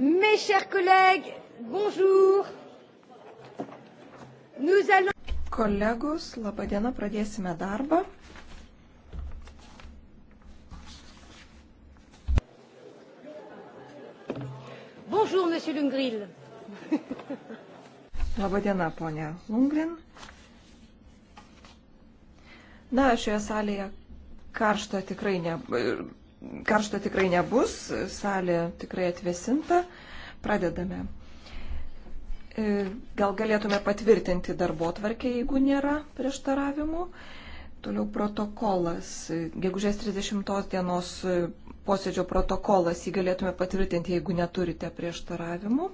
Mes chers collègues, bonjour. Nous allons... Kolegos, laba diena, pradėsime darbą. Bonjour, monsieur Lungril. laba diena, ponia Lungrin. Na, šioje salėje karšta tikrai ne, karšta tikrai nebus, salė tikrai atvesinta. Pradedame. E, gal galėtume patvirtinti darbo tvarkę, jeigu nėra prieštaravimų. Toliau protokolas. Gegužės 30 dienos posėdžio protokolas jį galėtume patvirtinti, jeigu neturite prieštaravimų.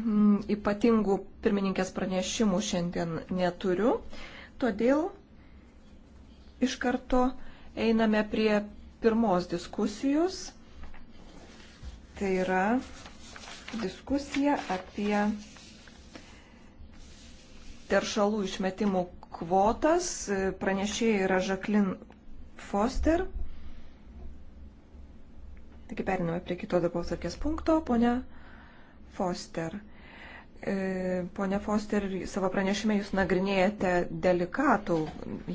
Mm, ypatingų pirmininkės pranešimų šiandien neturiu, todėl iš karto einame prie pirmos diskusijos. Tai yra diskusija apie teršalų išmetimų kvotas. Pranešėja yra Žaklin Foster. Taigi periname prie kito darbos arkės punkto, ponia Foster. E, pone Foster, savo pranešime jūs nagrinėjate delikatų,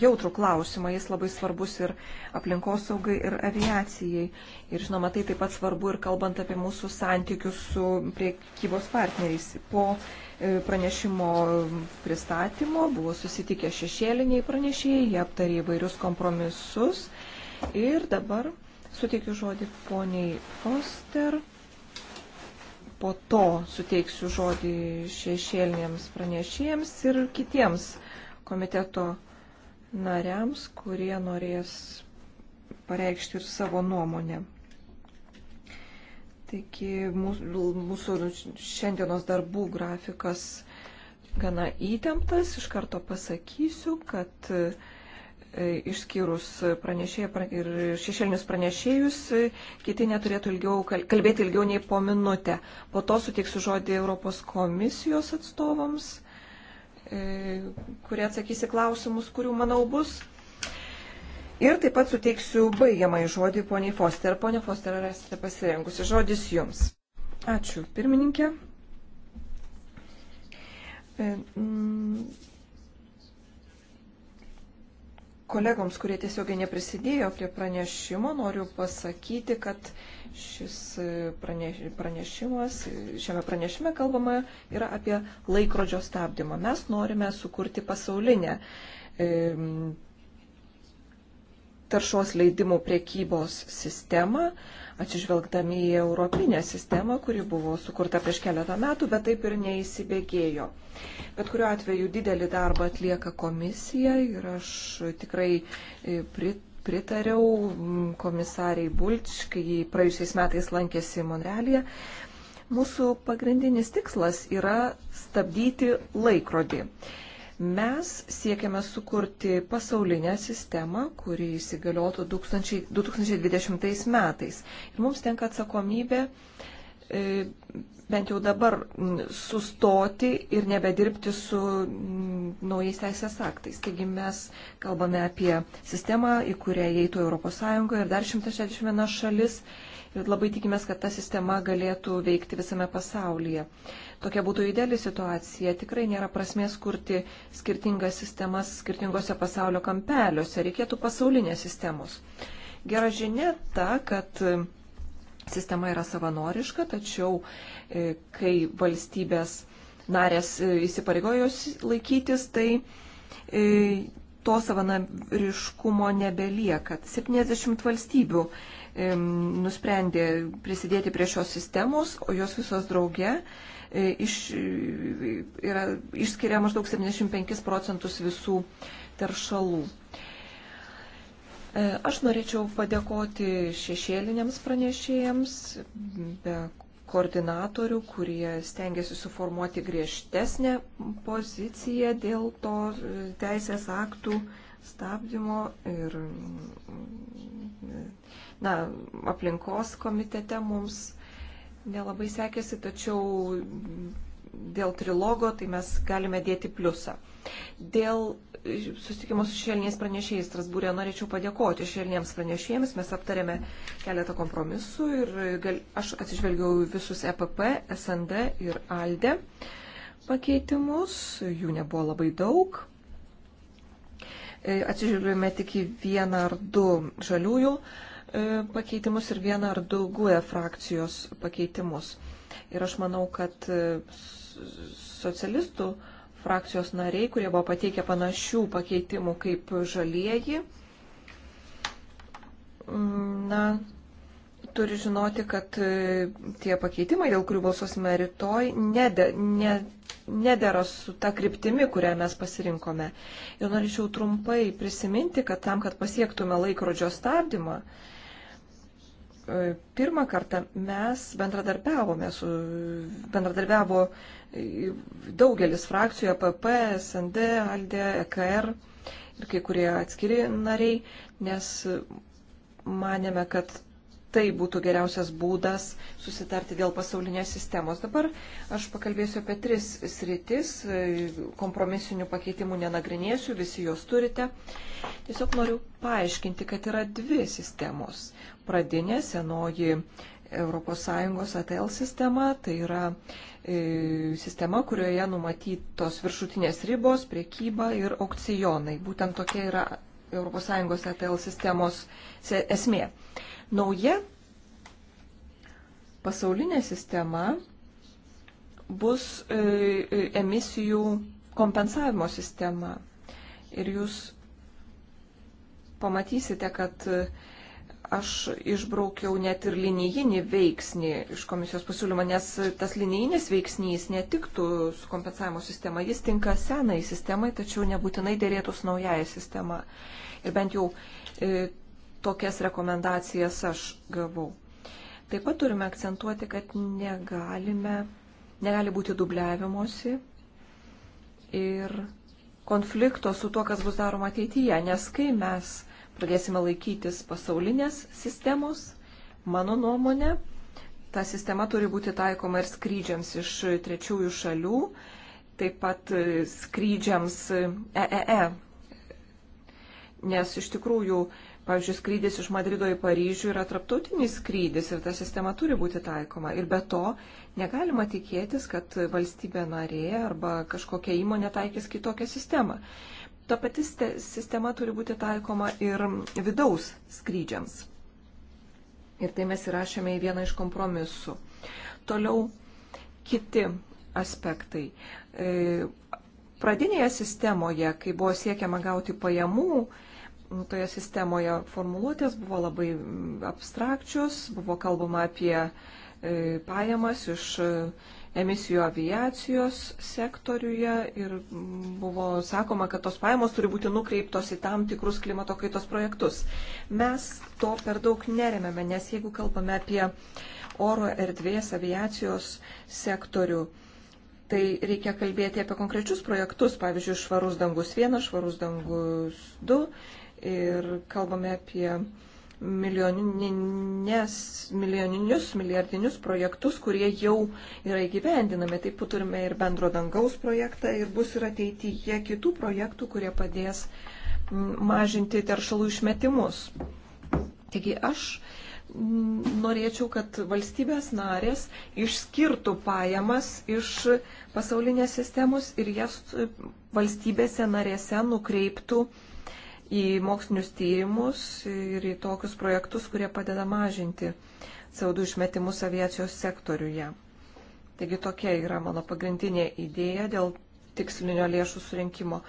jautrų klausimą, jis labai svarbus ir aplinkosaugai, ir aviacijai. Ir žinoma, tai taip pat svarbu ir kalbant apie mūsų santykius su priekybos partneriais. Po e, pranešimo pristatymo buvo susitikę šešėliniai pranešėjai, jie aptarė įvairius kompromisus. Ir dabar suteikiu žodį poniai Foster po to suteiksiu žodį šešėlinėms pranešėjams ir kitiems komiteto nariams, kurie norės pareikšti ir savo nuomonę. Taigi mūsų šiandienos darbų grafikas gana įtemptas. Iš karto pasakysiu, kad E, išskyrus pranešėją ir šešėlinius pranešėjus, e, kiti neturėtų ilgiau, kalbėti ilgiau nei po minutę. Po to suteiksiu žodį Europos komisijos atstovams, e, kurie atsakysi klausimus, kurių, manau, bus. Ir taip pat suteiksiu baigiamąjį žodį poniai Foster. Pone Foster, ar esate pasirengusi? Žodis jums. Ačiū, pirmininkė. Kolegoms, kurie tiesiogiai neprisidėjo prie pranešimo, noriu pasakyti, kad šis e, pranešimas, šiame pranešime kalbama yra apie laikrodžio stabdymą. Mes norime sukurti pasaulinę e, taršos leidimų priekybos sistemą, atsižvelgdami į Europinę sistemą, kuri buvo sukurta prieš keletą metų, bet taip ir neįsibėgėjo. Bet kuriuo atveju didelį darbą atlieka komisija ir aš tikrai e, pritariau komisariai Bulč, kai praėjusiais metais lankėsi Monrealėje. Mūsų pagrindinis tikslas yra stabdyti laikrodį. Mes siekiame sukurti pasaulinę sistemą, kuri įsigaliotų 2020 metais. Ir mums tenka atsakomybė e, bent jau dabar sustoti ir nebedirbti su naujais teisės aktais. Taigi mes kalbame apie sistemą, į kurią įeitų ES ir dar 161 šalis ir labai tikimės, kad ta sistema galėtų veikti visame pasaulyje. Tokia būtų ideali situacija. Tikrai nėra prasmės kurti skirtingas sistemas skirtingose pasaulio kampeliuose. Reikėtų pasaulinės sistemos. Gera žinia ta, kad e, sistema yra savanoriška, tačiau e, kai valstybės narės e, įsipareigojos laikytis, tai to savanoriškumo nebelieka. 70 valstybių nusprendė prisidėti prie šios sistemos, o jos visos drauge E, iš, e, yra, išskiria maždaug 75 procentus visų teršalų. E, aš norėčiau padėkoti šešėliniams pranešėjams, be koordinatorių, kurie stengiasi suformuoti griežtesnę poziciją dėl to teisės aktų stabdymo ir na, aplinkos komitete mums nelabai sekėsi, tačiau dėl trilogo tai mes galime dėti pliusą. Dėl e, susitikimo su šelniais pranešėjais Strasbūrė norėčiau padėkoti šelniems pranešėjams. Mes aptarėme keletą kompromisų ir e, gal, aš atsižvelgiau visus EPP, SND ir ALDE pakeitimus. Jų nebuvo labai daug. E, atsižvelgėme tik į vieną ar du žaliųjų E, pakeitimus ir vieną ar du GUE frakcijos pakeitimus. Ir aš manau, kad e, socialistų frakcijos nariai, kurie buvo pateikę panašių pakeitimų kaip žalieji, mm, na, turi žinoti, kad e, tie pakeitimai, dėl kurių balsuosime rytoj, nede, ne, nedėra su ta kryptimi, kurią mes pasirinkome. Ir norėčiau trumpai prisiminti, kad tam, kad pasiektume laikrodžio stabdymą, E, pirmą kartą mes bendradarbiavome su, bendradarbiavo e, daugelis frakcijų, APP, SND, ALDE, EKR ir kai kurie atskiri nariai, nes manėme, kad tai būtų geriausias būdas susitarti dėl pasaulinės sistemos. Dabar aš pakalbėsiu apie tris sritis, e, kompromisinių pakeitimų nenagrinėsiu, visi juos turite. Tiesiog noriu paaiškinti, kad yra dvi sistemos pradinė senoji ES ATL sistema, tai yra e, sistema, kurioje numatytos viršutinės ribos, priekyba ir aukcionai. Būtent tokia yra ES ATL sistemos esmė. Nauja pasaulinė sistema bus e, e, emisijų kompensavimo sistema. Ir jūs pamatysite, kad e, aš išbraukiau net ir linijinį veiksnį iš komisijos pasiūlymą, nes tas linijinis veiksnys netiktų su kompensavimo sistema, jis tinka senai sistemai, tačiau nebūtinai dėrėtų su naujaja sistema. Ir bent jau e, tokias rekomendacijas aš gavau. Taip pat turime akcentuoti, kad negalime, negali būti dubliavimuose ir konflikto su tuo, kas bus daroma ateityje, nes kai mes pradėsime laikytis pasaulinės sistemos, mano nuomonė, ta sistema turi būti taikoma ir skrydžiams iš trečiųjų šalių, taip pat e, skrydžiams EEE. E, e. Nes iš tikrųjų, pavyzdžiui, skrydis iš Madrido į Paryžių yra traptautinis skrydis ir ta sistema turi būti taikoma. Ir be to negalima tikėtis, kad valstybė narė arba kažkokia įmonė taikys kitokią sistemą. Ta pati sistema turi būti taikoma ir vidaus skrydžiams. Ir tai mes įrašėme į vieną iš kompromisų. Toliau kiti aspektai. E, pradinėje sistemoje, kai buvo siekiama gauti pajamų, toje sistemoje formuluotės buvo labai abstrakčios, buvo kalbama apie e, pajamas iš emisijų aviacijos sektoriuje ir mm, buvo sakoma, kad tos pajamos turi būti nukreiptos į tam tikrus klimato kaitos projektus. Mes to per daug neremėme, nes jeigu kalbame apie oro erdvės aviacijos sektorių, tai reikia kalbėti apie konkrečius projektus, pavyzdžiui, švarus dangus 1, švarus dangus 2 ir kalbame apie milijoninius, milijardinius projektus, kurie jau yra įgyvendinami. Taip pat turime ir bendro dangaus projektą ir bus ir ateityje kitų projektų, kurie padės mažinti teršalų išmetimus. Taigi aš norėčiau, kad valstybės narės išskirtų pajamas iš pasaulinės sistemos ir jas e, valstybėse narėse nukreiptų uh, į mokslinius tyrimus ir į tokius projektus, kurie padeda mažinti CO2 išmetimus aviacijos sektoriuje. Taigi tokia yra mano pagrindinė idėja dėl tikslinio lėšų surinkimo.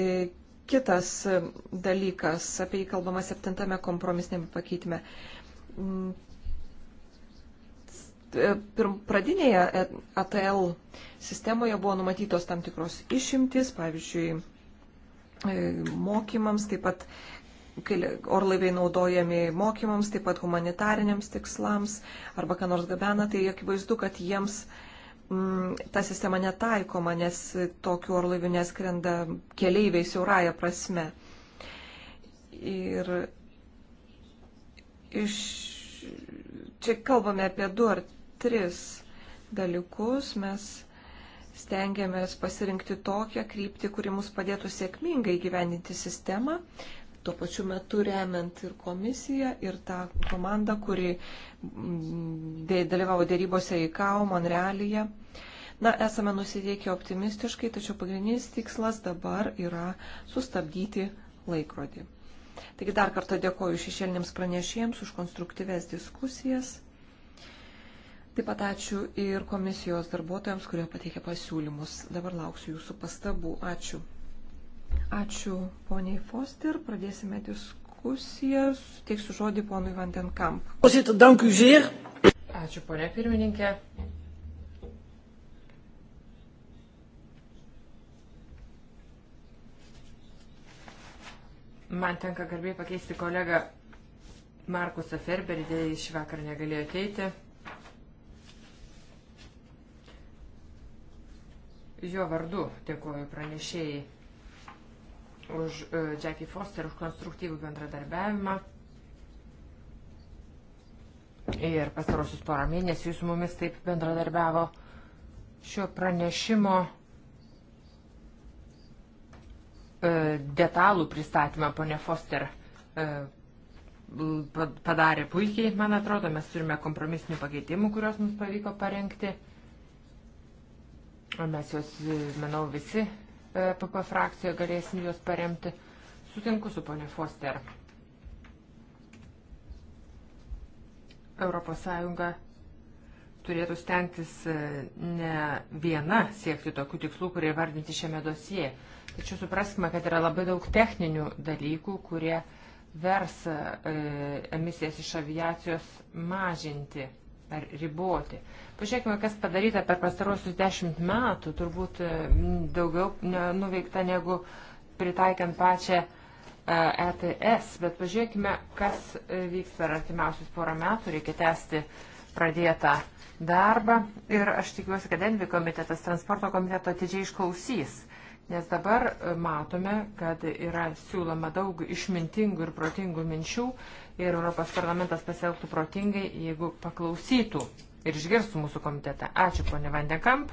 E, kitas dalykas, apie jį kalbama septintame kompromisnėme pakeitime. Mm. E, pradinėje ATL e sistemoje buvo numatytos tam tikros išimtis, pavyzdžiui, E, mokymams, taip pat kai orlaiviai naudojami mokymams, taip pat humanitariniams tikslams arba ką nors gabena, tai akivaizdu, kad jiems mm, ta sistema netaikoma, nes tokių orlaivių neskrenda keleiviai siauraja prasme. Ir iš... čia kalbame apie du ar tris dalykus. Mes stengiamės pasirinkti tokią kryptį, kuri mus padėtų sėkmingai gyveninti sistemą, tuo pačiu metu remiant ir komisiją, ir tą komandą, kuri mm, dalyvavo dėrybose į KAO, Monrealyje. Na, esame nusiteikę optimistiškai, tačiau pagrindinis tikslas dabar yra sustabdyti laikrodį. Taigi dar kartą dėkoju šešėlinėms pranešėjams už konstruktyves diskusijas. Taip pat ačiū ir komisijos darbuotojams, kurie pateikė pasiūlymus. Dabar lauksiu jūsų pastabų. Ačiū. Ačiū poniai Foster. Pradėsime diskusiją. Suteiksiu žodį ponui Vandenkamp. Ačiū ponia pirmininkė. Man tenka garbė pakeisti kolegą Markusą Ferberį, dėl jis šį vakar negalėjo ateiti. Jo vardu dėkoju pranešėjai už e, Jackie Foster, už konstruktyvų bendradarbiavimą. Ir pastarosius porą mėnesių su mumis taip bendradarbiavo šio pranešimo e, detalų pristatymą ponė Foster e, padarė puikiai, man atrodo, mes turime kompromisinių pakeitimų, kuriuos mums pavyko parengti. Mes juos, e, manau, visi PP e, frakcijoje galėsim juos paremti. Sutinku su ponė Foster. Europos Sąjunga turėtų stengtis e, ne viena siekti tokių tikslų, kurie vardinti šiame dosije. Tačiau supraskime, kad yra labai daug techninių dalykų, kurie vers e, emisijas iš aviacijos mažinti ar riboti. Pažiūrėkime, kas padaryta per pastarosius dešimt metų, turbūt e, daugiau nuveikta negu pritaikiant pačią ETS, e bet pažiūrėkime, kas e, vyks per artimiausius porą metų, reikia tęsti pradėtą darbą ir aš tikiuosi, kad Envi komitetas, transporto komiteto atidžiai išklausys. Nes dabar matome, kad yra siūloma daug išmintingų ir protingų minčių, ir Europos parlamentas pasielgtų protingai, jeigu paklausytų ir išgirstų mūsų komitetą. Ačiū, ponė Vandekamp.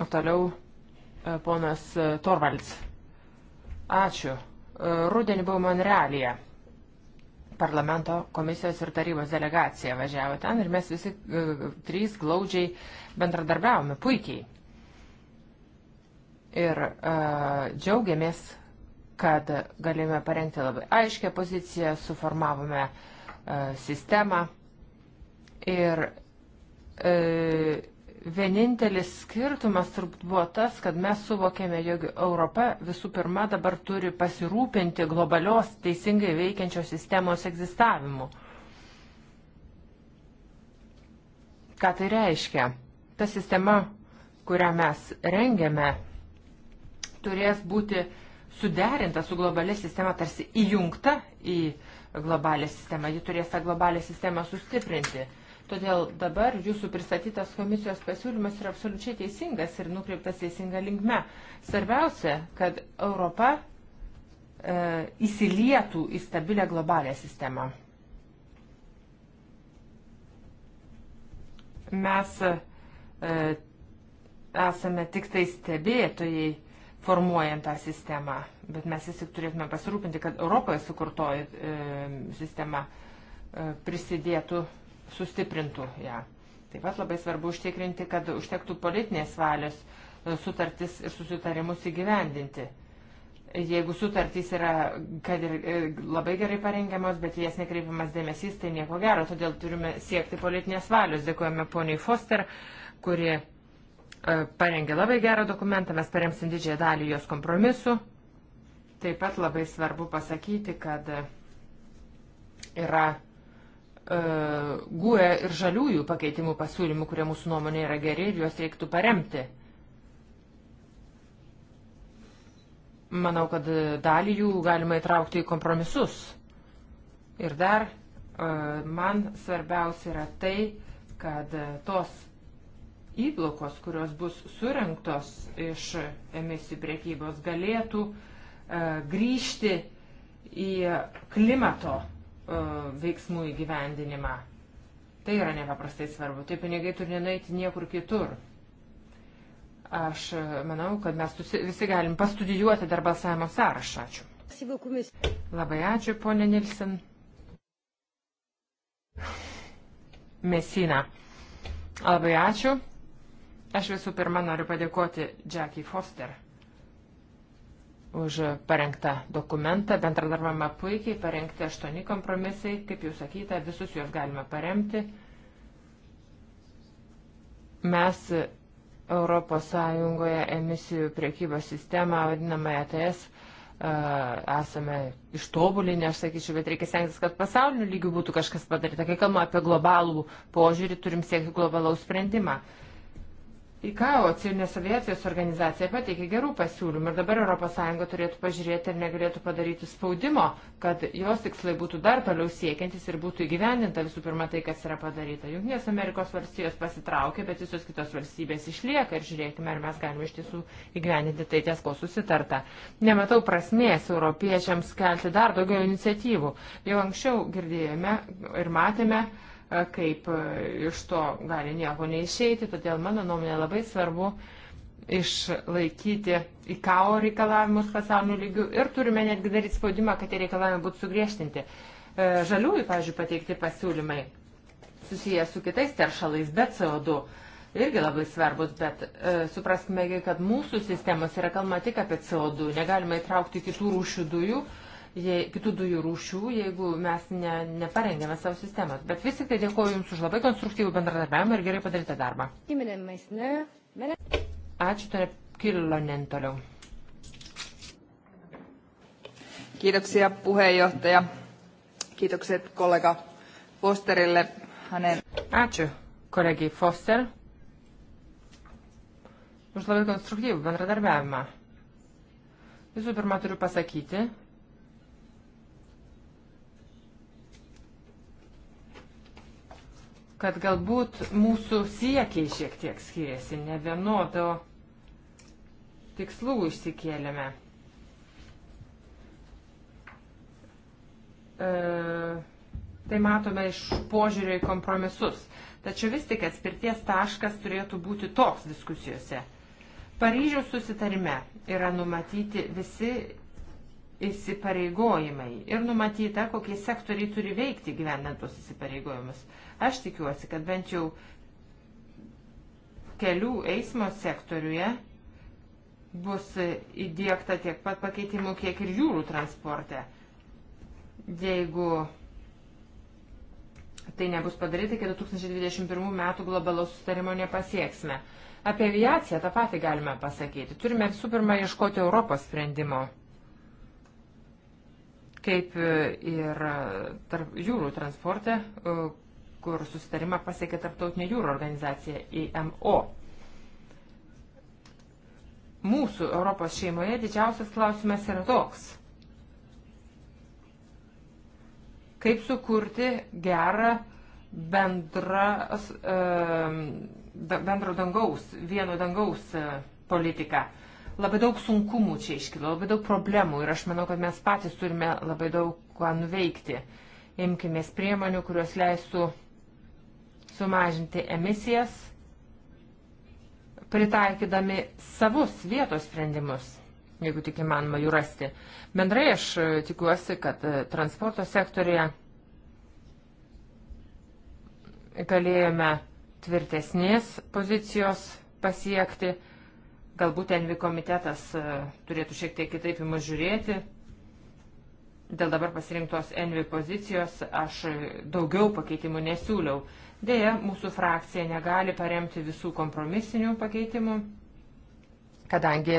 O toliau e, ponas e, Torvalds. Ačiū. E, Rūdienį buvau Monrealėje. Parlamento komisijos ir tarybos delegacija važiavo ten ir mes visi e, trys glaudžiai bendradarbiavome puikiai. Ir e, džiaugiamės kad galime parengti labai aiškę poziciją, suformavome e, sistemą ir e, vienintelis skirtumas turbūt buvo tas, kad mes suvokėme, jog Europa visų pirma dabar turi pasirūpinti globalios teisingai veikiančios sistemos egzistavimu. Ką tai reiškia? Ta sistema, kurią mes rengiame, turės būti suderinta su globalia sistema, tarsi įjungta į globalę sistemą. Ji turės tą globalę sistemą sustiprinti. Todėl dabar jūsų pristatytas komisijos pasiūlymas yra absoliučiai teisingas ir nukreiptas teisinga linkme. Svarbiausia, kad Europa e, įsilietų į stabilę globalę sistemą. Mes e, esame tik tai stebėtojai formuojant tą sistemą. Bet mes vis tik turėtume pasirūpinti, kad Europoje sukurtoji e, sistema e, prisidėtų, sustiprintų ją. Taip pat labai svarbu užtikrinti, kad užtektų politinės valios e, sutartis ir susitarimus įgyvendinti. Jeigu sutartys yra, kad ir e, labai gerai parengiamos, bet jas nekreipiamas dėmesys, tai nieko gero, todėl turime siekti politinės valios. Dėkojame poniai Foster, kuri E, parengė labai gerą dokumentą, mes paremsim didžiąją dalį jos kompromisų. Taip pat labai svarbu pasakyti, kad yra uh, GUE ir žaliųjų pakeitimų pasiūlymų, kurie mūsų nuomonė yra geri ir juos reiktų paremti. Manau, kad dalį jų galima įtraukti į kompromisus. Ir dar uh, man svarbiausia yra tai, kad tos įplaukos, kurios bus surinktos iš emisijų priekybos, galėtų e, grįžti į klimato e, veiksmų įgyvendinimą. Tai yra nepaprastai svarbu. Tie pinigai turi nenueiti niekur kitur. Aš e, manau, kad mes visi galim pastudijuoti dar balsavimo sąrašą. Ačiū. Labai ačiū, ponė Nilsen. Mesina. Labai ačiū. Aš visų pirma noriu padėkoti Jackie Foster už parengtą dokumentą. Bendradarbiavimą puikiai parengti aštuoni kompromisai, kaip jau sakyta, visus juos galima paremti. Mes ES emisijų priekybos sistemą, vadinamą ETS, esame ištobulinę, aš sakyčiau, bet reikia stengtis, kad pasauliniu lygiu būtų kažkas padaryta. Kai kalbame apie globalų požiūrį, turim siekti globalaus sprendimą. ICAO, civilinės aviacijos organizacija, pateikė gerų pasiūlymų ir dabar ES turėtų pažiūrėti, ar negalėtų padaryti spaudimo, kad jos tikslai būtų dar toliau siekiantis ir būtų įgyvendinta visų pirma tai, kas yra padaryta. Junktinės Amerikos valstijos pasitraukė, bet visos kitos valstybės išlieka ir žiūrėkime, ar mes galime iš tiesų įgyvendinti tai ties, ko susitarta. Nematau prasmės europiečiams kelti dar daugiau iniciatyvų. Jau anksčiau girdėjome ir matėme, kaip iš to gali nieko neišeiti, todėl mano nuomonė labai svarbu išlaikyti IKAO reikalavimus pasaulio lygių ir turime netgi daryti spaudimą, kad tie reikalavimai būtų sugriežtinti. E, žaliųjų, pavyzdžiui, pateikti pasiūlymai susijęs su kitais teršalais, bet CO2 irgi labai svarbus, bet e, supraskime, kad mūsų sistemos yra kalbama tik apie CO2, negalima įtraukti kitų rūšių dujų, e, jei, kitų dujų rūšių, jeigu mes ne, neparengėme savo sistemos. Bet vis tik tai dėkoju Jums už labai konstruktyvų bendradarbiavimą ir gerai padarytą darbą. Ačiū, Tone Killonen toliau. Kiitoksia puheenjohtaja. Kiitokset kollega Fosterille hänen. Ačiū kolegijai Foster už labai konstruktyvų bendradarbiavimą. Visų pirma, turiu pasakyti, kad galbūt mūsų siekiai šiek tiek skiriasi, ne vienodo tikslų išsikėlėme. E, tai matome iš požiūrio į kompromisus. Tačiau vis tik atspirties taškas turėtų būti toks diskusijose. Paryžiaus susitarime yra numatyti visi įsipareigojimai ir numatyta, kokie sektoriai turi veikti gyvenant tuos įsipareigojimus. Aš tikiuosi, kad bent jau kelių eismo sektoriuje bus įdėkta tiek pat pakeitimų, kiek ir jūrų transporte. Jeigu tai nebus padaryta, iki 2021 metų globalaus sustarimo nepasieksime. Apie aviaciją tą patį galime pasakyti. Turime visų pirma ieškoti Europos sprendimo, kaip ir tarp jūrų transporte, kur susitarimą pasiekė Tarptautinė jūro organizacija IMO. Mūsų Europos šeimoje didžiausias klausimas yra toks. Kaip sukurti gerą bendras, ehm, bendro dangaus, vieno dangaus e, politiką. Labai daug sunkumų čia iškilo, labai daug problemų ir aš manau, kad mes patys turime labai daug ką nuveikti. Imkime priemonių, kurios leistų sumažinti emisijas, pritaikydami savus vietos sprendimus, jeigu tik įmanoma jų rasti. Bendrai aš e, tikiuosi, kad e, transporto sektorija galėjome tvirtesnės pozicijos pasiekti. Galbūt Envi komitetas e, turėtų šiek tiek kitaip į mus žiūrėti. Dėl dabar pasirinktos Envi pozicijos aš daugiau pakeitimų nesiūliau. Deja, mūsų frakcija negali paremti visų kompromisinių pakeitimų, kadangi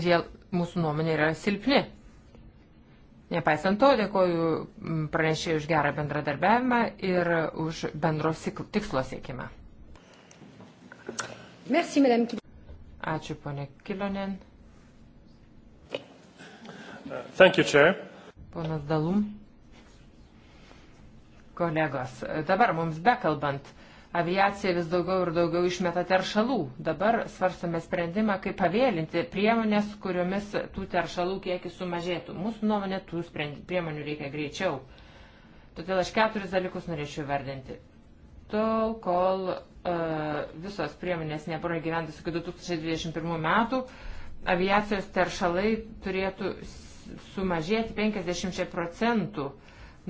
jie mūsų nuomonė yra silpni. Nepaisant to, dėkoju mm, pranešėjai už gerą bendradarbiavimą ir už bendro tikslo siekimą. Merci, madame. Ačiū, ponė Kilonen. Thank you, Chair. Ponas Dalum kolegos. Dabar mums bekalbant, aviacija vis daugiau ir daugiau išmeta teršalų. Dabar svarstame sprendimą, kaip pavėlinti priemonės, kuriomis tų teršalų kiekis sumažėtų. Mūsų nuomonė, tų sprendi, priemonių reikia greičiau. Todėl aš keturis dalykus norėčiau vardinti. Tol, kol uh, visos priemonės nebūra gyventas iki 2021 metų, aviacijos teršalai turėtų sumažėti 50 procentų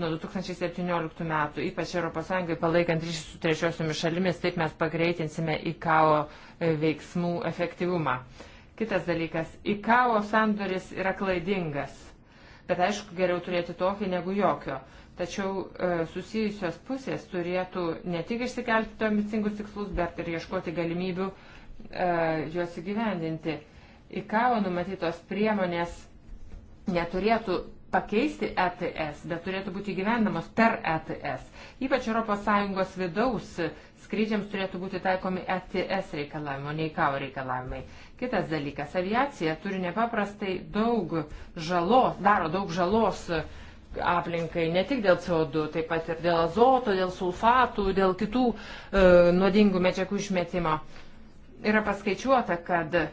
nuo 2017 metų, ypač ES palaikant ryšį su trečiosiomis šalimis, taip mes pagreitinsime IKAO e, veiksmų efektyvumą. Kitas dalykas, IKAO sandoris yra klaidingas, bet aišku, geriau turėti tokį negu jokio. Tačiau e, susijusios pusės turėtų ne tik išsikelti to ambicingus tikslus, bet ir ieškoti galimybių e, juos įgyvendinti. IKAO numatytos priemonės neturėtų pakeisti ETS, bet turėtų būti gyvendamos per ETS. Ypač ES vidaus skrydžiams turėtų būti taikomi ETS reikalavimo, ne ICAO reikalavimai. Kitas dalykas, aviacija turi nepaprastai daug žalos, daro daug žalos aplinkai, ne tik dėl CO2, taip pat ir dėl azoto, dėl sulfatų, dėl kitų e, nuodingų medžiagų išmetimo. Yra paskaičiuota, kad e,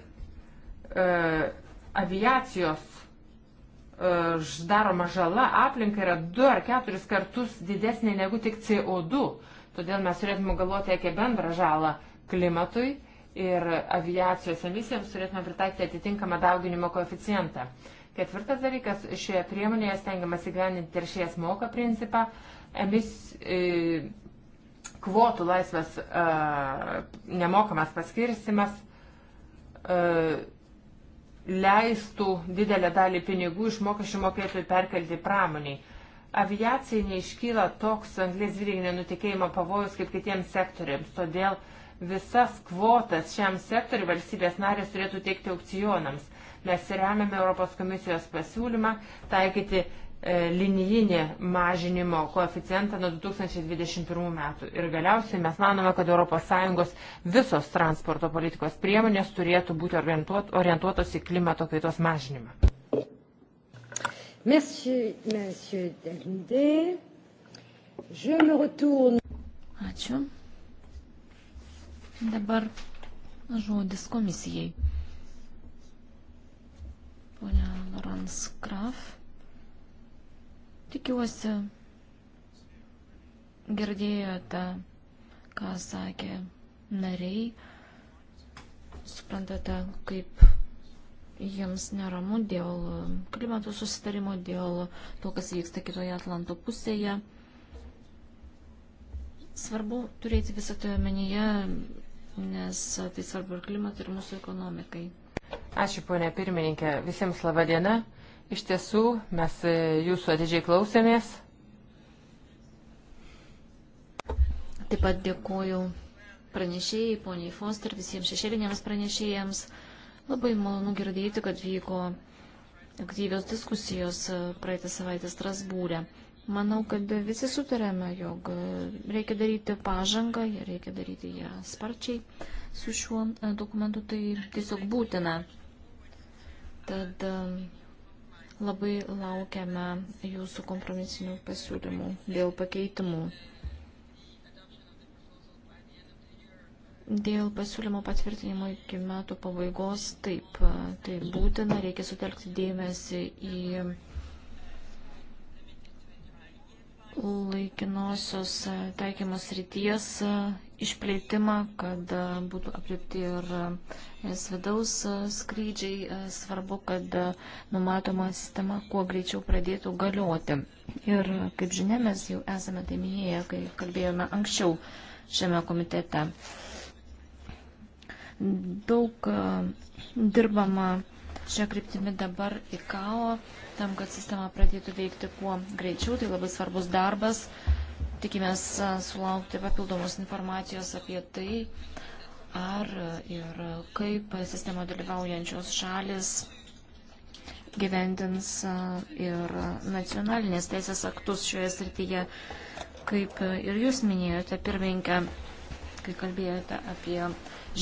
aviacijos E, daroma žala aplinkai yra du ar keturis kartus didesnė negu tik CO2. Todėl mes turėtume galvoti apie bendrą žalą klimatui ir aviacijos emisijoms turėtume pritaikyti atitinkamą dauginimo koeficientą. Ketvirtas dalykas, šioje priemonėje stengiamas įgyveninti teršėjas moka principą, emis, e, kvotų laisvas e, nemokamas paskirstimas. E, leistų didelę dalį pinigų iš mokesčių mokėtojų perkelti pramoniai. Aviacijai neiškyla toks anglės dvideginio nutikėjimo pavojus kaip kitiems sektoriams, todėl visas kvotas šiam sektoriu valstybės narės turėtų teikti aukcionams. Mes remiame Europos komisijos pasiūlymą taikyti E, linijinį mažinimo koeficientą nuo 2021 metų. Ir galiausiai mes manome, kad ES visos transporto politikos priemonės turėtų būti orientuot, orientuotos į klimato kaitos mažinimą. Monsieur, monsieur Dalindé, je me retourne. Ačiū. Dabar žodis komisijai. Ponia Lorans Graf. Tikiuosi, girdėjote, ką sakė nariai, suprantate, kaip jiems neramu dėl klimato susitarimo, dėl to, kas vyksta kitoje Atlanto pusėje. Svarbu turėti visą tai omenyje, nes tai svarbu ir klimatui, ir mūsų ekonomikai. Ačiū, ponė pirmininkė. Visiems laba diena. Iš tiesų, mes e, jūsų atidžiai klausėmės. Taip pat dėkuoju pranešėjai, poniai Foster, visiems šešėliniams pranešėjams. Labai malonu girdėti, kad vyko aktyvios diskusijos e, praeitą savaitę Strasbūrė. Manau, kad visi sutarėme, jog e, reikia daryti pažangą, reikia daryti ją sparčiai su šiuo dokumentu, tai tiesiog būtina. Tad Labai laukiame jūsų kompromisinių pasiūlymų dėl pakeitimų. Dėl pasiūlymo patvirtinimo iki metų pabaigos, taip, tai būtina, reikia sutelkti dėmesį į laikinosios taikymos ryties išplėtimą, kad e, būtų apriepti ir e, svidaus e, skrydžiai. Svarbu, kad numatoma sistema kuo greičiau pradėtų galioti. Ir, kaip žinia, mes jau esame tai minėję, kai kalbėjome anksčiau šiame komitete. Daug dirbama šią kryptimį dabar į KAO, tam, kad sistema pradėtų veikti kuo greičiau. Tai labai svarbus darbas. Tikimės sulaukti papildomos informacijos apie tai, ar ir kaip sistema dalyvaujančios šalis gyvendins ir nacionalinės teisės aktus šioje srityje, kaip ir jūs minėjote, pirmininkę, kai kalbėjote apie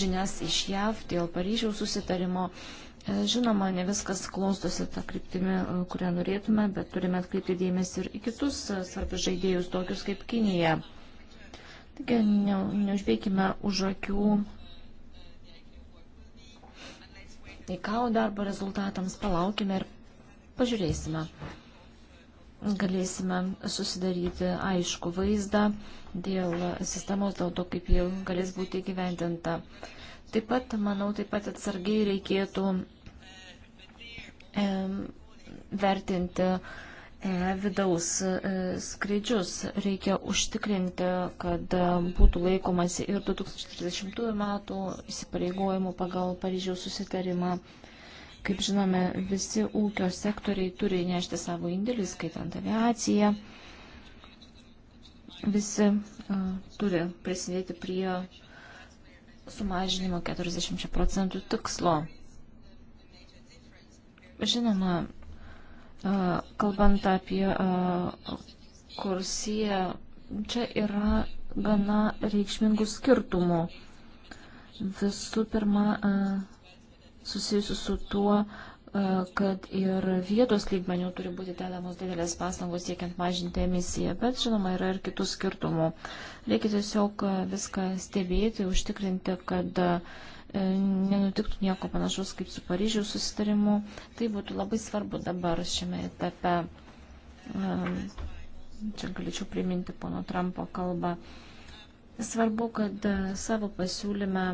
žinias iš JAV dėl Paryžiaus susitarimo. Uh, E, žinoma, ne viskas klostosi tą kryptimį, e, kurią norėtume, bet turime atkreipti dėmesį ir į kitus e, svarbius žaidėjus, tokius kaip Kinija. Taigi, ne, neužbėgime už akių į kau darbo rezultatams, palaukime ir pažiūrėsime. Galėsime susidaryti aišku vaizdą dėl sistemos, dėl to, kaip ji galės būti įgyvendinta. Taip pat, manau, taip pat atsargiai reikėtų vertinti e, vidaus e, skrydžius. Reikia užtikrinti, kad būtų laikomasi ir 2030 metų įsipareigojimų pagal Paryžiaus susitarimą. Kaip žinome, visi ūkio sektoriai turi nešti savo indėlį, skaitant aviaciją. Visi uh, turi prisidėti prie sumažinimo 40 procentų tikslo. Žinoma, kalbant apie kursiją, čia yra gana reikšmingų skirtumų. Visų pirma, susijusiu su tuo, kad ir vietos lygmenių turi būti dedamos didelės pastangos siekiant mažinti emisiją, bet žinoma yra ir kitų skirtumų. Reikia tiesiog viską stebėti, užtikrinti, kad uh, E, nenutiktų nieko panašaus kaip su Paryžiaus susitarimu. Tai būtų labai svarbu dabar šiame etape. E, čia galėčiau priminti pono Trumpo kalbą. Svarbu, kad e, savo pasiūlyme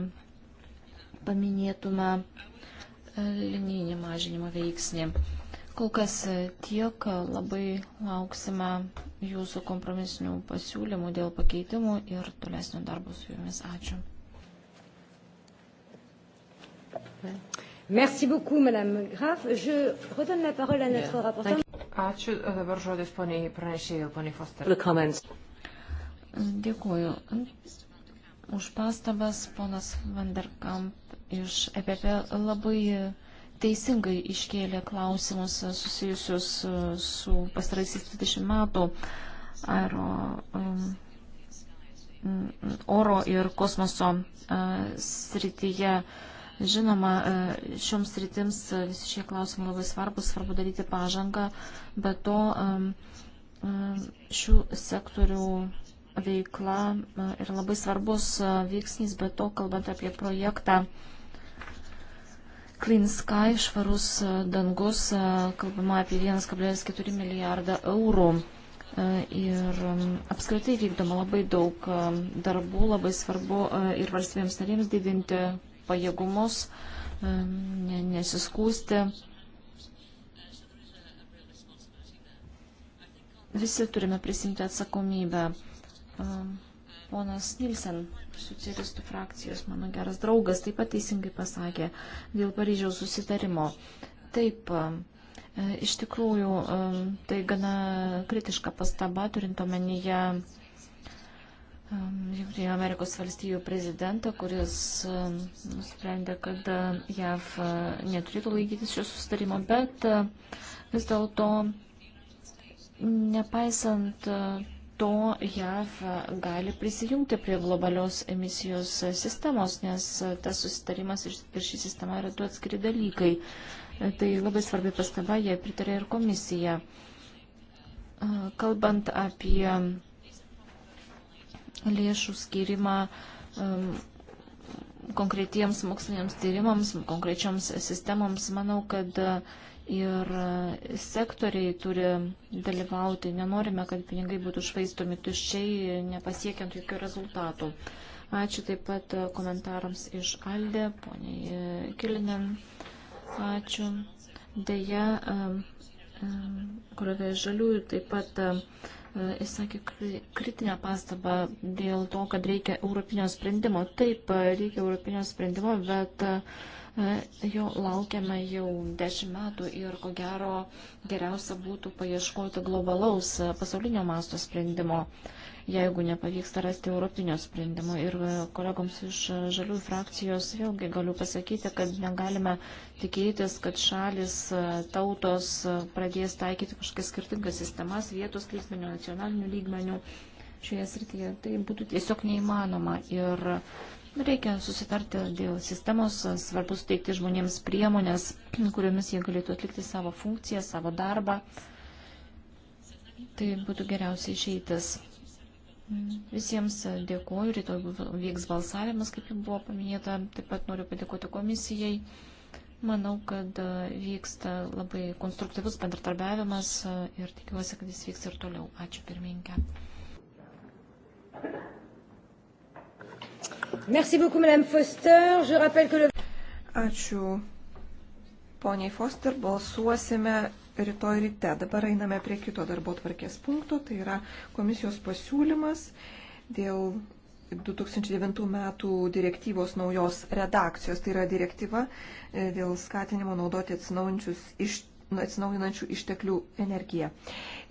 paminėtume linijinį mažinimo veiksnį. Kol kas tiek labai lauksime jūsų kompromisinių pasiūlymų dėl pakeitimų ir tolesnio darbo su jumis. Ačiū. Merci beaucoup, Madame Graf. Je redonne la parole à notre yeah. rapporteur. Ačiū dabar žodis poniai pranešėjai, poniai Foster. Dėkuoju. Už pastabas ponas Vanderkamp iš EPP labai teisingai iškėlė klausimus susijusius e, su pastaraisiais 20 metų aero, e, oro ir kosmoso e, srityje. Uh, Žinoma, e, šioms rytims e, visi šie klausimai labai svarbus, svarbu daryti pažangą, bet to e, šių sektorių veikla yra labai svarbus veiksnys, bet to, kalbant apie projektą Clean Sky, švarus dangus, kalbama apie 1,4 milijardą eurų. Ir apskritai vykdoma labai daug darbų, labai svarbu ir valstybėms narėms didinti pajėgumus, nesiskūsti. Visi turime prisimti atsakomybę. Ponas Nilsen, socialistų frakcijos, mano geras draugas, taip pat teisingai pasakė dėl Paryžiaus susitarimo. Taip, iš tikrųjų, tai gana kritiška pastaba, turint omenyje Junktinių Amerikos valstijų prezidentą, kuris nusprendė, kad JAV neturėtų laikytis šio sustarimo, bet vis dėlto, nepaisant to, JAV gali prisijungti prie globalios emisijos sistemos, nes tas susitarimas ir ši sistema yra du atskiri dalykai. Tai labai svarbi pastaba, jie pritarė ir komisija. Kalbant apie lėšų skirimą um, konkretiems moksliniams tyrimams, konkrečioms sistemoms, manau, kad uh, ir uh, sektoriai turi dalyvauti. Nenorime, kad pinigai būtų švaistomi tuščiai, nepasiekiant jokių rezultatų. Ačiū taip pat uh, komentarams iš Aldė, poniai Kilinen. Ačiū. Deja, um, um, kolega iš Žaliųjų taip pat E, išsakė kritinę pastabą dėl to, kad reikia europinio sprendimo. Taip, e, reikia europinio sprendimo, bet e, jo laukiame jau dešimt metų ir ko gero geriausia būtų paieškoti globalaus pasaulinio masto sprendimo. Uh, jeigu nepavyksta rasti europinio sprendimo. Ir e, kolegoms iš e, žalių frakcijos vėlgi galiu pasakyti, kad negalime tikėtis, kad šalis, e, tautos pradės taikyti kažkokias skirtingas sistemas vietos lygmenių, nacionalinių lygmenių šioje srityje. Tai būtų tiesiog neįmanoma. Ir Reikia susitarti dėl sistemos, svarbu suteikti žmonėms priemonės, kuriomis jie galėtų atlikti savo funkciją, savo darbą. Tai būtų geriausiai išeitis. Visiems e, dėkuoju, rytoj vyks balsavimas, kaip jau buvo paminėta, taip pat noriu padėkoti komisijai. Manau, kad e, vyksta labai konstruktyvus bendratarbiavimas e, ir tikiuosi, kad jis vyks ir toliau. Ačiū pirmininkė. Merci beaucoup, Madame Foster. Je rappelle que le... Ačiū. Poniai Foster, balsuosime rytoj ryte. Dabar einame prie kito darbo tvarkės punkto, tai yra komisijos pasiūlymas dėl 2009 metų direktyvos naujos redakcijos. Tai yra direktyva e, dėl skatinimo naudoti atsinaujinančių išteklių energiją.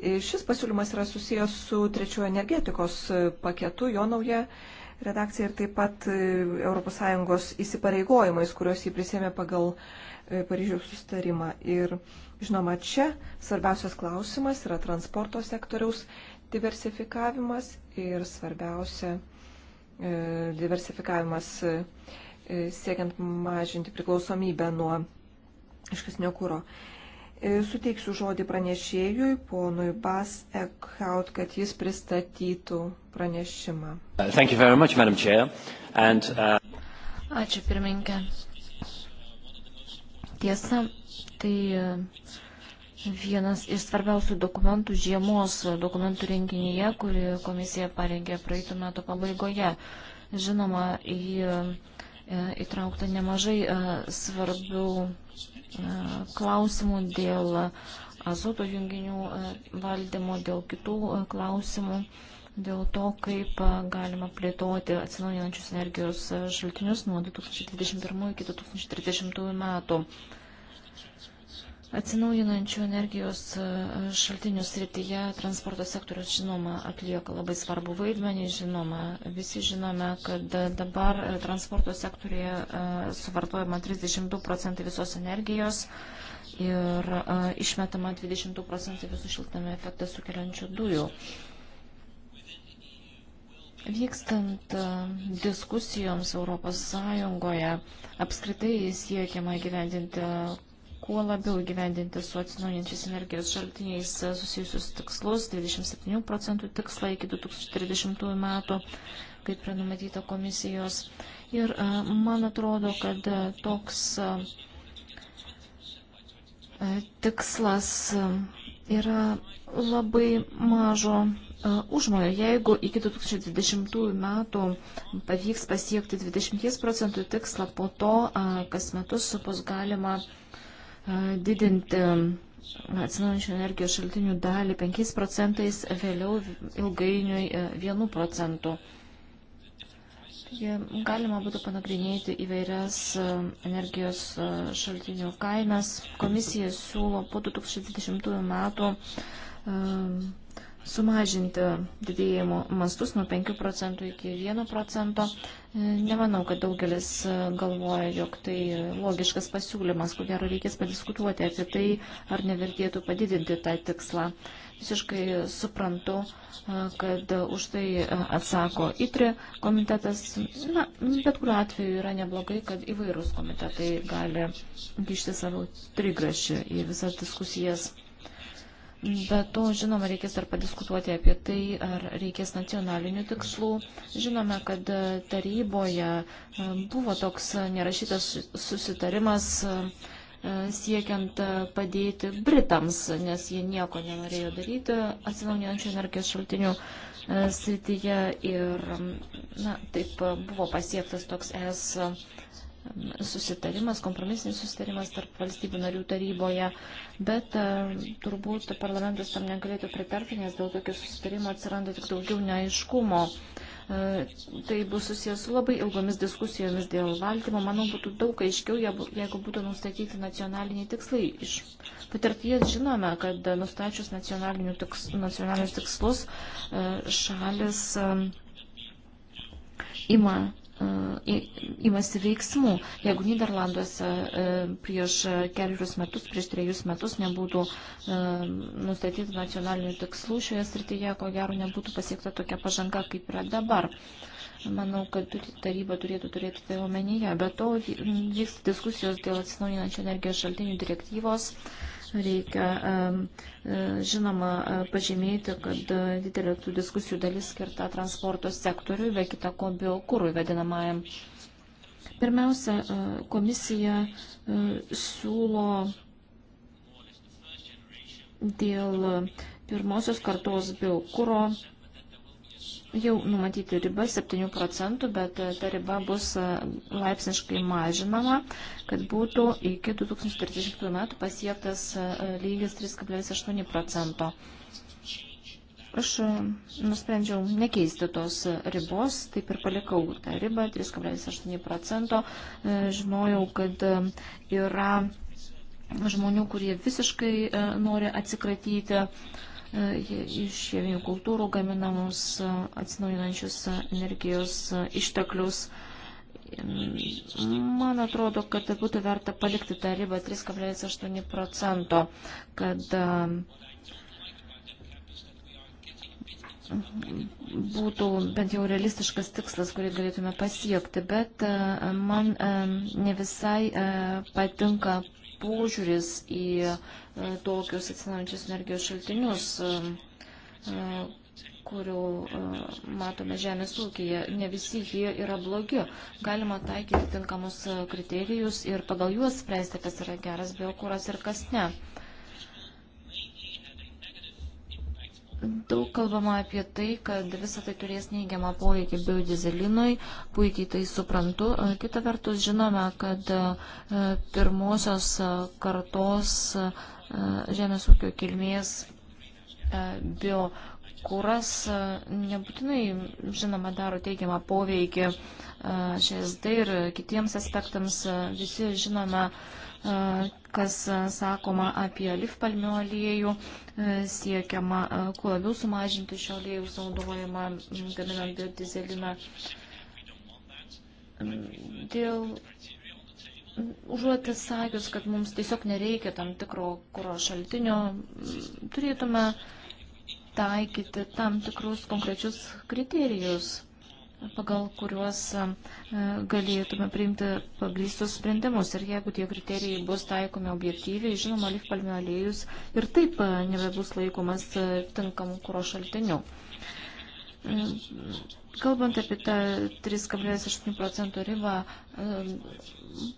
E, šis pasiūlymas yra susijęs su trečiojo energetikos e, paketu, jo nauja redakcija ir taip pat ES įsipareigojimais, kuriuos jį prisėmė pagal Paryžiaus sustarimą. Ir Žinoma, čia svarbiausias klausimas yra transporto sektoriaus diversifikavimas ir svarbiausia e, diversifikavimas e, e, siekiant mažinti priklausomybę nuo iškasnio kūro. Suteiksiu žodį pranešėjui, ponui Bas Eckhout, kad jis pristatytų pranešimą. Much, And, uh... Ačiū pirmininkė tiesa, tai vienas iš svarbiausių dokumentų žiemos dokumentų renginyje, kurį komisija parengė praeitų metų pabaigoje. Žinoma, į e, įtraukta nemažai e, svarbių e, klausimų dėl azoto junginių valdymo, dėl kitų klausimų dėl to, kaip galima plėtoti atsinaujinančius energijos šaltinius nuo 2021 iki 2030 metų. Atsinaujinančių energijos šaltinių srityje transporto sektorius, žinoma, atlieka labai svarbu vaidmenį, žinoma, visi žinome, kad dabar transporto sektorija suvartojama 32 procentai visos energijos ir išmetama 22 procentai visų šiltame efektą sukeliančių dujų. Vykstant e, diskusijoms ES apskritai siekiama gyvendinti kuo labiau gyvendinti su atsinaujančiais energijos šaltiniais susijusius tikslus, 27 procentų tikslą iki 2030 metų, kaip prenumatyta komisijos. Ir e, man atrodo, kad e, toks tikslas yra labai mažo E, užmojo. Jeigu iki 2020 metų pavyks pasiekti 20 procentų tikslą, po to e, kas metus bus galima e, didinti atsinaujančių energijos šaltinių dalį 5 procentais, vėliau ilgainiui 1 procentu. Galima būtų panagrinėti įvairias energijos šaltinių kainas. Komisija siūlo po 2020 metų sumažinti didėjimo mastus nuo 5 procentų iki 1 procento. E, nemanau, kad daugelis e, galvoja, jog tai logiškas pasiūlymas, ko gero reikės padiskutuoti apie tai, ar nevertėtų padidinti tą tikslą. Visiškai suprantu, e, kad už tai atsako ITRI komitetas. Na, bet kuriuo atveju yra neblogai, kad įvairūs komitetai gali kišti savo trigrašį į visas diskusijas. Bet to, žinoma, reikės dar padiskutuoti apie tai, ar reikės nacionalinių tikslų. Žinome, kad taryboje e, buvo toks nerašytas susitarimas e, siekiant padėti Britams, nes jie nieko nenorėjo daryti atsinaujinančių energijos šaltinių e, srityje ir na, taip buvo pasiektas toks es susitarimas, kompromisinis susitarimas tarp valstybių narių taryboje, bet e, turbūt parlamentas tam negalėtų pritarti, nes dėl tokio susitarimo atsiranda tik daugiau neaiškumo. E, tai bus susijęs su labai ilgomis diskusijomis dėl valdymo. Manau, būtų daug aiškiau, jeigu būtų nustatyti nacionaliniai tikslai. Iš patirties žinome, kad nustačius nacionalinius tiks, nacionalinius tikslus e, šalis ima E, imasi veiksmų. Jeigu Niderlanduose e, prieš kelius metus, prieš trejus metus nebūtų e, nustatyti nacionalinių tikslų šioje srityje, ko gero nebūtų pasiekta tokia pažanga, kaip yra dabar. Manau, kad taryba turėtų turėti tai omenyje. Be to vyksta diskusijos dėl atsinaujinančio energijos šaltinių direktyvos. Uh, Reikia e, žinoma e, pažymėti, kad e, didelė tų diskusijų dalis skirta transporto sektoriui, be kita ko biokūrui vadinamajam. Pirmiausia, komisija siūlo dėl pirmosios kartos biokūro jau numatyti riba 7 procentų, bet e, ta riba bus e, laipsniškai mažinama, kad būtų iki 2030 metų pasiektas e, lygis 3,8 procento. Aš nusprendžiau nekeisti tos ribos, taip ir palikau tą ribą 3,8 procento. Žinojau, kad yra žmonių, kurie visiškai nori atsikratyti E, iš jėvinių kultūrų gaminamus e, atsinaujinančius e, energijos išteklius. Man atrodo, kad būtų verta palikti tą ribą 3,8 procento, kad būtų bent jau realistiškas tikslas, kurį galėtume pasiekti, bet man ne visai patinka požiūris į e, tokius atsinaujančius energijos šaltinius, e, e, kurių matome žemės ūkyje. Ne visi jie yra blogi. Galima taikyti tinkamus kriterijus ir pagal juos spręsti, kas yra geras biokūras ir kas ne. Daug kalbama apie tai, kad visą tai turės neigiamą poveikį biodizelinui, puikiai tai suprantu. E, kita vertus, žinome, kad e, pirmosios e, kartos žemės ūkio kilmės biokūras nebūtinai, žinoma, daro teigiamą poveikį ŠSD ir kitiems aspektams. Visi žinome, kas sakoma apie lifpalmių aliejų, siekiama kuo labiau sumažinti šio aliejų saudojimą, gaminant biodizeliną. Dėl užuot sakius, kad mums tiesiog nereikia tam tikro kūro šaltinio, turėtume taikyti tam tikrus konkrečius kriterijus pagal kuriuos galėtume priimti pagrįstus sprendimus. Ir jeigu tie kriterijai bus taikomi objektyviai, žinoma, lygpalmių aliejus ir taip nebebus laikomas tinkamų kūro šaltiniu. Kalbant apie tą 3,8 procentų ribą,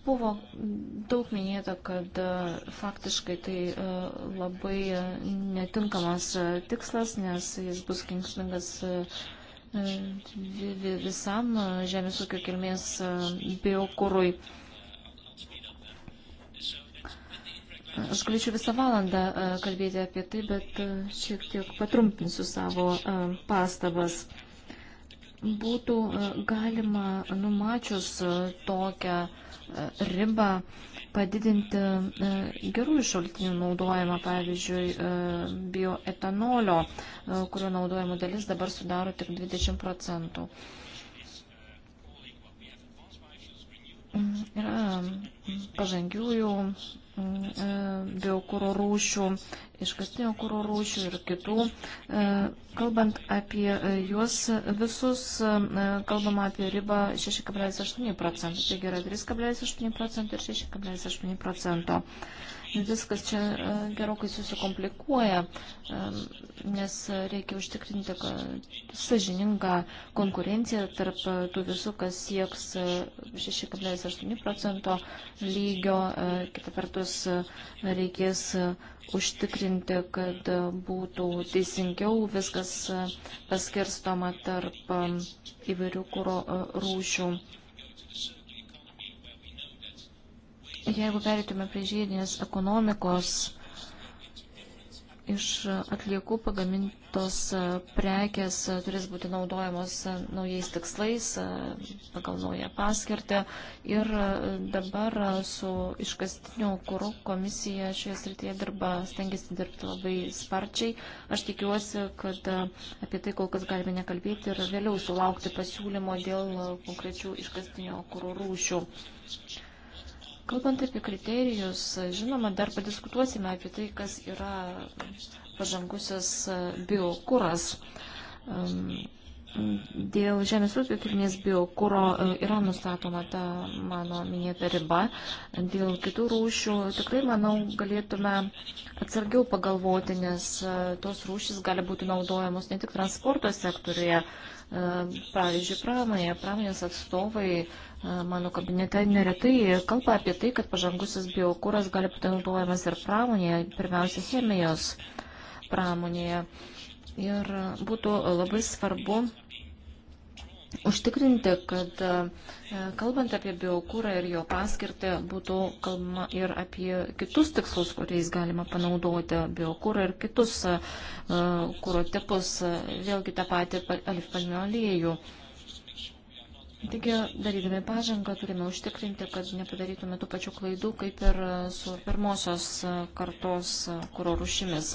buvo daug minėta, kad faktiškai tai labai netinkamas tikslas, nes jis bus kengsmingas visam e, žemės ūkio kilmės e, biokūrui. Aš galėčiau visą valandą e, kalbėti apie tai, bet šiek tiek patrumpinsiu savo pastabas. Būtų galima numačius tokią ribą padidinti e, gerųjų šaltinių naudojimą, pavyzdžiui, e, bioetanolio, e, kurio naudojimo dalis dabar sudaro tik 20 procentų. Yra pažangiųjų Mm, e, biokūro rūšių, iškastinio kūro rūšių ir kitų. E, kalbant apie e, juos visus, kalbama apie ribą 6,8 procentų, taigi yra 3,8 procentų ir 6,8 procento. Viskas čia e, gerokai susikomplikuoja, e, nes reikia užtikrinti sažiningą konkurenciją tarp e, tų visų, kas sieks 6,8 procento lygio. Kita vertus, reikės užtikrinti, kad būtų teisingiau viskas paskirstoma tarp įvairių kūro rūšių. Jeigu perėtume prie žiedinės ekonomikos, iš atliekų pagamintos prekės turės būti naudojamos naujais tikslais, pagal naują paskirtį. Ir dabar su iškastiniu kūru komisija šioje srityje dirba, stengiasi dirbti labai sparčiai. Aš tikiuosi, kad apie tai kol kas galime nekalbėti ir vėliau sulaukti pasiūlymo dėl konkrečių iškastinio kūro rūšių. Kalbant apie kriterijus, žinoma, dar padiskutuosime apie tai, kas yra pažangusios e, biokūras. Dėl žemės ūkio kilmės biokūro e, yra nustatoma ta mano minėta riba. Dėl kitų rūšių tikrai, manau, galėtume atsargiau pagalvoti, nes e, tos rūšys gali būti naudojamos ne tik transporto sektoriuje, pavyzdžiui, pramonėje. Pramonės atstovai uh, mano kabinete neretai kalba apie tai, kad pažangusis biokūras gali būti naudojamas ir pramonėje, pirmiausia, chemijos pramonėje. Ir būtų labai svarbu užtikrinti, kad e, kalbant apie biokūrą ir jo paskirtį, būtų kalbama ir apie kitus tikslus, kuriais galima panaudoti biokūrą ir kitus e, kūro tipus, vėlgi tą patį alifpalmių aliejų. Al Taigi, darydami pažangą, turime užtikrinti, kad nepadarytume tų pačių klaidų, kaip ir su pirmosios kartos kūro rušimis.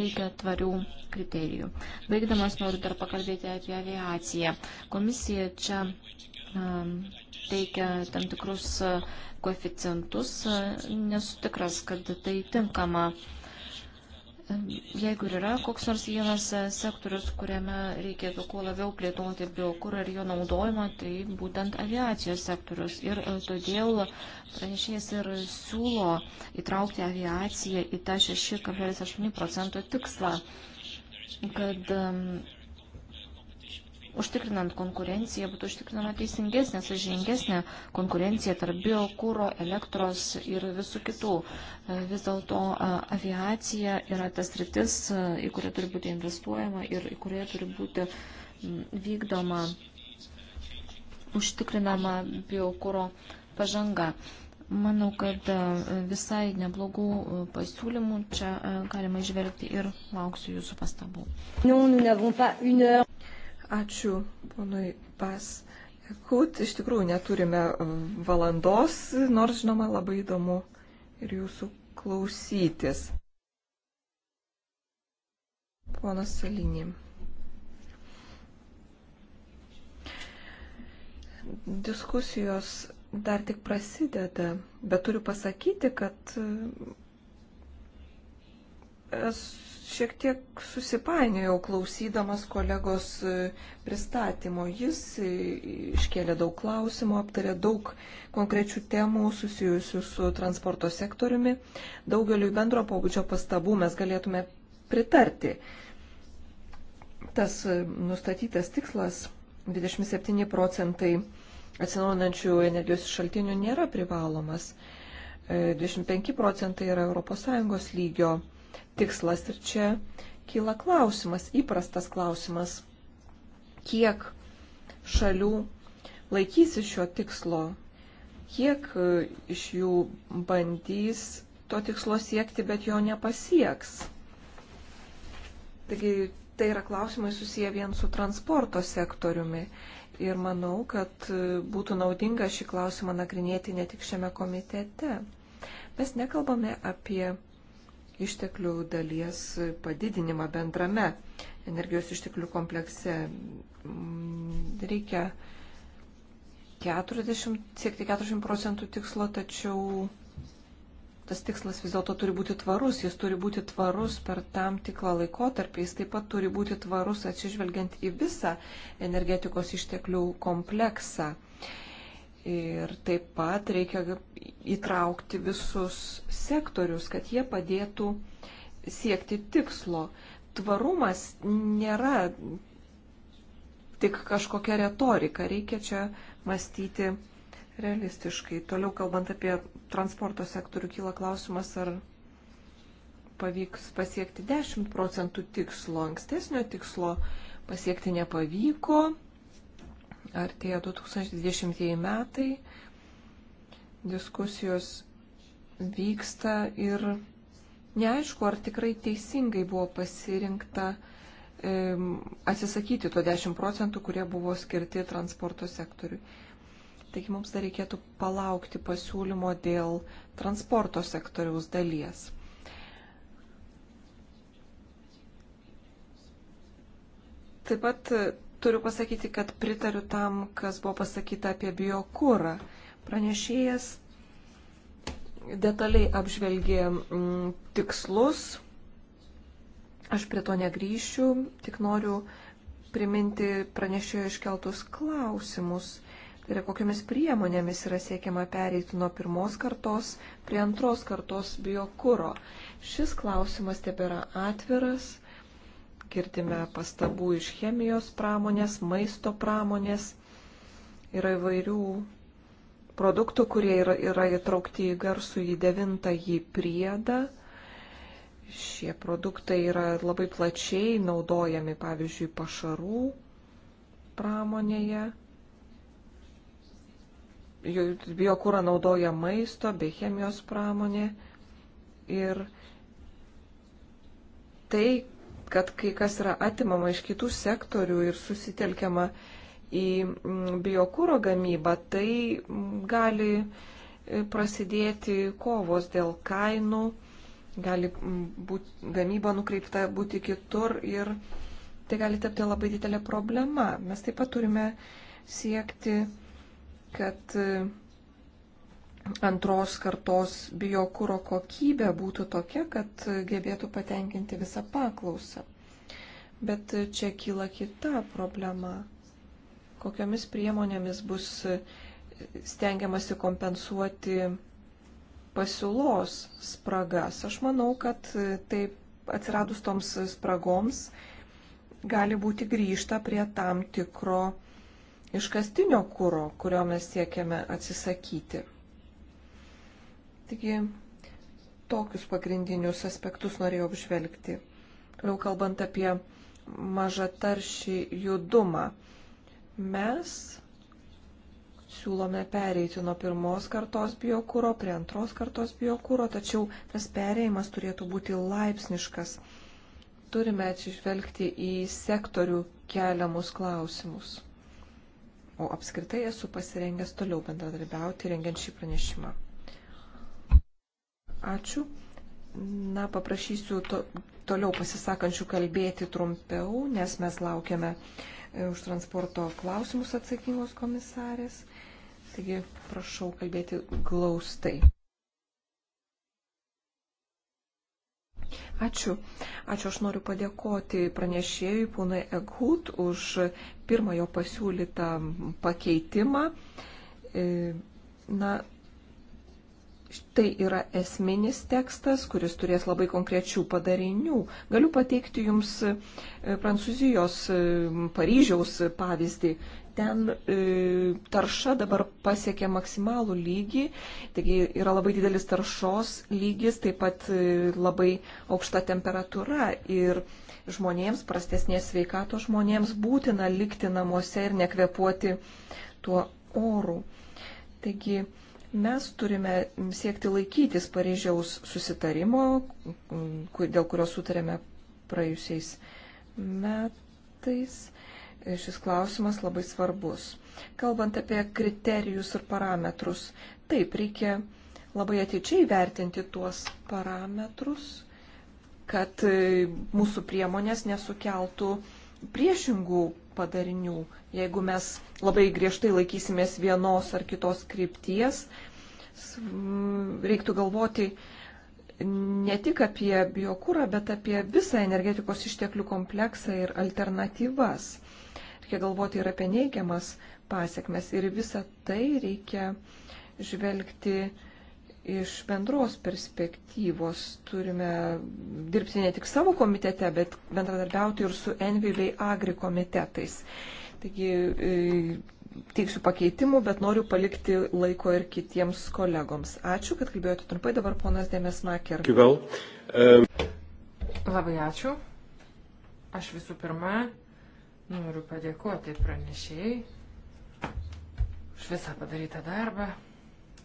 Reikia tvarių kriterijų. Baigdamas noriu dar pakalbėti apie aviaciją. Komisija čia um, teikia tam tikrus koeficientus, nesu tikras, kad tai tinkama. Uh, Jeigu ir yra koks nors vienas e, sektorius, kuriame reikėtų kuo labiau plėtoti biokūrą ir jo naudojimą, tai būtent aviacijos sektorius. Ir e, todėl pranešėjas ir siūlo įtraukti aviaciją į tą 6,8 procentų tikslą, kad užtikrinant konkurenciją būtų užtikrinama teisingesnė, sažiningesnė konkurencija tarp biokūro, elektros ir visų kitų. E, vis dėlto e, aviacija yra tas rytis, e, į kurią turi būti investuojama ir į kurią turi būti vykdoma užtikrinama biokūro pažanga. Manau, kad visai neblogų pasiūlymų čia galima išvelgti ir lauksiu jūsų pastabų. Non, Ačiū ponui Pas. Kut, iš tikrųjų neturime valandos, nors žinoma labai įdomu ir jūsų klausytis. Ponas Salinį. Diskusijos dar tik prasideda, bet turiu pasakyti, kad esu šiek tiek susipainiojau klausydamas kolegos e, pristatymo. Jis e, iškėlė daug klausimų, aptarė daug konkrečių temų susijusių su transporto sektoriumi. Daugeliu bendro pobūdžio pastabų mes galėtume pritarti. Tas e, nustatytas tikslas 27 procentai atsinaujinančių energijos šaltinių nėra privalomas. 25 procentai yra ES lygio tikslas ir čia kyla klausimas, įprastas klausimas, kiek šalių laikysi šio tikslo, kiek e, iš jų bandys to tikslo siekti, bet jo nepasieks. Taigi tai yra klausimai susiję vien su transporto sektoriumi. Ir manau, kad e, būtų naudinga šį klausimą nagrinėti ne tik šiame komitete. Mes nekalbame apie išteklių dalies padidinimą bendrame energijos išteklių komplekse. Mm, reikia 40, siekti 40 procentų tikslo, tačiau tas tikslas vis dėlto turi būti tvarus, jis turi būti tvarus per tam tikrą laikotarpį, jis taip pat turi būti tvarus atsižvelgiant į visą energetikos išteklių kompleksą. Ir taip pat reikia įtraukti visus sektorius, kad jie padėtų siekti tikslo. Tvarumas nėra tik kažkokia retorika, reikia čia mąstyti realistiškai. Toliau kalbant apie transporto sektorių, kyla klausimas, ar pavyks pasiekti 10 procentų tikslo. Ankstesnio tikslo pasiekti nepavyko artėja 2020 metai, diskusijos vyksta ir neaišku, ar tikrai teisingai buvo pasirinkta e, atsisakyti to 10 procentų, kurie buvo skirti transporto sektoriui. Taigi mums dar reikėtų palaukti pasiūlymo dėl transporto sektoriaus dalies. Taip pat Turiu pasakyti, kad pritariu tam, kas buvo pasakyta apie biokūrą. Pranešėjas detaliai apžvelgė m, mm, tikslus. Aš prie to negryšiu, tik noriu priminti pranešėjo iškeltus klausimus. Tai yra, kokiamis priemonėmis yra siekiama pereiti nuo pirmos kartos prie antros kartos biokūro. Šis klausimas tebėra atviras girdime pastabų iš chemijos pramonės, maisto pramonės. Yra įvairių produktų, kurie yra, yra įtraukti į garsų į devintąjį priedą. Šie produktai yra labai plačiai naudojami, pavyzdžiui, pašarų pramonėje. Biokūrą naudoja maisto bei chemijos pramonė. Ir tai, kad kai kas yra atimama iš kitų sektorių ir susitelkiama į mm, biokūro gamybą, tai mm, gali e, prasidėti kovos dėl kainų, gali mm, būti gamyba nukreipta būti kitur ir tai gali tapti labai didelė problema. Mes taip pat turime siekti, kad e, antros kartos biokūro kokybė būtų tokia, kad gebėtų patenkinti visą paklausą. Bet čia kyla kita problema. Kokiomis priemonėmis bus stengiamasi kompensuoti pasiūlos spragas? Aš manau, kad taip atsiradus toms spragoms gali būti grįžta prie tam tikro iškastinio kūro, kurio mes siekiame atsisakyti. Taigi, tokius pagrindinius aspektus norėjau apžvelgti. Toliau kalbant apie mažą taršį judumą, mes siūlome pereiti nuo pirmos kartos biokūro prie antros kartos biokūro, tačiau tas pereimas turėtų būti laipsniškas. Turime atsižvelgti į sektorių keliamus klausimus. O apskritai esu pasirengęs toliau bendradarbiauti rengiant šį pranešimą. Ačiū. Na, paprašysiu to, toliau pasisakančių kalbėti trumpiau, nes mes laukiame e, už transporto klausimus atsakingos komisarės. Taigi, prašau kalbėti glaustai. Ačiū. Ačiū, aš noriu padėkoti pranešėjui ponai Eghut už pirmojo pasiūlytą pakeitimą. E, na, Tai yra esminis tekstas, kuris turės labai konkrečių padarinių. Galiu pateikti Jums e, Prancūzijos e, Paryžiaus pavyzdį. Ten e, tarša dabar pasiekia maksimalų lygį, taigi yra labai didelis taršos lygis, taip pat labai aukšta temperatūra ir žmonėms, prastesnės sveikato žmonėms būtina likti namuose ir nekvepuoti tuo oru. Taigi, Mes turime siekti laikytis Paryžiaus susitarimo, dėl kurio sutarėme praėjusiais metais. Šis klausimas labai svarbus. Kalbant apie kriterijus ir parametrus, taip, reikia labai ateičiai vertinti tuos parametrus, kad e, mūsų priemonės nesukeltų priešingų padarinių. Jeigu mes labai griežtai laikysimės vienos ar kitos krypties, reiktų galvoti ne tik apie biokūrą, bet apie visą energetikos išteklių kompleksą ir alternatyvas. Reikia galvoti ir apie neigiamas pasiekmes. Ir visą tai reikia žvelgti iš bendros perspektyvos turime dirbti ne tik savo komitete, bet bendradarbiauti ir su Envi bei Agri komitetais. Taigi e, teiksiu pakeitimų, bet noriu palikti laiko ir kitiems kolegoms. Ačiū, kad kalbėjote trumpai. Dabar ponas Dėmes Maker. E, Labai ačiū. Aš visų pirma noriu padėkoti pranešėjai už visą padarytą darbą.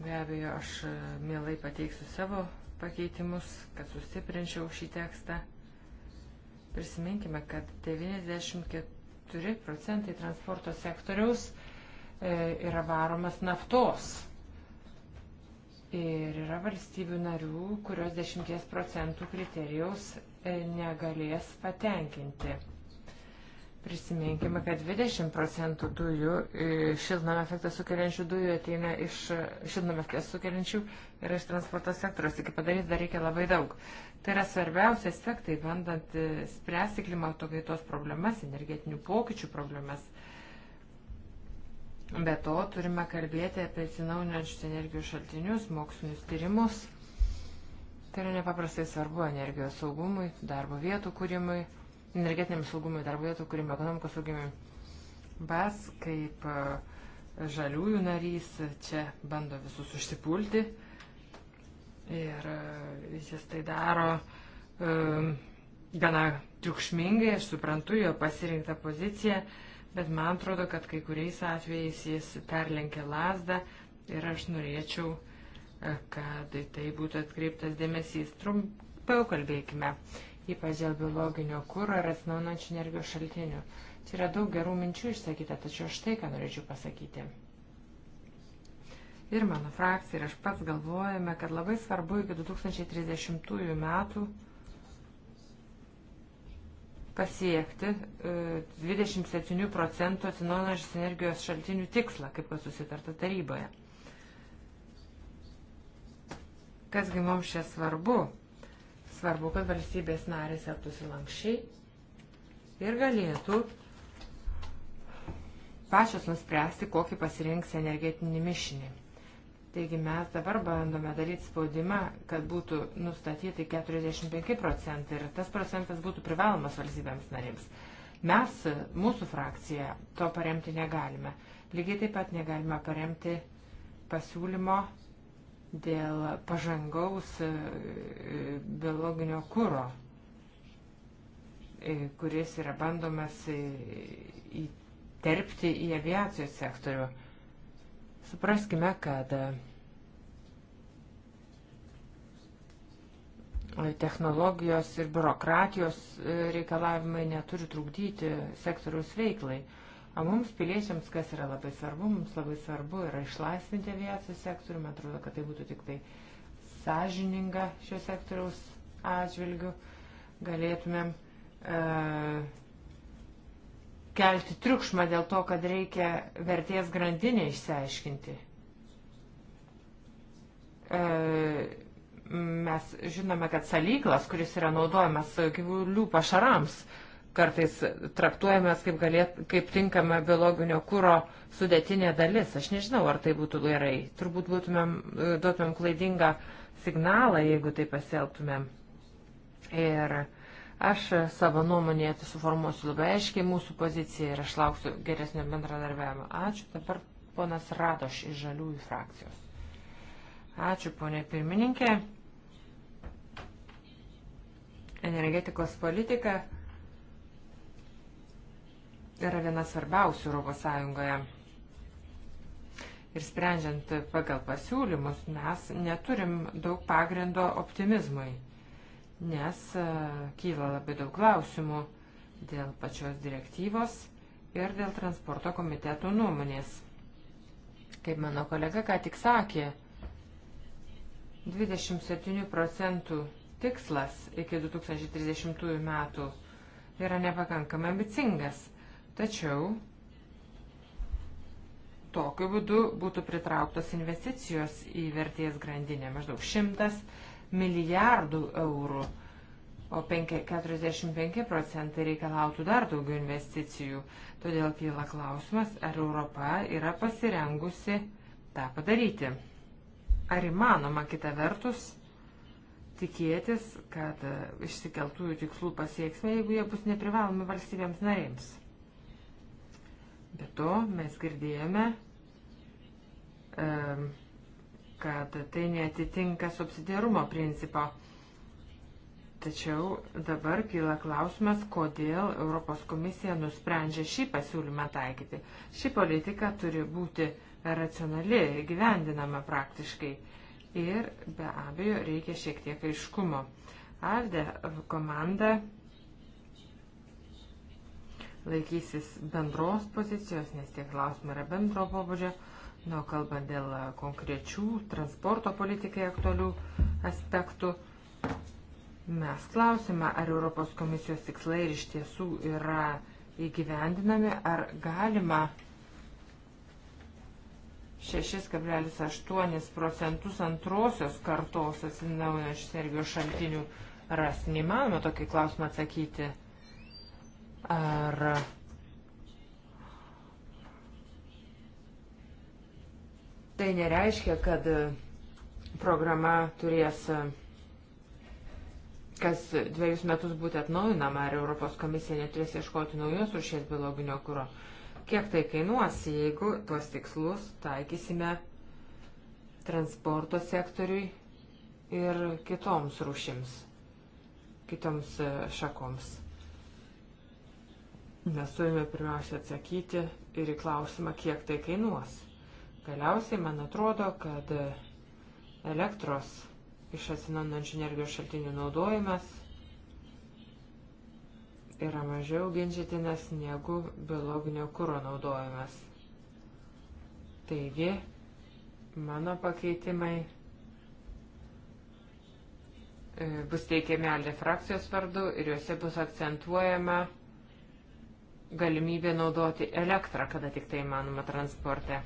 Be abejo, aš e, mielai pateiksiu savo pakeitimus, kad sustiprinčiau šį tekstą. Prisiminkime, kad 94 procentai transporto sektoriaus e, yra varomas naftos. Ir yra valstybių narių, kurios 10 procentų kriterijaus e, negalės patenkinti. Prisiminkime, kad 20 procentų dujų e, šiltnamio efektą sukeliančių dujų ateina iš šiltnamio efektą sukeliančių ir iš transporto sektoriaus. Taigi padaryti dar reikia labai daug. Tai yra svarbiausi aspektai, bandant e, spręsti klimato kaitos problemas, energetinių pokyčių problemas. Be to turime kalbėti apie atsinaujinančius energijos šaltinius, mokslinius tyrimus. Tai yra nepaprastai svarbu energijos saugumui, darbo vietų kūrimui energetiniam saugumui, darbo vietų kūrimui, ekonomikos saugimui. Bas, kaip e, žaliųjų narys, čia bando visus užsipulti ir e, jis tai daro e, gana triukšmingai, aš suprantu jo pasirinktą poziciją, bet man atrodo, kad kai kuriais atvejais jis perlenkė lasdą ir aš norėčiau, kad tai būtų atkreiptas dėmesys. Trumpiau kalbėkime. Uh, ypač dėl biologinio kūro ir atsinaunančių energijos šaltinių. Čia yra daug gerų minčių išsakyta, tačiau štai ką norėčiau pasakyti. Ir mano frakcija ir aš pats galvojame, kad labai svarbu iki 2030 metų pasiekti 27 e, procentų atsinaujinančios energijos šaltinių tikslą, kaip kad susitarta taryboje. Kasgi mums čia svarbu? Svarbu, kad valstybės narės elgtųsi lankščiai ir galėtų pačios nuspręsti, kokį pasirinks energetinį mišinį. Taigi mes dabar bandome daryti spaudimą, kad būtų nustatyti 45 procentai ir tas procentas būtų privalomas valstybėms narėms. Mes, mūsų frakcija, to paremti negalime. Lygiai taip pat negalime paremti pasiūlymo dėl pažangaus e, biologinio kūro, e, kuris yra bandomas e, įterpti į aviacijos sektorių. Supraskime, kad technologijos ir biurokratijos reikalavimai neturi trukdyti sektoriaus veiklai. O mums piliečiams, kas yra labai svarbu, mums labai svarbu yra išlaisvinti aviacijos sektorių, man atrodo, kad tai būtų tik tai sąžininga šio sektoriaus atžvilgių, galėtumėm e, kelti triukšmą dėl to, kad reikia vertės grandinę išsiaiškinti. E, mes žinome, kad salyklas, kuris yra naudojamas gyvulių pašarams, e, kartais traktuojamas kaip, galėt, kaip tinkama biologinio kūro sudėtinė dalis. Aš nežinau, ar tai būtų gerai. Turbūt būtumėm, duotumėm klaidingą signalą, jeigu tai pasielgtumėm. Ir aš savo nuomonėje suformuosiu labai aiškiai mūsų poziciją ir aš lauksiu geresnio bendradarbiavimo. Ačiū. Dabar ponas Radoš iš Žaliųjų frakcijos. Ačiū, ponė pirmininkė. Energetikos politika yra viena svarbiausių Europos Sąjungoje. Ir sprendžiant pagal pasiūlymus, mes neturim daug pagrindo optimizmui, nes e, kyla labai daug klausimų dėl pačios direktyvos ir dėl transporto komitetų nuomonės. Kaip mano kolega ką tik sakė, 27 procentų tikslas iki 2030 metų yra nepakankamai ambicingas Tačiau tokiu būdu būtų pritrauktos investicijos į vertės grandinę maždaug 100 milijardų eurų, o 45 procentai reikalautų dar daugiau investicijų. Todėl kyla klausimas, ar Europa yra pasirengusi tą padaryti. Ar įmanoma kita vertus tikėtis, kad išsikeltųjų tikslų pasieksime, jeigu jie bus neprivalomi valstybėms narėms? Be to mes girdėjome, kad tai netitinka subsidiarumo principo. Tačiau dabar kyla klausimas, kodėl Europos komisija nusprendžia šį pasiūlymą taikyti. Ši politika turi būti racionali, gyvendinama praktiškai. Ir be abejo reikia šiek tiek aiškumo. Alde komanda laikysis bendros pozicijos, nes tie klausimai yra bendro pobūdžio. Nu, kalbant dėl e, konkrečių transporto politikai aktualių aspektų, mes klausime, ar Europos komisijos tikslai iš tiesų yra įgyvendinami, ar galima 6,8 procentus antrosios kartos atsinaujinančių energijos šaltinių rasti. Neįmanoma tokį klausimą atsakyti ar tai nereiškia, kad programa turės kas dviejus metus būti atnaujinama, ar Europos komisija neturės ieškoti naujos rušies biologinio kūro. Kiek tai kainuos, jeigu tuos tikslus taikysime transporto sektoriui ir kitoms rušims, kitoms e, šakoms. Mes turime pirmiausia atsakyti ir į klausimą, kiek tai kainuos. Galiausiai man atrodo, kad elektros iš atsinaujančių energijos šaltinių naudojimas yra mažiau ginčytinas negu biologinio kūro naudojimas. Taigi, mano pakeitimai e, bus teikiami Alde frakcijos vardu ir juose bus akcentuojama galimybė naudoti elektrą, kada tik tai manoma transporte.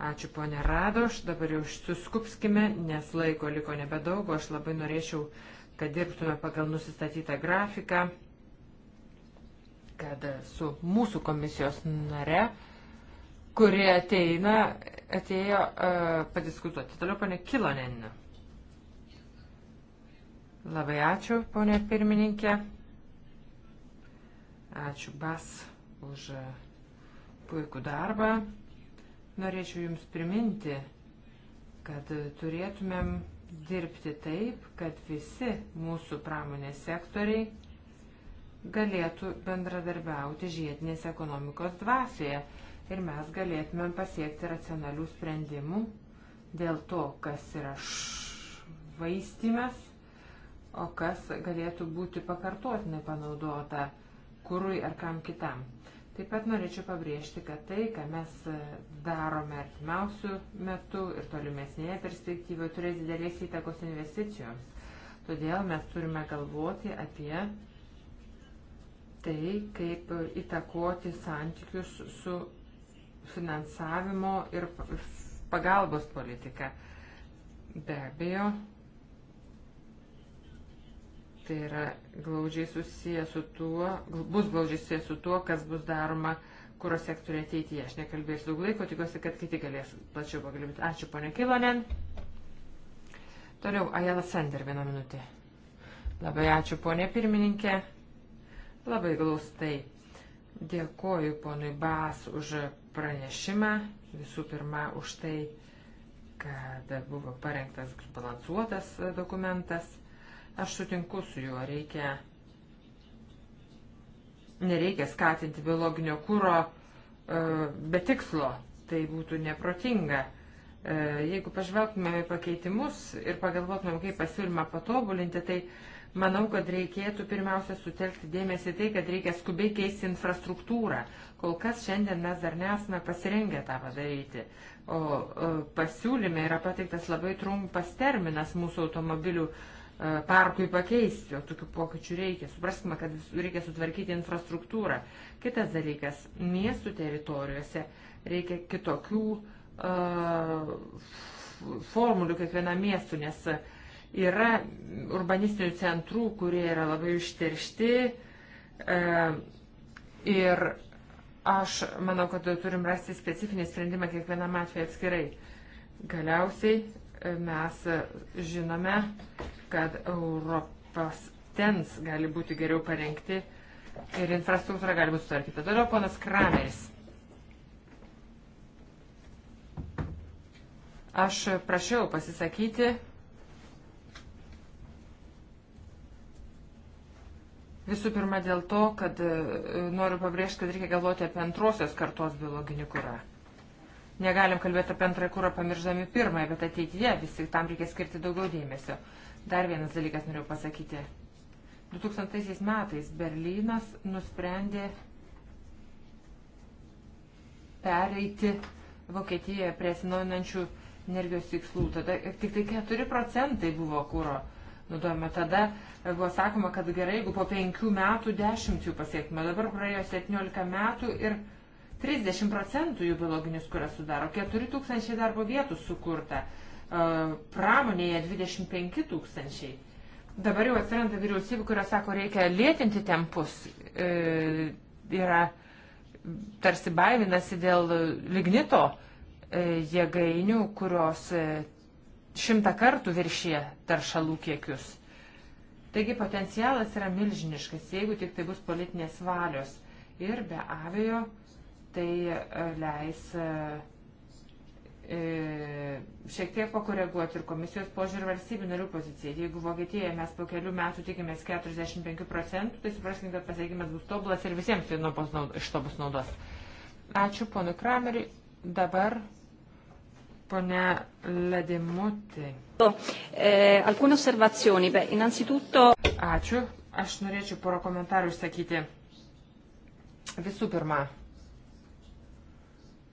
Ačiū ponė Radoš, dabar jau suskupskime, nes laiko liko nebedaug, aš labai norėčiau, kad dirbtume pagal nusistatytą grafiką, kad su mūsų komisijos nare, kuri ateina, atėjo uh, padiskutuoti. Toliau ponė Kiloneninė. Labai ačiū, ponė pirmininkė. Ačiū Bas už e, puikų darbą. Norėčiau Jums priminti, kad turėtumėm dirbti taip, kad visi mūsų pramonės sektoriai galėtų bendradarbiauti žiedinės ekonomikos dvasioje ir mes galėtumėm pasiekti racionalių sprendimų dėl to, kas yra švaistimas, o kas galėtų būti pakartotinai panaudota kūrui ar kam kitam. Taip pat norėčiau pabrėžti, kad tai, ką mes e, darome artimiausių metų ir tolimesnėje perspektyvoje, turės didelės įtakos investicijoms. Todėl mes turime galvoti apie tai, kaip įtakoti santykius su finansavimo ir pagalbos politika. Be abejo, Tai yra glaudžiai susijęs su tuo, bus glaudžiai susijęs su tuo, kas bus daroma kūro sektoriuje ateityje. Aš nekalbėsiu daug laiko, tikiuosi, kad kiti galės plačiau pakalbėti. Ačiū, ponė Kilonen. Toliau, Ajala Sender, vieną minutę. Labai ačiū, ponė pirmininkė. Labai glaustai. Dėkoju ponui Bas už pranešimą. Visų pirma, už tai, kad buvo parengtas balansuotas dokumentas. Aš sutinku su juo, reikia, nereikia skatinti biologinio kūro e, be tikslo, tai būtų neprotinga. E, jeigu pažvelgtumėm į pakeitimus ir pagalvotumėm, kaip pasiūlymą patobulinti, tai manau, kad reikėtų pirmiausia sutelkti dėmesį tai, kad reikia skubiai keisti infrastruktūrą. Kol kas šiandien mes dar nesame pasirengę tą padaryti. O, o e, pasiūlyme yra pateiktas labai trumpas terminas mūsų automobilių uh, E, parkui pakeisti, o tokių pokyčių reikia. Supraskime, kad reikia sutvarkyti infrastruktūrą. Kitas dalykas, miestų teritorijose reikia kitokių uh, formulių kiekvienam miestu, nes yra urbanistinių centrų, kurie yra labai užteršti uh, ir aš manau, kad turim rasti specifinį sprendimą kiekvienam atveju atskirai. Galiausiai mes žinome, uh, kad Europos tens gali būti geriau parengti ir infrastruktūra gali būti sutvarkyta. Toliau ponas Krameris. Aš prašiau pasisakyti visų pirma dėl to, kad e, noriu pabrėžti, kad reikia galvoti apie antrosios kartos biologinį kurą. Negalim kalbėti apie antrąjį kurą pamirždami pirmąją, bet ateityje vis tik tam reikia skirti daugiau dėmesio. Dar vienas dalykas noriu pasakyti. 2000 metais Berlynas nusprendė pereiti Vokietijoje prie atsinaujinančių energijos tikslų. Tada tik tai 4 procentai buvo kūro naudojama. Tada buvo sakoma, kad gerai, jeigu po 5 metų 10 jų pasiektume. Dabar praėjo 17 metų ir 30 procentų jų biologinis kuras sudaro. 4000 darbo vietų sukurta pramonėje 25 tūkstančiai. Dabar jau atsiranda vyriausybių, kurios sako, reikia lėtinti tempus. E, yra tarsi baiminasi dėl lignito e, jėgainių, kurios e, šimta kartų viršė taršalų kiekius. Taigi potencialas yra milžiniškas, jeigu tik tai bus politinės valios. Ir be abejo, tai e, leis. E, E, šiek tiek pakoreguoti ir komisijos požiūrį valstybių narių poziciją. Jeigu Vokietijoje mes po kelių metų tikimės 45 procentų, tai supraskime, kad pasiekimas bus tobulas ir visiems tai iš to bus naudos. Ačiū ponui Krameriui. Dabar ponia Lademuti. E, alcune osservazioni. Beh, innanzitutto. Ačiū. Aš norėčiau porą komentarų išsakyti. Visų pirma,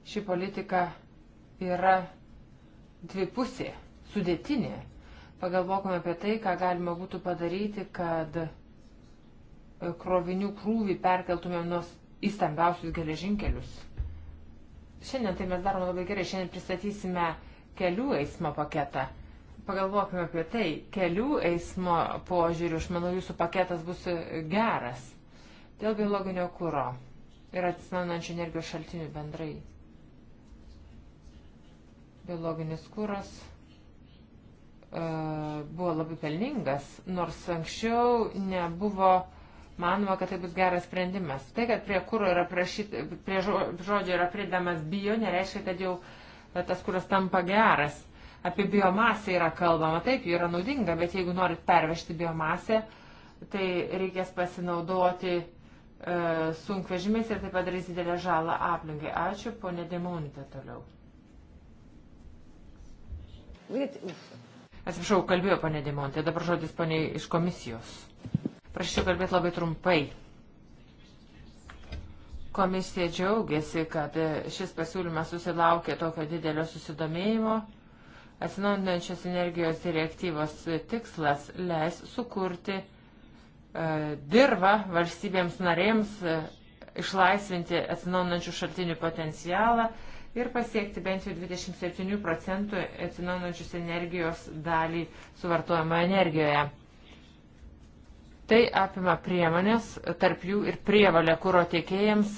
ši politika yra dvipusė, sudėtinė. Pagalvokime apie tai, ką galima būtų padaryti, kad e, krovinių krūvį perkeltumėm nuo įstambiausius geležinkelius. Šiandien tai mes darome labai gerai. Šiandien pristatysime kelių eismo paketą. Pagalvokime apie tai. Kelių eismo požiūrių, aš manau, jūsų paketas bus e, geras. Dėl biologinio kūro ir atsinaunančių energijos šaltinių bendrai. Biologinis kūras e, buvo labai pelningas, nors anksčiau nebuvo manoma, kad tai bus geras sprendimas. Tai, kad prie kūro yra prašyta, prie žodžio yra pridamas bio, nereiškia, kad jau e, tas kūras tampa geras. Apie biomasę yra kalbama, taip, ji yra naudinga, bet jeigu norit pervežti biomasę, tai reikės pasinaudoti e, sunkvežimiais ir taip padarys didelę žalą aplinkai. Ačiū, ponė Demonite toliau. Atsiprašau, kalbėjo ponė Dimontė, dabar žodis ponė iš komisijos. Prašyčiau kalbėti labai trumpai. Komisija džiaugiasi, kad šis pasiūlymas susilaukė tokio didelio susidomėjimo. Atsinaujinančios energijos direktyvos tikslas leis sukurti e, dirbą valstybėms narėms, e, išlaisvinti atsinaujinančių šaltinių potencialą ir pasiekti bent jau 27 procentų atsinaujančius energijos dalį suvartojamo energijoje. Tai apima priemonės, tarp jų ir prievalė kūro tiekėjams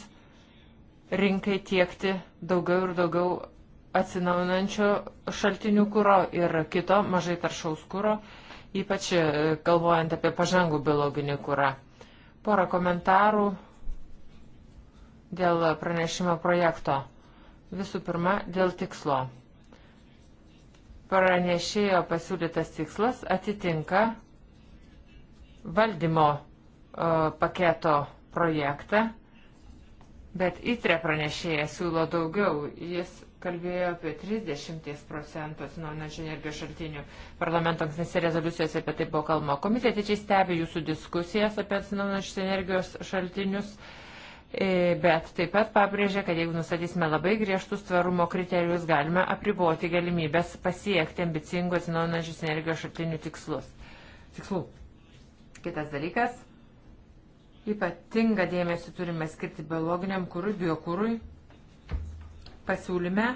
rinkai tiekti daugiau ir daugiau atsinaujančio šaltinių kūro ir kito mažai taršaus kūro, ypač e, galvojant apie pažangų biologinį kūrą. Porą komentarų dėl pranešimo projekto. Visų pirma, dėl tikslo. Pranešėjo pasiūlytas tikslas atitinka valdymo o, e, paketo projektą, bet įtrė pranešėjas siūlo daugiau. Jis kalbėjo apie 30 procentų atsinaujinančių energijos šaltinių. Parlamento ankstesnėse rezoliucijose apie tai buvo kalbama. Komisija tečiai stebi jūsų diskusijas apie atsinaujinančius energijos šaltinius. Uh, E, bet taip pat pabrėžė, kad jeigu nustatysime labai griežtus tvarumo kriterijus, galime apriboti galimybės pasiekti ambicingų atsinaujinančius energijos šaltinių tikslus. tikslų. Kitas dalykas. Ypatinga dėmesį turime skirti biologiniam kūrui, biokūrui. Pasiūlyme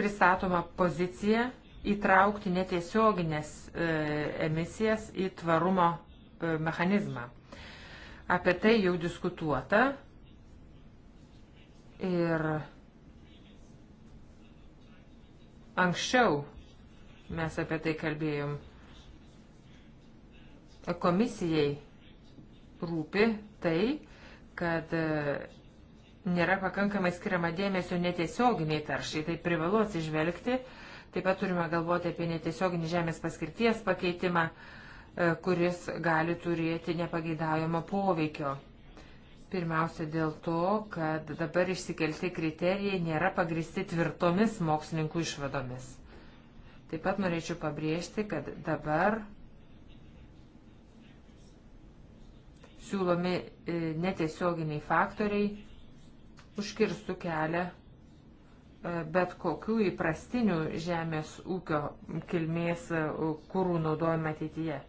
pristatoma pozicija įtraukti netiesioginės e, emisijas į tvarumo e, mechanizmą. Apie tai jau diskutuota ir anksčiau mes apie tai kalbėjom. Komisijai rūpi tai, kad e, nėra pakankamai skiriama dėmesio netiesioginiai taršai, tai privalu atsižvelgti. Taip pat turime galvoti apie netiesioginį žemės paskirties pakeitimą. Uh, E, kuris gali turėti nepageidaujamo poveikio. Pirmiausia dėl to, kad dabar išsikelti kriterijai nėra pagristi tvirtomis mokslininkų išvadomis. Taip pat norėčiau pabrėžti, kad dabar siūlomi e, netiesioginiai faktoriai užkirstų kelią e, bet kokių įprastinių žemės ūkio kilmės kūrų naudojimą ateityje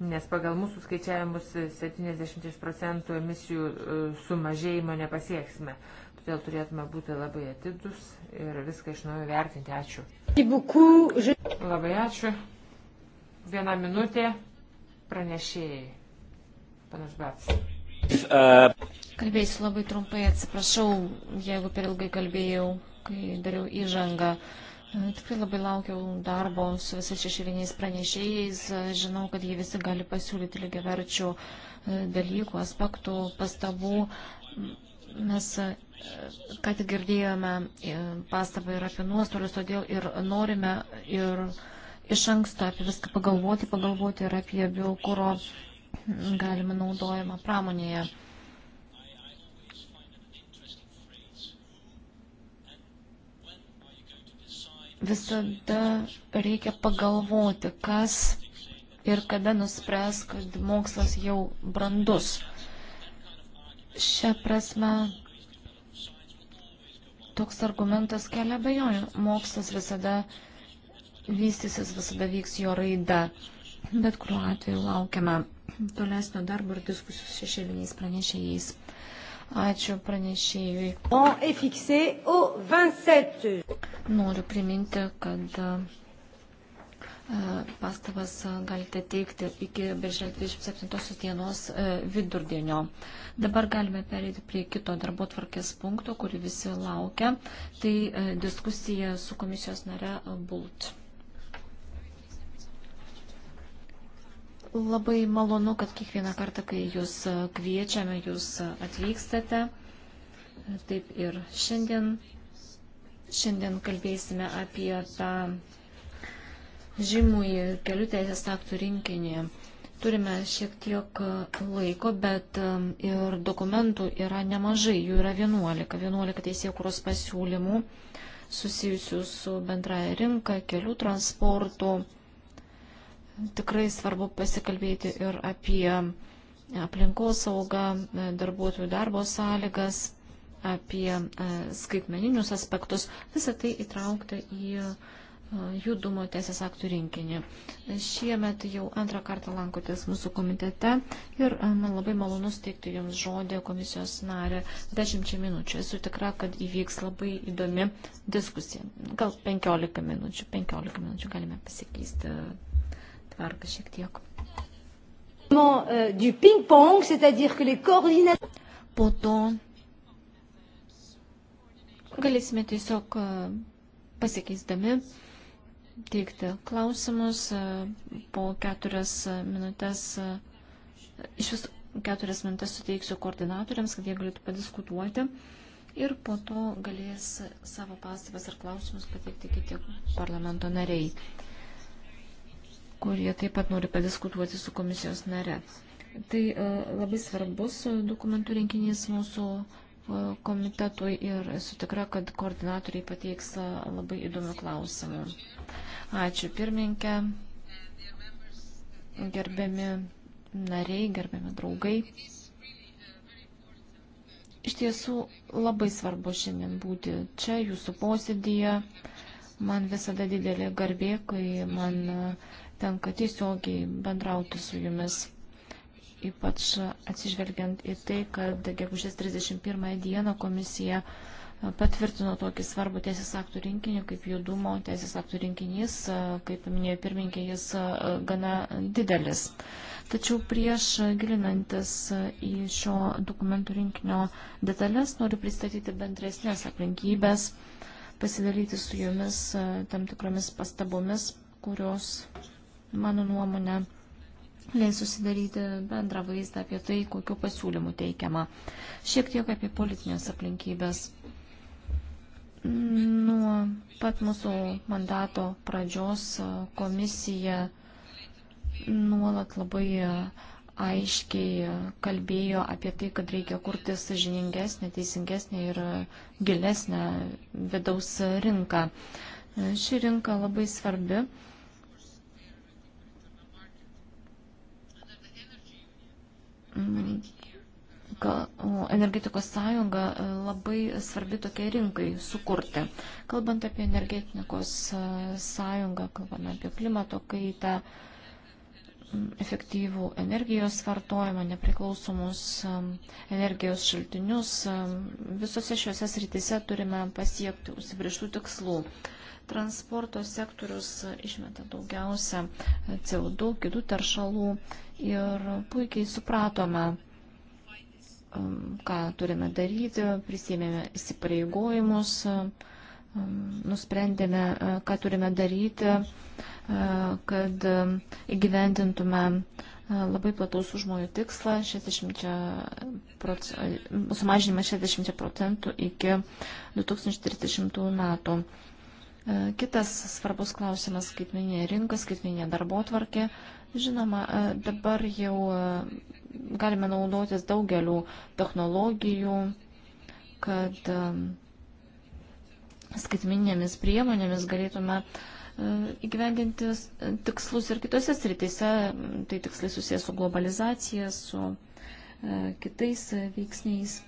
nes pagal mūsų skaičiavimus 70 procentų emisijų e, sumažėjimo nepasieksime. Todėl turėtume būti labai atidus ir viską iš naujo vertinti. Ačiū. Labai ačiū. Viena minutė pranešėjai. Panas Bats. Kalbėsiu labai trumpai, atsiprašau, jeigu per ilgai kalbėjau, kai dariau įžangą. Uh, Tikrai labai laukiau darbo su visais šešėliniais pranešėjais. Žinau, kad jie visi gali pasiūlyti lygiaverčių e, dalykų, aspektų, pastabų. Mes e, ką tik girdėjome e, pastabą ir apie nuostolius, todėl ir norime ir iš anksto apie viską pagalvoti, pagalvoti ir apie biokuro galimą naudojimą pramonėje. visada reikia pagalvoti, kas ir kada nuspręs, kad mokslas jau brandus. Šią prasme toks argumentas kelia bejonių. Mokslas visada vystysis, visada vyks jo raida. Bet kuriuo atveju laukiame tolesnio darbo ir diskusijų šešėliniais pranešėjais. Ačiū pranešėjui. Noriu priminti, kad e, pastabas galite teikti iki birželio 27 dienos e, vidurdienio. Dabar galime pereiti prie kito darbo tvarkės punkto, kurį visi laukia. Tai e, diskusija su komisijos nare Bult. Labai malonu, kad kiekvieną kartą, kai jūs kviečiame, jūs atvykstate. Taip ir šiandien. Šiandien kalbėsime apie tą žymųjį kelių teisės aktų rinkinį. Turime šiek tiek laiko, bet um, ir dokumentų yra nemažai, jų yra 11. 11 teisėkuros pasiūlymų susijusių su bendraja rinka, kelių transportu, Tikrai svarbu pasikalbėti ir apie aplinkos saugą, darbuotojų darbo sąlygas, apie e, skaitmeninius aspektus. Visą tai įtraukta į e, judumo teisės aktų rinkinį. Šiemet jau antrą kartą lankotės mūsų komitete ir e, man labai malonu steigti Jums žodį komisijos narė 10 minučių. Esu tikra, kad įvyks labai įdomi diskusija. Gal 15 minučių, 15 minučių galime pasikeisti tvarką šiek tiek. E, po to galėsime tiesiog e, pasikeisdami teikti klausimus e, po keturias minutės. Iš vis keturias minutės suteiksiu koordinatoriams, kad jie galėtų padiskutuoti ir po to galės savo pastabas ar klausimus pateikti kiti parlamento nariai kurie taip pat nori padiskutuoti su komisijos nare. Tai e, labai svarbus dokumentų rinkinys mūsų e, komitetui ir esu tikra, kad koordinatoriai pateiks e, labai įdomių klausimų. Ačiū pirmininkė, gerbiami nariai, gerbiami draugai. Iš tiesų labai svarbu šiandien būti čia, jūsų posėdėje. Man visada didelė garbė, kai man tenka tiesiogiai bendrauti su jumis. Ypač atsižvelgiant į tai, kad gegužės 31 dieną komisija patvirtino tokį svarbų teisės aktų rinkinį, kaip judumo teisės aktų rinkinys, kaip minėjo pirmininkė, jis e, gana didelis. Tačiau prieš gilinantis į šio dokumentų rinkinio detalės noriu pristatyti bendresnės aplinkybės, pasidalyti su jumis e, tam tikromis pastabomis, kurios mano nuomonė, leis susidaryti bendrą vaizdą apie tai, kokiu pasiūlymu teikiama. Šiek tiek apie politinės aplinkybės. Nuo pat mūsų mandato pradžios komisija nuolat labai aiškiai kalbėjo apie tai, kad reikia kurti sažiningesnę, teisingesnę ir gilesnę vidaus rinką. Ši rinka labai svarbi energetikos sąjunga e, labai svarbi tokiai rinkai sukurti. Kalbant apie energetikos e, sąjungą, kalbant apie klimato kaitą, efektyvų energijos vartojimą, nepriklausomus e, energijos šaltinius, visose šiuose srityse turime pasiekti užsibrieštų tikslų transporto sektorius išmeta daugiausia CO2, kitų taršalų ir puikiai supratome, um, ką turime daryti, prisėmėme įsipareigojimus, um, nusprendėme, uh, ką turime daryti, uh, kad um, įgyvendintume uh, labai plataus užmojų tikslą 60 sumažinimą 60 procentų iki 2030 metų. Kitas svarbus klausimas - skaitmeninė rinka, skaitmeninė darbo tvarkė. Žinoma, e, dabar jau e, galime naudotis daugeliu technologijų, kad e, skaitminėmis priemonėmis galėtume įgyvendinti tikslus ir kitose sritise, tai tikslai susijęs su globalizacija, su kitais veiksniais.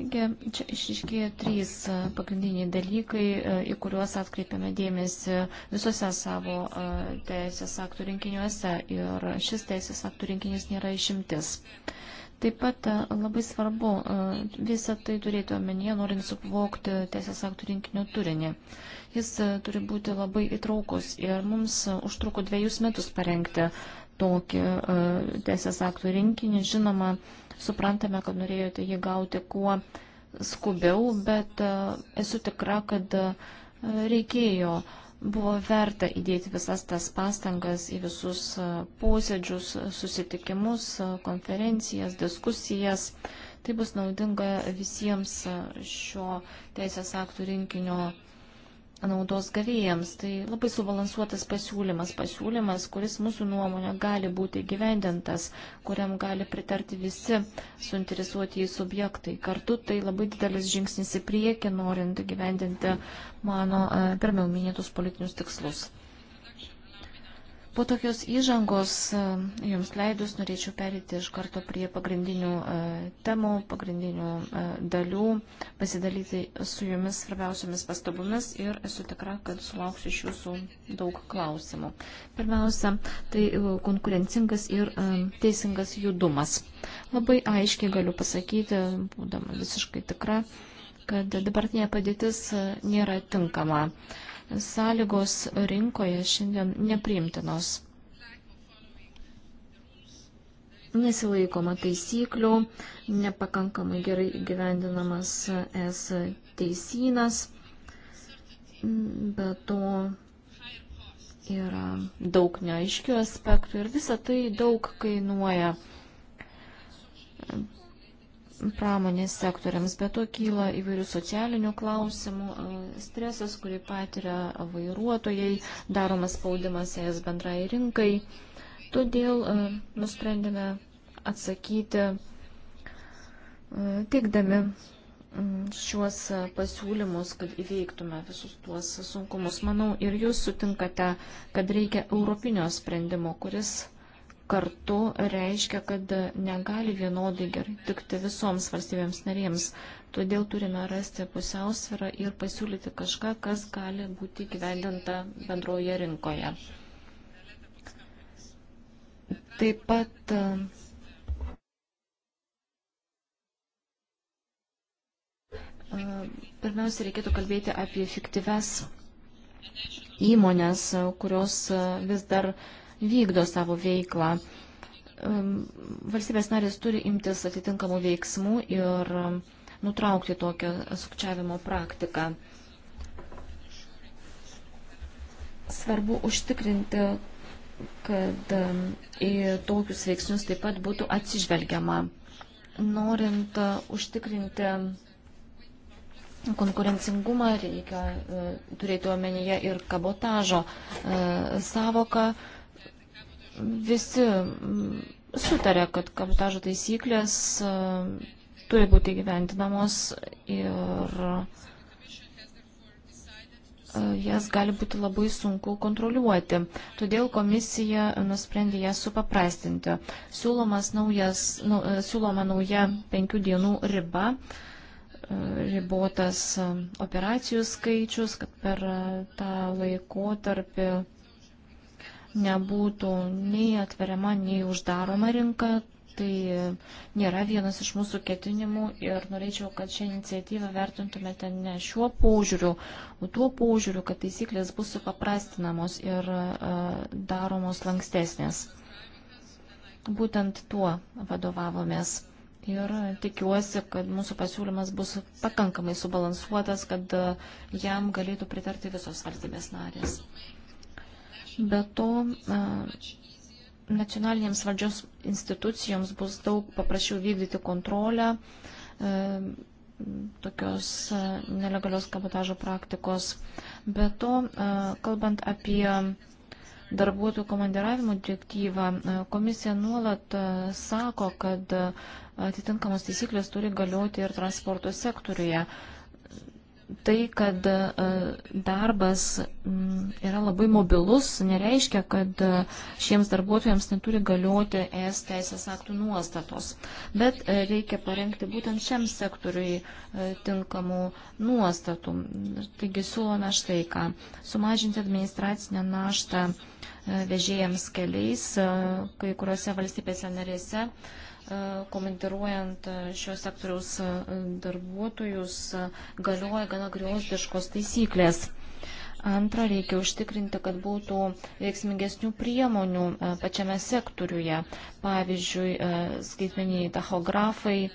Taigi čia išiškėjo trys e, pagrindiniai dalykai, e, į kuriuos atkreipiame dėmesį visose savo e, teisės aktų rinkiniuose ir šis teisės aktų rinkinys nėra išimtis. Taip pat labai svarbu visą tai turėti omenyje, norint suvokti teisės aktų rinkinio turinį. Jis turi būti labai įtraukus ir mums užtruko dviejus metus parengti tokį e, teisės aktų rinkinį. Žinoma, suprantame, kad norėjote jį gauti kuo skubiau, bet e, esu tikra, kad e, reikėjo, buvo verta įdėti visas tas pastangas į visus posėdžius, susitikimus, konferencijas, diskusijas. Tai bus naudinga visiems šio teisės aktų rinkinio naudos gavėjams. Tai labai subalansuotas pasiūlymas, pasiūlymas, kuris mūsų nuomonė gali būti gyvendintas, kuriam gali pritarti visi suinteresuotieji subjektai. Kartu tai labai didelis žingsnis į priekį, norint gyvendinti mano e, pirmiau minėtus politinius tikslus. Po tokios įžangos e, jums leidus norėčiau perėti iš karto prie pagrindinių e, temų, pagrindinių e, dalių, pasidalyti su jumis svarbiausiamis pastabomis ir esu tikra, kad sulauksiu iš jūsų daug klausimų. Pirmiausia, tai konkurencingas ir teisingas judumas. Labai aiškiai galiu pasakyti, būdama visiškai tikra, kad dabartinė padėtis nėra tinkama. Sąlygos rinkoje šiandien nepriimtinos. Nesilaikoma taisyklių, nepakankamai gerai gyvendinamas es teisynas, bet to yra daug neaiškių aspektų ir visa tai daug kainuoja pramonės sektoriams, bet to kyla įvairių socialinių klausimų, stresas, kurį patiria vairuotojai, daromas spaudimas es bendrai rinkai. Todėl nusprendėme atsakyti teikdami šiuos pasiūlymus, kad įveiktume visus tuos sunkumus. Manau, ir jūs sutinkate, kad reikia europinio sprendimo, kuris kartu reiškia, kad negali vienodai gerai tikti visoms valstybėms narėms. Todėl turime rasti pusiausvyrą ir pasiūlyti kažką, kas gali būti gyvendinta bendroje rinkoje. Taip pat pirmiausia reikėtų kalbėti apie efektyves įmonės, kurios vis dar uh, vykdo savo veiklą. Valstybės narės turi imtis atitinkamų veiksmų ir nutraukti tokią sukčiavimo praktiką. Svarbu užtikrinti, kad į tokius veiksnius taip pat būtų atsižvelgiama. Norint e, užtikrinti konkurencingumą reikia e, turėti omenyje ir kabotažo e, savoką, visi mm, sutarė, kad kapitažo taisyklės e, turi būti gyventinamos ir e, jas gali būti labai sunku kontroliuoti. Todėl komisija nusprendė jas supaprastinti. Siūlomas naujas, nu, e, siūloma nauja penkių dienų riba, ribotas operacijų skaičius, kad per tą laikotarpį nebūtų nei atveriama, nei uždaroma rinka. Tai nėra vienas iš mūsų ketinimų ir norėčiau, kad šią iniciatyvą vertintumėte ne šiuo požiūriu, o tuo požiūriu, kad taisyklės bus supaprastinamos ir e, daromos lankstesnės. Būtent tuo vadovavomės. Ir tikiuosi, kad mūsų pasiūlymas bus pakankamai subalansuotas, kad e, jam galėtų pritarti visos valstybės narės. Be to, nacionalinėms valdžios institucijoms bus daug paprasčiau vykdyti kontrolę e, tokios nelegalios kabotažo praktikos. Be to, kalbant apie darbuotojų komandiravimo direktyvą, komisija nuolat sako, kad atitinkamos taisyklės turi galioti ir transporto sektoriuje tai, kad e, darbas mm, yra labai mobilus, nereiškia, kad e, šiems darbuotojams neturi galioti ES teisės aktų nuostatos. Bet e, reikia parengti būtent šiam sektoriui tinkamų nuostatų. Taigi siūlome štai ką. Sumažinti administracinę naštą vežėjams keliais kai kuriuose valstybėse narėse komendiruojant e, šio sektoriaus e, darbuotojus, e, galioja gana griozdiškos taisyklės. Antra, reikia užtikrinti, kad būtų veiksmingesnių priemonių pačiame sektoriuje. Pavyzdžiui, skaitmeniniai tachografai,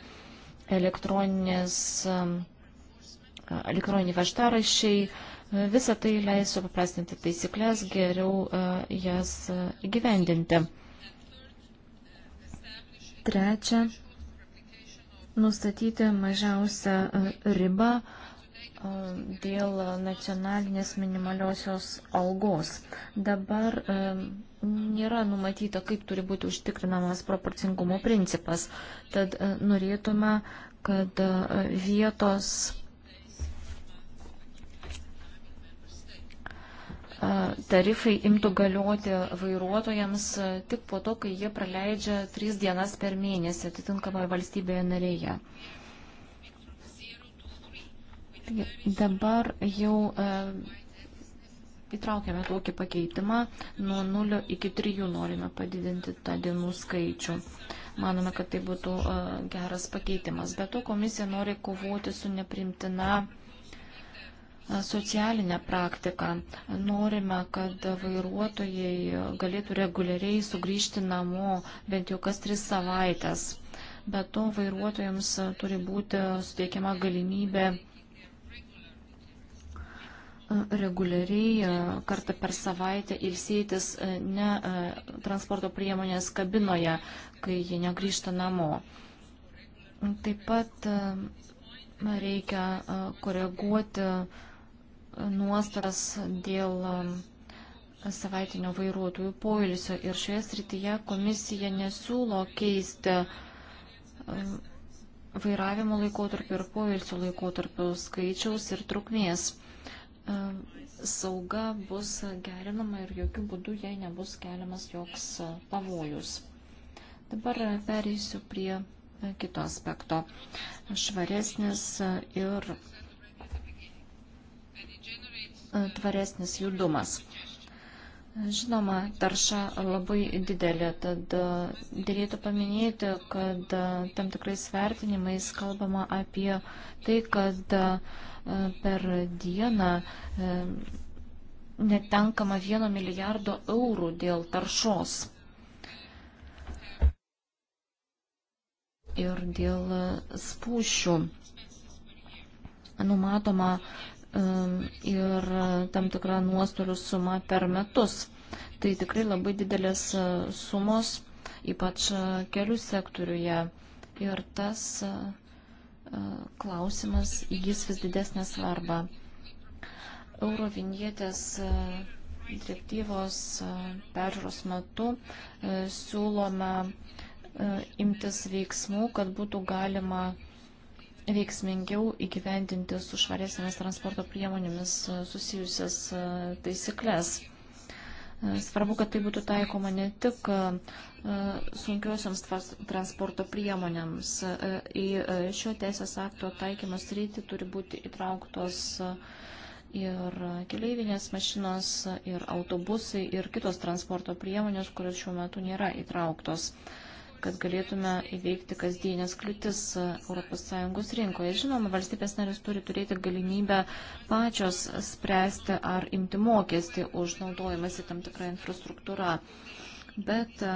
elektroninės, elektroniniai vaštarašiai. Visą tai leis supaprastinti taisyklės, geriau jas įgyvendinti. Trečia, nustatyti mažiausią e, ribą e, dėl nacionalinės minimaliosios algos. Dabar e, nėra numatyta, kaip turi būti užtikrinamas proporcingumo principas. Tad norėtume, kad vietos tarifai imtų galioti vairuotojams tik po to, kai jie praleidžia tris dienas per mėnesį atitinkamoje valstybėje narėje. Taigi dabar jau e, įtraukėme tokį pakeitimą, nuo 0 iki 3 norime padidinti tą dienų skaičių. Manome, kad tai būtų e, geras pakeitimas. Bet to komisija nori kovoti su neprimtina. E, socialinę praktiką. Norime, kad vairuotojai galėtų reguliariai sugrįžti namo bent jau kas tris savaitės. Be to vairuotojams turi būti suteikiama galimybė e, reguliariai e, kartą per savaitę ilsėtis e, ne transporto priemonės kabinoje, kai jie negrįžta namo. Taip pat reikia koreguoti nuostatas dėl um, savaitinio vairuotojų poilsio ir šioje srityje komisija nesiūlo keisti um, vairavimo laikotarpio ir poilsio laikotarpio skaičiaus ir trukmės. Um, sauga bus gerinama ir jokių būdų jai nebus keliamas joks uh, pavojus. Dabar pereisiu prie uh, kito aspekto. Švaresnis uh, ir E, tvaresnis judumas. Žinoma, tarša labai didelė, tad e, dėlėtų paminėti, kad e, tam tikrais vertinimais kalbama apie tai, kad per dieną netenkama vieno milijardo eurų dėl taršos. Ir dėl spūšių numatoma ir e, tam tikra nuostolių suma per metus. Tai tikrai labai didelės e, sumos, ypač e, kelių sektoriuje. Ir tas klausimas įgis vis didesnę svarbą. Eurovinietės direktyvos peržiūros metu siūlome imtis veiksmų, kad būtų galima veiksmingiau įgyvendinti su švaresnėmis transporto priemonėmis e, susijusias e, taisyklės. E, svarbu, kad tai būtų taikoma ne tik sunkiosioms transporto priemonėms. Į šio teisės akto taikymas rytį turi būti įtrauktos ir keleivinės mašinos, ir autobusai, ir kitos transporto priemonės, kurios šiuo metu nėra įtrauktos kad galėtume įveikti kasdienės kliūtis e, ES rinkoje. Žinoma, valstybės narės turi turėti galimybę pačios spręsti ar imti mokestį už naudojimąsi tam tikrą infrastruktūrą. Bet e,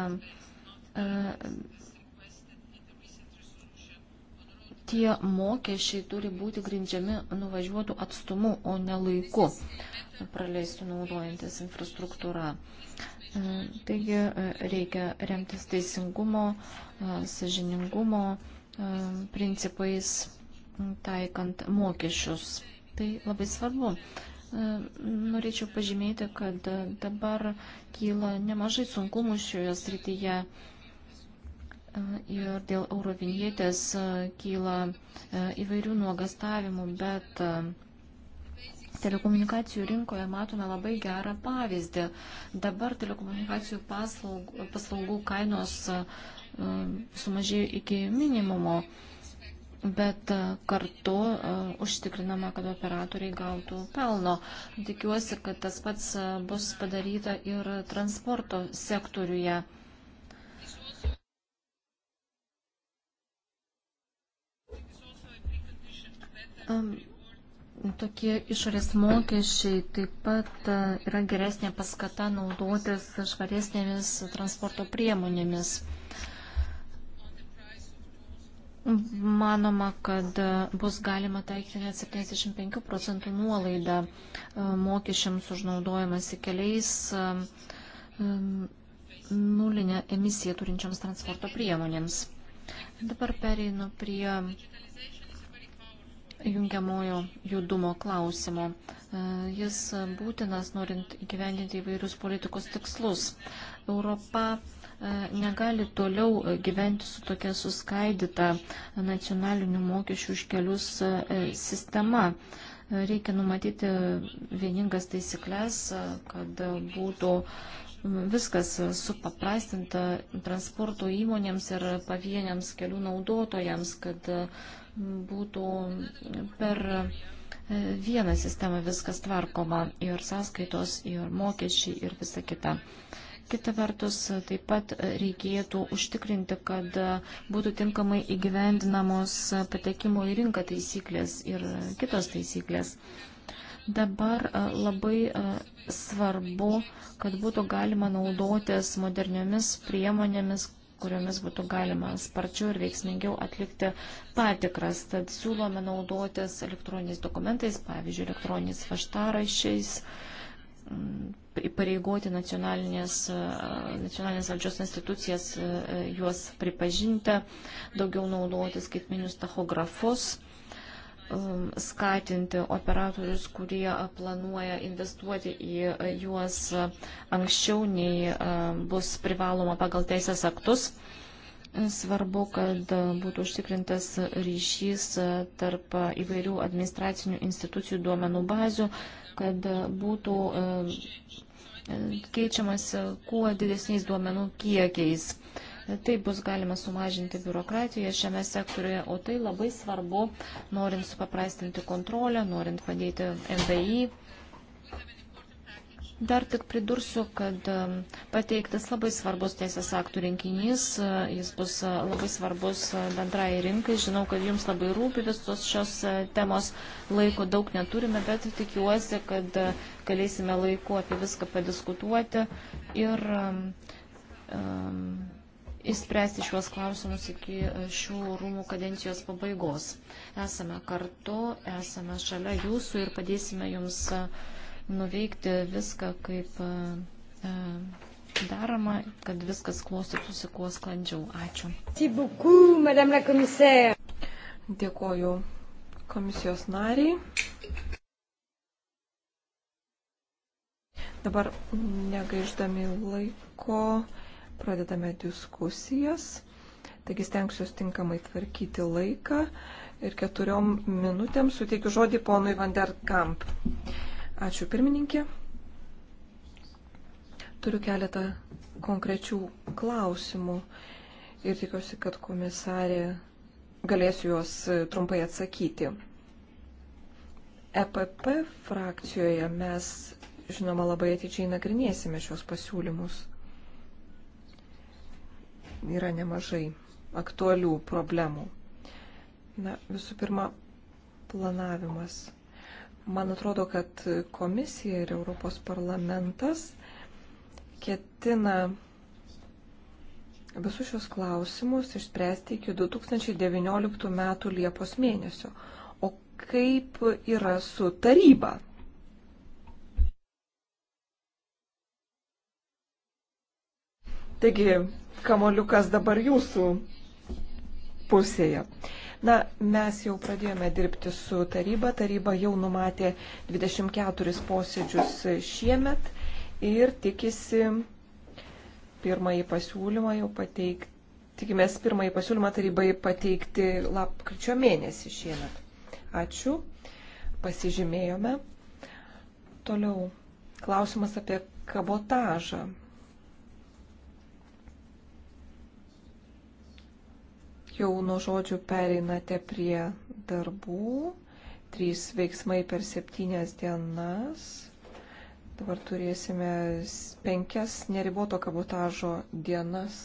e, tie mokesčiai turi būti grindžiami nuvažiuotų atstumu, o ne laiku praleistų naudojantis infrastruktūra. E, taigi e, reikia remtis teisingumo, e, sažiningumo principais, taikant mokesčius. Tai labai svarbu. Norėčiau pažymėti, kad dabar kyla nemažai sunkumų šioje srityje ir dėl eurovinietės e, kyla e, įvairių nuogastavimų, bet e, telekomunikacijų rinkoje matome labai gerą pavyzdį. Dabar telekomunikacijų paslaugų, paslaugų kainos sumažėjo iki minimumo, bet kartu užtikrinama, kad operatoriai gautų pelno. Tikiuosi, kad tas pats bus padaryta ir transporto sektoriuje. Um. Tokie išorės mokesčiai taip pat yra geresnė paskata naudotis švaresnėmis transporto priemonėmis. Manoma, kad bus galima taikyti net 75 procentų nuolaidą mokesčiams užnaudojimas į keliais nulinę emisiją turinčiams transporto priemonėms. Dabar pereinu prie jungiamojo judumo klausimo. E, jis būtinas, norint įgyvendinti įvairius politikos tikslus. Europa e, negali toliau e, gyventi su tokia suskaidyta nacionalinių mokesčių už kelius sistema. Reikia numatyti vieningas taisyklės, kad būtų viskas supaprastinta transporto įmonėms ir pavieniams kelių naudotojams, kad būtų per e, vieną sistemą viskas tvarkoma ir sąskaitos, ir mokesčiai, ir visa kita. Kita vertus, taip pat reikėtų užtikrinti, kad būtų tinkamai įgyvendinamos patekimo į rinką taisyklės ir kitos taisyklės. Dabar e, labai e, svarbu, kad būtų galima naudotis moderniomis priemonėmis, kuriomis būtų galima sparčiau ir veiksmingiau atlikti patikras. Tad siūlome naudotis elektroniniais dokumentais, pavyzdžiui, elektroniniais vaštarašiais mm, įpareigoti nacionalinės, e, nacionalinės valdžios institucijas e, juos pripažinti, daugiau naudoti skaitminius tachografus Um, skatinti operatorius, kurie uh, planuoja investuoti į uh, juos uh, anksčiau, nei bus privaloma pagal teisės aktus. Svarbu, kad būtų užtikrintas ryšys tarp įvairių administracinių institucijų duomenų bazių, kad būtų keičiamas kuo didesniais duomenų kiekiais. Taip bus galima sumažinti biurokratiją šiame sektoriuje, o tai labai svarbu, norint supaprastinti kontrolę, norint padėti MBI. Dar tik pridursiu, kad um, pateiktas labai svarbus teisės aktų rinkinys, uh, jis bus uh, labai svarbus uh, bendrai rinkai. Žinau, kad jums labai rūpi visos šios temos, laiko daug neturime, bet tikiuosi, kad galėsime laiku apie viską padiskutuoti ir um, um įspręsti šiuos klausimus iki e, šių rūmų kadencijos pabaigos. Esame kartu, esame šalia jūsų ir padėsime jums e, nuveikti viską kaip e, daroma, kad viskas klostytųsi kuo sklandžiau. Ačiū. Dėkoju komisijos nariai. Dabar negaiždami laiko pradedame diskusijas. Taigi stengsiuosi tinkamai tvarkyti laiką ir keturiom minutėm suteikiu žodį ponui Vanderkamp. Ačiū pirmininkė. Turiu keletą konkrečių klausimų ir tikiuosi, kad komisarė galės juos trumpai atsakyti. EPP frakcijoje mes, žinoma, labai atidžiai nagrinėsime šios pasiūlymus yra nemažai aktualių problemų. Na, visų pirma, planavimas. Man atrodo, kad komisija ir Europos parlamentas ketina visus šios klausimus išspręsti iki 2019 metų Liepos mėnesio. O kaip yra su taryba? Taigi, kamoliukas dabar jūsų pusėje. Na, mes jau pradėjome dirbti su taryba. Taryba jau numatė 24 posėdžius šiemet ir tikisi pirmąjį pasiūlymą jau pateikti. Tikimės pirmąjį pasiūlymą tarybai pateikti lapkričio mėnesį šiemet. Ačiū. Pasižymėjome. Toliau klausimas apie kabotažą. Jau nuo žodžių pereinate prie darbų. Trys veiksmai per septynias dienas. Dabar turėsime penkias neriboto kabotažo dienas,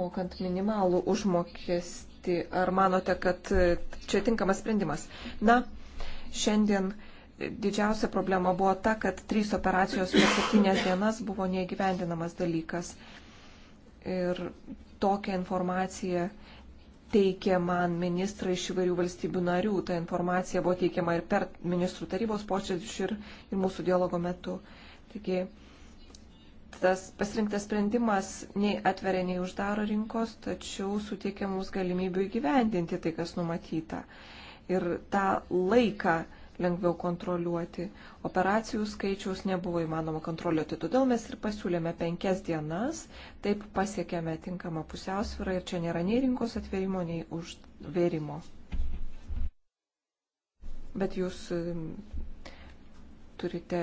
mokant minimalų užmokestį. Ar manote, kad čia tinkamas sprendimas? Na, šiandien didžiausia problema buvo ta, kad trys operacijos per septynės dienas buvo neįgyvendinamas dalykas. Ir tokią informaciją teikė man ministrai iš įvairių valstybių narių. Ta informacija buvo teikiama ir per ministrų tarybos posėdžius ir, ir mūsų dialogo metu. Taigi tas pasirinktas sprendimas nei atveria, nei uždaro rinkos, tačiau suteikia mums galimybių įgyvendinti tai, kas numatyta. Ir tą laiką lengviau kontroliuoti. Operacijų skaičiaus nebuvo įmanoma kontroliuoti, todėl mes ir pasiūlėme penkias dienas, taip pasiekėme tinkamą pusiausvyrą ir čia nėra nei rinkos atvėrimo, nei užvėrimo. Bet jūs turite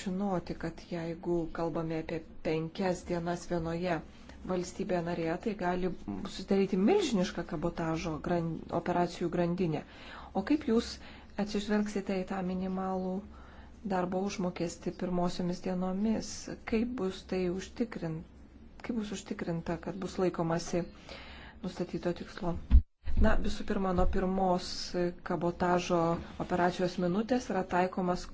žinoti, kad jeigu kalbame apie penkias dienas vienoje valstybėje narėje, tai gali susidaryti milžinišką kabotažo gran, operacijų grandinę. O kaip jūs atsižvelgsite į tą minimalų darbo užmokestį pirmosiomis dienomis, kaip bus tai užtikrinta, kaip bus užtikrinta, kad bus laikomasi nustatyto tikslo. Na, visų pirma, nuo pirmos kabotažo operacijos minutės yra taikomas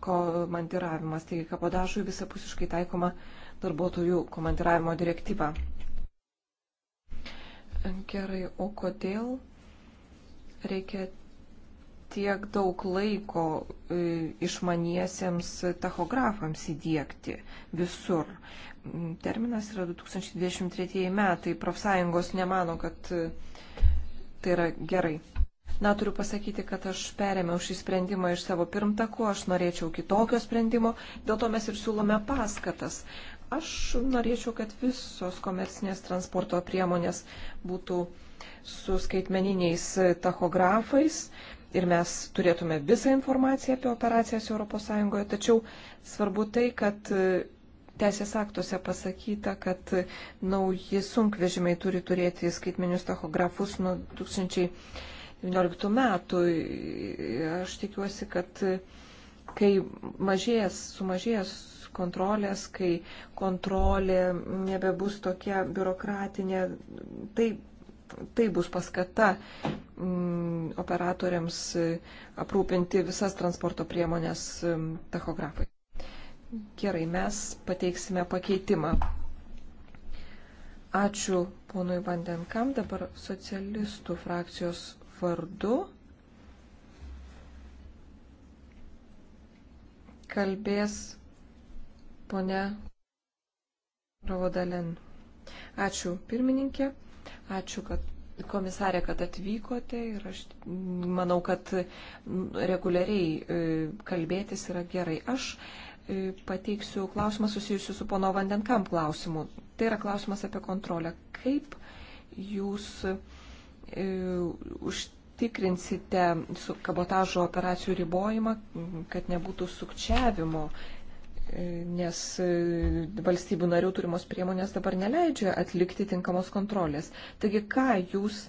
komandiravimas, taigi kabotažui visapusiškai taikoma darbuotojų komandiravimo direktyva. Gerai, o kodėl reikia tiek daug laiko e, išmaniesiems tachografams įdėkti visur. Mm, terminas yra 2023 metai. Profsąjungos nemano, kad e, tai yra gerai. Na, turiu pasakyti, kad aš perėmiau šį sprendimą iš savo pirmtako, aš norėčiau kitokio sprendimo, dėl to mes ir siūlome paskatas. Aš norėčiau, kad visos komercinės transporto priemonės būtų su skaitmeniniais tachografais ir mes turėtume visą informaciją apie operacijas ES, tačiau svarbu tai, kad e, teisės aktuose pasakyta, kad e, nauji sunkvežimiai turi turėti skaitmenius tachografus nuo 2019 metų. Aš tikiuosi, kad e, kai mažės, sumažės kontrolės, kai kontrolė nebebus tokia biurokratinė, tai tai bus paskata mm, operatoriams e, aprūpinti visas transporto priemonės e, tachografai. Gerai, mes pateiksime pakeitimą. Ačiū ponui Vandenkam, dabar socialistų frakcijos vardu. Kalbės ponia Rovodalen. Ačiū pirmininkė. Ačiū, kad komisarė, kad atvykote ir aš manau, kad reguliariai e, kalbėtis yra gerai. Aš e, pateiksiu klausimą susijusiu su pono Vandenkam klausimu. Tai yra klausimas apie kontrolę. Kaip jūs e, užtikrinsite kabotažo operacijų ribojimą, kad nebūtų sukčiavimo nes e, valstybių narių turimos priemonės dabar neleidžia atlikti tinkamos kontrolės. Taigi, ką jūs,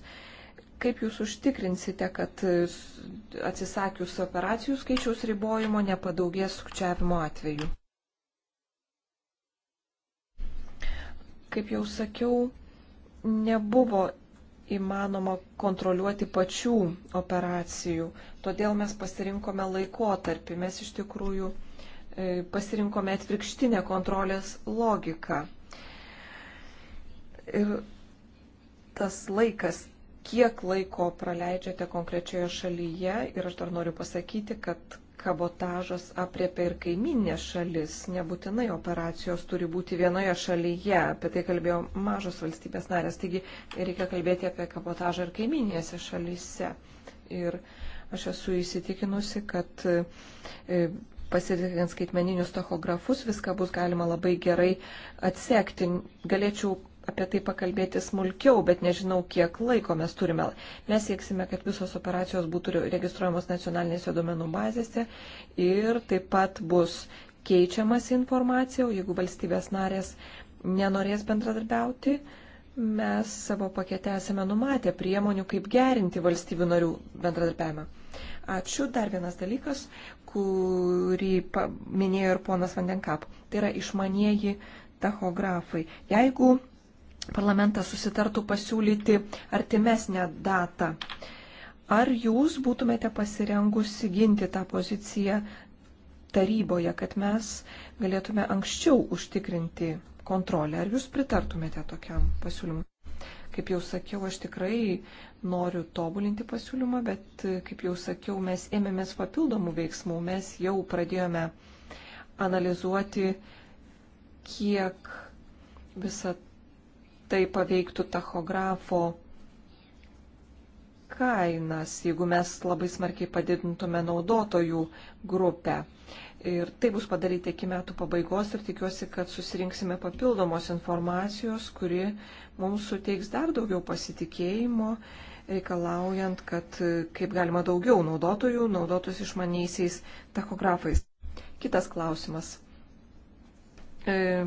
kaip jūs užtikrinsite, kad e, atsisakius operacijų skaičiaus ribojimo nepadaugės sukčiavimo atveju? Kaip jau sakiau, nebuvo įmanoma kontroliuoti pačių operacijų, todėl mes pasirinkome laikotarpį. Mes iš tikrųjų E, pasirinkome atvirkštinę kontrolės logiką. Ir tas laikas, kiek laiko praleidžiate konkrečioje šalyje, ir aš dar noriu pasakyti, kad kabotažas apriepia ir kaiminė šalis, nebūtinai operacijos turi būti vienoje šalyje, apie tai kalbėjo mažos valstybės narės, taigi reikia kalbėti apie kabotažą ir kaiminėse šalyse. Ir aš esu įsitikinusi, kad e, pasitinkant skaitmeninius tachografus, viską bus galima labai gerai atsekti. Galėčiau apie tai pakalbėti smulkiau, bet nežinau, kiek laiko mes turime. Mes sieksime, kad visos operacijos būtų registruojamos nacionalinėse duomenų bazėse ir taip pat bus keičiamas informacija, o jeigu valstybės narės nenorės bendradarbiauti, mes savo pakete esame numatę priemonių, kaip gerinti valstybių narių bendradarbiavimą. Ačiū. Dar vienas dalykas, kurį minėjo ir ponas Vandenkap. Tai yra išmanieji tachografai. Jeigu parlamentas susitartų pasiūlyti artimesnę datą, ar jūs būtumėte pasirengusi ginti tą poziciją taryboje, kad mes galėtume anksčiau užtikrinti kontrolę? Ar jūs pritartumėte tokiam pasiūlymui? Kaip jau sakiau, aš tikrai noriu tobulinti pasiūlymą, bet, kaip jau sakiau, mes ėmėmės papildomų veiksmų. Mes jau pradėjome analizuoti, kiek visą tai paveiktų tachografo kainas, jeigu mes labai smarkiai padidintume naudotojų grupę. Ir tai bus padaryti iki metų pabaigos ir tikiuosi, kad susirinksime papildomos informacijos, kuri mums suteiks dar daugiau pasitikėjimo reikalaujant, kad e, kaip galima daugiau naudotojų naudotus išmaniaisiais tachografais. Kitas klausimas. E,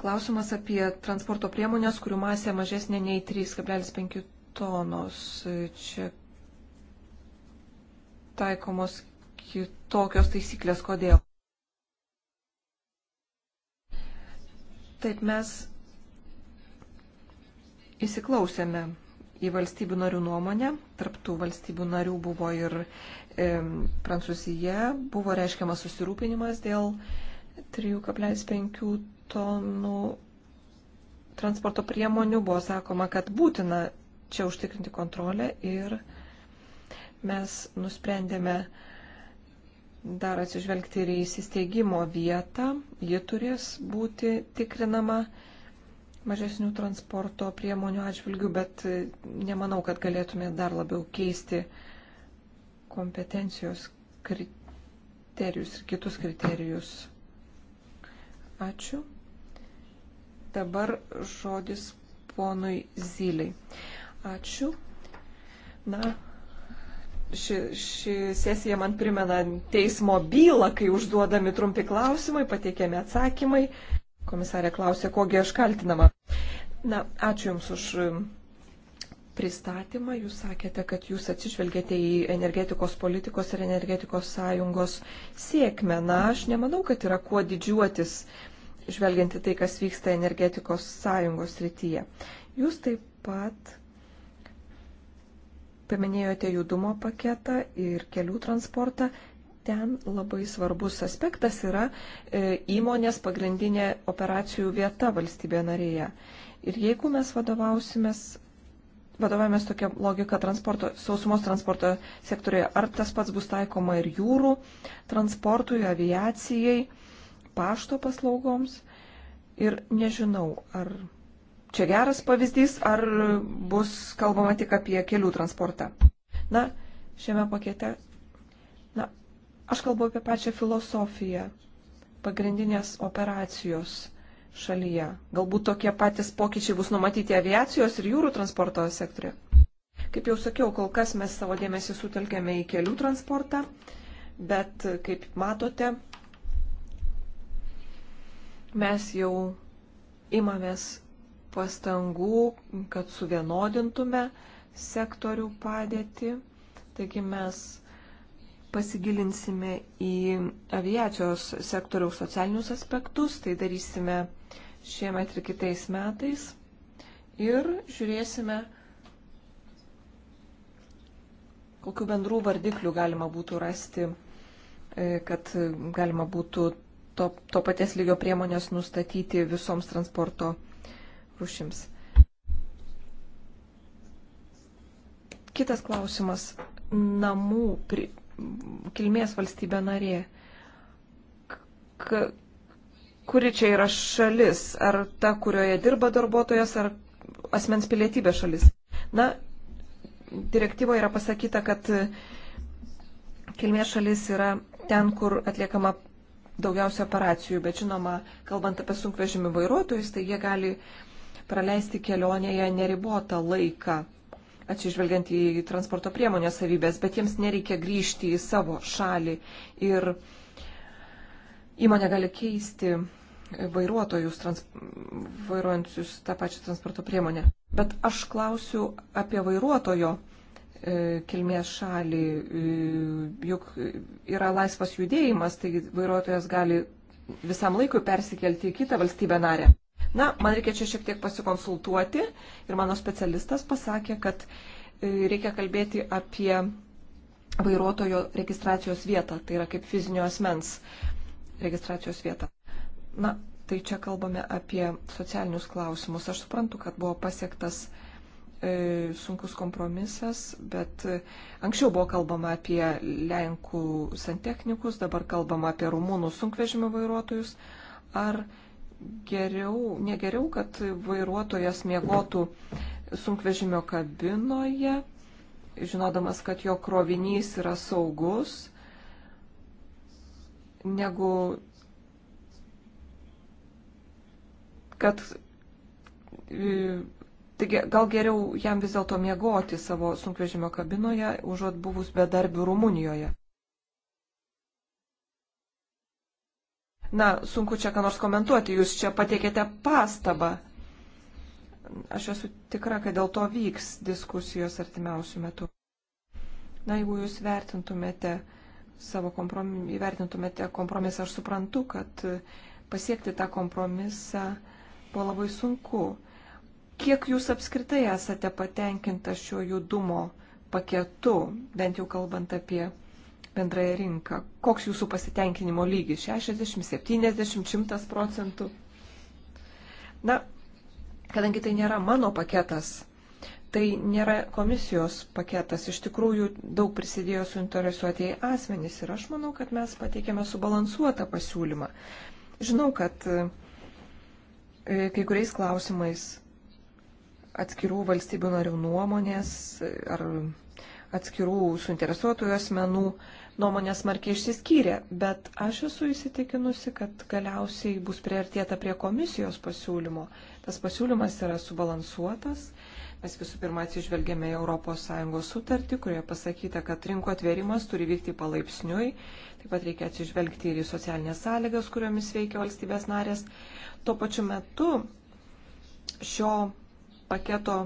klausimas apie transporto priemonės, kurių masė mažesnė nei 3,5 tonos. E, čia taikomos kitokios taisyklės. Kodėl? Taip mes įsiklausėme į valstybių narių nuomonę. Tarptų valstybių narių buvo ir e, Prancūzija, buvo reiškiamas susirūpinimas dėl 3,5 tonų transporto priemonių. Buvo sakoma, kad būtina čia užtikrinti kontrolę ir mes nusprendėme dar atsižvelgti ir į įsisteigimo vietą. Ji turės būti tikrinama mažesnių transporto priemonių atžvilgių, bet e, nemanau, kad galėtume dar labiau keisti kompetencijos kriterijus ir kitus kriterijus. Ačiū. Dabar žodis ponui Zyliai. Ačiū. Na, ši, ši sesija man primena teismo bylą, kai užduodami trumpi klausimai, pateikiami atsakymai. Komisarė klausė, kogi aš kaltinama. Na, ačiū Jums už um, pristatymą. Jūs sakėte, kad Jūs atsižvelgėte į energetikos politikos ir energetikos sąjungos sėkmę. Na, aš nemanau, kad yra kuo didžiuotis, žvelgianti tai, kas vyksta energetikos sąjungos rytyje. Jūs taip pat paminėjote judumo paketą ir kelių transportą. Ten labai svarbus aspektas yra e, įmonės pagrindinė operacijų vieta valstybė narėje. Ir jeigu mes vadovausimės vadovavomės tokia logika transporto, sausumos transporto sektorioje. Ar tas pats bus taikoma ir jūrų transportui, aviacijai, pašto paslaugoms? Ir nežinau, ar čia geras pavyzdys, ar bus kalbama tik apie kelių transportą. Na, šiame pakete Aš kalbu apie pačią filosofiją, pagrindinės operacijos šalyje. Galbūt tokie patys pokyčiai bus numatyti aviacijos ir jūrų transporto sektoriuje. Kaip jau sakiau, kol kas mes savo dėmesį sutelkėme į kelių transportą, bet kaip matote, mes jau imamės pastangų, kad suvienodintume sektorių padėtį. Taigi mes Pasigilinsime į aviacijos sektoriaus socialinius aspektus, tai darysime šiemet ir kitais metais. Ir žiūrėsime, kokiu bendrų vardiklių galima būtų rasti, e, kad galima būtų to, to paties lygio priemonės nustatyti visoms transporto rušims. Kitas klausimas - namų pri, kilmės valstybė narė, kuri čia yra šalis, ar ta, kurioje dirba darbuotojas, ar asmens pilietybė šalis. Na, direktyvoje yra pasakyta, kad kilmės šalis yra ten, kur atliekama daugiausia operacijų, bet žinoma, kalbant apie sunkvežimių vairuotojus, tai jie gali praleisti kelionėje neribotą laiką atsižvelgiant į transporto priemonės savybės, bet jiems nereikia grįžti į savo šalį ir įmonė gali keisti vairuotojus, trans, vairuojančius tą pačią transporto priemonę. Bet aš klausiu apie vairuotojo e, kilmės šalį, e, juk yra laisvas judėjimas, tai vairuotojas gali visam laikui persikelti į kitą valstybę narę. Na, man reikia čia šiek tiek pasikonsultuoti ir mano specialistas pasakė, kad e, reikia kalbėti apie vairuotojo registracijos vietą, tai yra kaip fizinio asmens registracijos vietą. Na, tai čia kalbame apie socialinius klausimus. Aš suprantu, kad buvo pasiektas e, sunkus kompromisas, bet e, anksčiau buvo kalbama apie Lenkų santechnikus, dabar kalbama apie rumūnų sunkvežimio vairuotojus. Ar geriau, negeriau, kad vairuotojas miegotų sunkvežimio kabinoje, žinodamas, kad jo krovinys yra saugus, negu kad Taigi gal geriau jam vis dėlto miegoti savo sunkvežimio kabinoje, užuot buvus bedarbių Rumunijoje. Na, sunku čia ką nors komentuoti, jūs čia pateikėte pastabą. Aš esu tikra, kad dėl to vyks diskusijos artimiausių metų. Na, jeigu jūs vertintumėte savo kompromisą, įvertintumėte kompromisą, aš suprantu, kad pasiekti tą kompromisą buvo labai sunku. Kiek jūs apskritai esate patenkinta šio judumo paketu, bent jau kalbant apie bendrąją rinką? Koks jūsų pasitenkinimo lygis? 60, 70, 100 procentų? Na, kadangi tai nėra mano paketas, tai nėra komisijos paketas, iš tikrųjų daug prisidėjo suinteresuotieji asmenys ir aš manau, kad mes pateikėme subalansuotą pasiūlymą. Žinau, kad e, kai kuriais klausimais atskirų valstybių narių nuomonės e, ar atskirų suinteresuotųjų asmenų nuomonės markiai išsiskyrė, bet aš esu įsitikinusi, kad galiausiai bus priartėta prie komisijos pasiūlymo. Tas pasiūlymas yra subalansuotas. Mes visų pirma atsižvelgėme į ES sutartį, kurioje pasakyta, kad rinko atverimas turi vykti palaipsniui. Taip pat reikia atsižvelgti ir į socialinės sąlygas, kuriomis veikia valstybės narės. Tuo pačiu metu šio paketo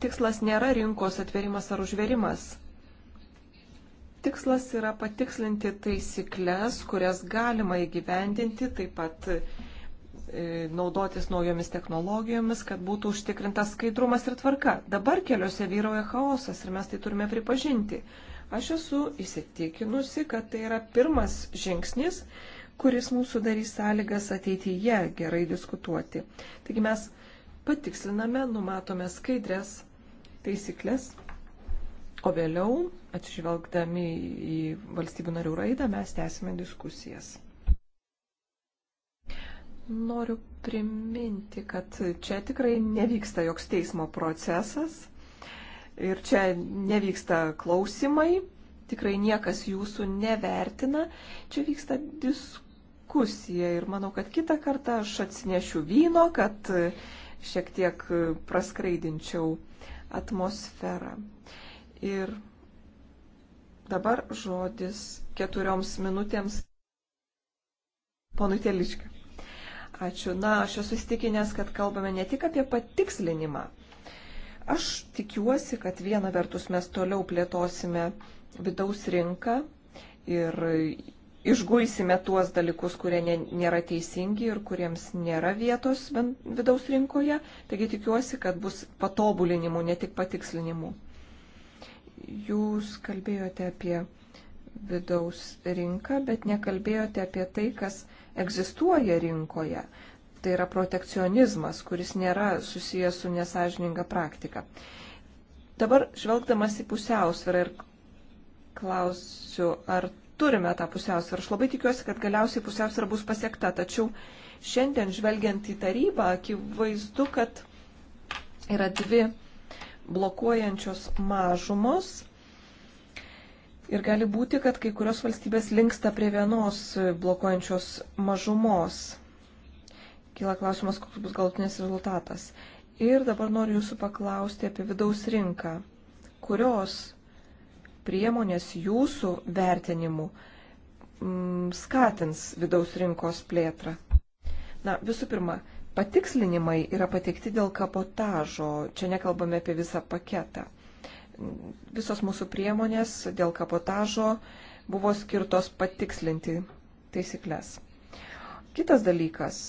tikslas nėra rinkos atverimas ar užverimas. Tikslas yra patikslinti taisyklės, kurias galima įgyvendinti, taip pat e, naudotis naujomis technologijomis, kad būtų užtikrintas skaidrumas ir tvarka. Dabar keliuose vyrauja chaosas ir mes tai turime pripažinti. Aš esu įsitikinusi, kad tai yra pirmas žingsnis, kuris mūsų darys sąlygas ateityje gerai diskutuoti. Taigi mes patiksliname, numatome skaidrės taisyklės, o vėliau, atsižvelgdami į valstybių narių raidą, mes tęsime diskusijas. Noriu priminti, kad čia tikrai nevyksta joks teismo procesas ir čia nevyksta klausimai, tikrai niekas jūsų nevertina, čia vyksta diskusija ir manau, kad kitą kartą aš atsinešiu vyno, kad šiek tiek praskraidinčiau atmosferą. Ir dabar žodis keturioms minutėms ponui Teliškiu. Ačiū. Na, aš esu įstikinęs, kad kalbame ne tik apie patikslinimą. Aš tikiuosi, kad viena vertus mes toliau plėtosime vidaus rinką ir išguisime tuos dalykus, kurie nėra teisingi ir kuriems nėra vietos vidaus rinkoje. Taigi tikiuosi, kad bus patobulinimų, ne tik patikslinimų. Jūs kalbėjote apie vidaus rinką, bet nekalbėjote apie tai, kas egzistuoja rinkoje. Tai yra protekcionizmas, kuris nėra susijęs su nesažininga praktika. Dabar žvelgdamas į pusiausvyrą ir klausiu, ar turime tą pusiausvyrą. Aš labai tikiuosi, kad galiausiai pusiausvyrą bus pasiekta. Tačiau šiandien, žvelgiant į tarybą, akivaizdu, kad yra dvi blokuojančios mažumos. Ir gali būti, kad kai kurios valstybės linksta prie vienos blokuojančios mažumos. Kyla klausimas, koks bus galutinis rezultatas. Ir dabar noriu jūsų paklausti apie vidaus rinką, kurios priemonės jūsų vertinimu mm, skatins vidaus rinkos plėtrą? Na, visų pirma, patikslinimai yra pateikti dėl kapotažo, čia nekalbame apie visą paketą. Visos mūsų priemonės dėl kapotažo buvo skirtos patikslinti taisyklės. Kitas dalykas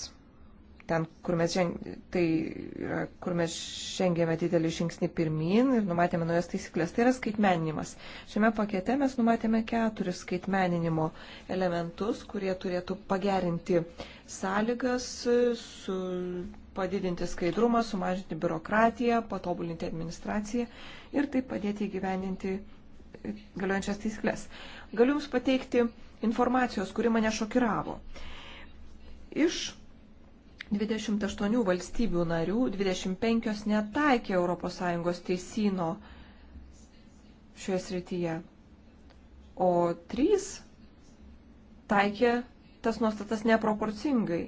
ten, kur mes, ženg... tai yra, kur mes žengėme didelį žingsnį pirmin ir numatėme naujas taisyklės, tai yra skaitmeninimas. Šiame pakete mes numatėme keturis skaitmeninimo elementus, kurie turėtų pagerinti sąlygas, su... padidinti skaidrumą, sumažinti biurokratiją, patobulinti administraciją ir taip padėti įgyveninti galiojančias taisyklės. Galiu Jums pateikti informacijos, kuri mane šokiravo. Iš 28 valstybių narių 25 netaikė ES teisino šioje srityje, o 3 taikė tas nuostatas neproporcingai.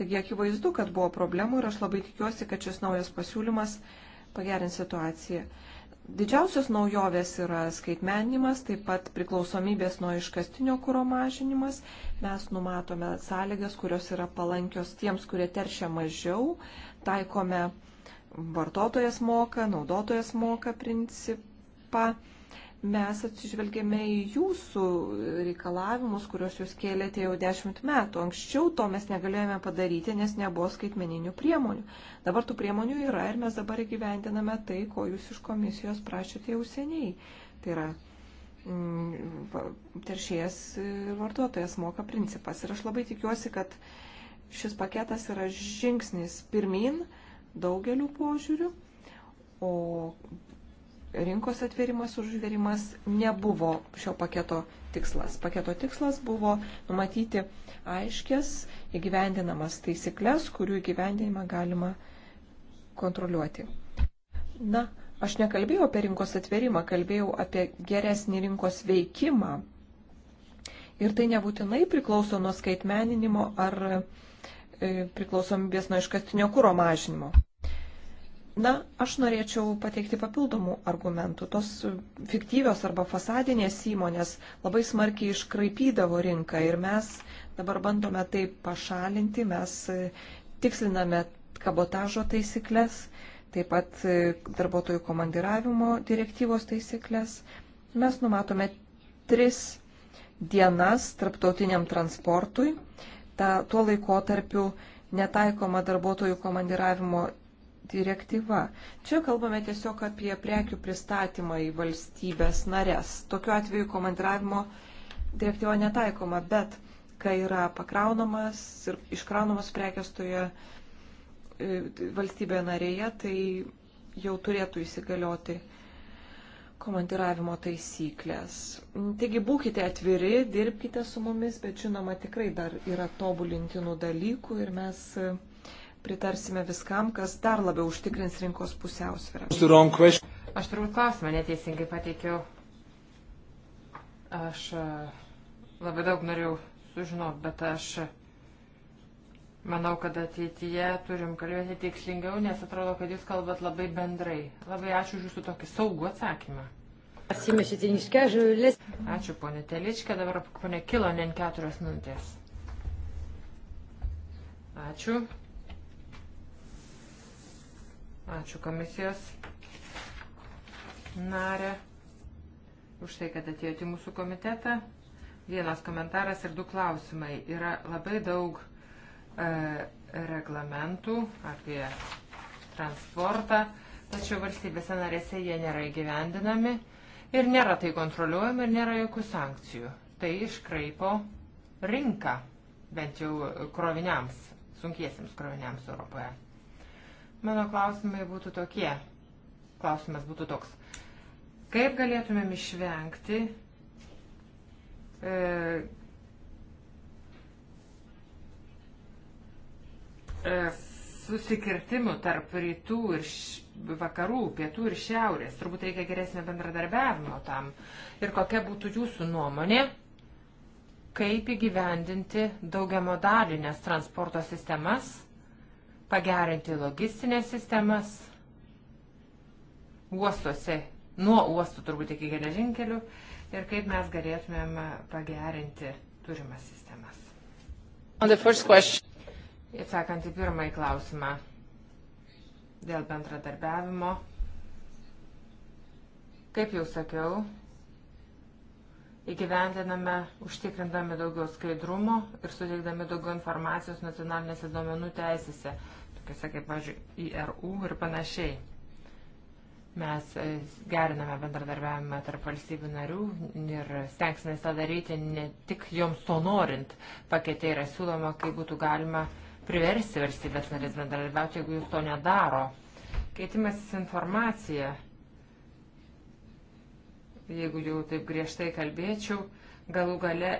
Taigi akivaizdu, kad buvo problemų ir aš labai tikiuosi, kad šis naujas pasiūlymas pagerins situaciją. Didžiausios naujovės yra skaitmenimas, taip pat priklausomybės nuo iškastinio kūro mažinimas. Mes numatome sąlygas, kurios yra palankios tiems, kurie teršia mažiau. Taikome vartotojas moka, naudotojas moka principą mes atsižvelgėme į jūsų reikalavimus, kuriuos jūs kėlėte jau dešimt metų. Anksčiau to mes negalėjome padaryti, nes nebuvo skaitmeninių priemonių. Dabar tų priemonių yra ir mes dabar įgyvendiname tai, ko jūs iš komisijos prašėte jau seniai. Tai yra mm, teršėjas ir vartotojas moka principas. Ir aš labai tikiuosi, kad šis paketas yra žingsnis pirmin daugeliu požiūrių. O rinkos atvėrimas, užvėrimas nebuvo šio paketo tikslas. Paketo tikslas buvo numatyti aiškės įgyvendinamas taisyklės, kurių įgyvendinimą galima kontroliuoti. Na, aš nekalbėjau apie rinkos atvėrimą, kalbėjau apie geresnį rinkos veikimą. Ir tai nebūtinai priklauso nuo skaitmeninimo ar e, priklausomybės nuo iškastinio kūro mažinimo. Na, aš norėčiau pateikti papildomų argumentų. Tos fiktyvios arba fasadinės įmonės labai smarkiai iškraipydavo rinką ir mes dabar bandome tai pašalinti, mes e, tiksliname kabotažo taisyklės, taip pat e, darbuotojų komandiravimo direktyvos taisyklės. Mes numatome tris dienas tarptautiniam transportui. Ta, tuo laikotarpiu netaikoma darbuotojų komandiravimo direktyva. Čia kalbame tiesiog apie prekių pristatymą į valstybės nares. Tokiu atveju komandiravimo direktyva netaikoma, bet kai yra pakraunamas ir iškraunamas prekes toje e, valstybėje narėje, tai jau turėtų įsigalioti komandiravimo taisyklės. Taigi būkite atviri, dirbkite su mumis, bet žinoma, tikrai dar yra tobulintinų dalykų ir mes pritarsime viskam, kas dar labiau užtikrins rinkos pusiausvyrą. Aš turbūt klausimą neteisingai pateikiau. Aš e, labai daug norėjau sužinoti, bet aš manau, kad ateityje turim kalbėti tikslingiau, nes atrodo, kad jūs kalbat labai bendrai. Labai ačiū už jūsų tokį saugų atsakymą. Ačiū, ponė Teličkė, dabar ponė Kilonen keturios minutės. Ačiū. Ačiū komisijos narė už tai, kad atėjote į mūsų komitetą. Vienas komentaras ir du klausimai. Yra labai daug e, reglamentų apie transportą, tačiau valstybėse narėse jie nėra įgyvendinami ir nėra tai kontroliuojama ir nėra jokių sankcijų. Tai iškraipo rinką, bent jau kroviniams, sunkiesiams kroviniams Europoje. Mano klausimai būtų tokie. Klausimas būtų toks. Kaip galėtumėm išvengti e, e, susikirtimų tarp rytų ir š, vakarų, pietų ir šiaurės. Turbūt reikia geresnio bendradarbiavimo tam. Ir kokia būtų jūsų nuomonė, kaip įgyvendinti daugiamodalinės transporto sistemas pagerinti logistinės sistemas uostuose, nuo uostų turbūt iki geležinkelių ir kaip mes galėtumėm pagerinti turimas sistemas. Atsakant į pirmąjį klausimą dėl bendradarbiavimo, kaip jau sakiau, įgyvendiname užtikrindami daugiau skaidrumo ir suteikdami daugiau informacijos nacionalinėse duomenų teisėse tokiuose kaip, pavyzdžiui, IRU ir panašiai. Mes e, geriname bendradarbiavimą tarp valstybių narių ir stengsime tą daryti ne tik joms to norint. Pakete yra siūloma, kaip būtų galima priversti valstybės narės bendradarbiauti, jeigu jūs to nedaro. Keitimasis informacija, jeigu jau taip griežtai kalbėčiau, galų gale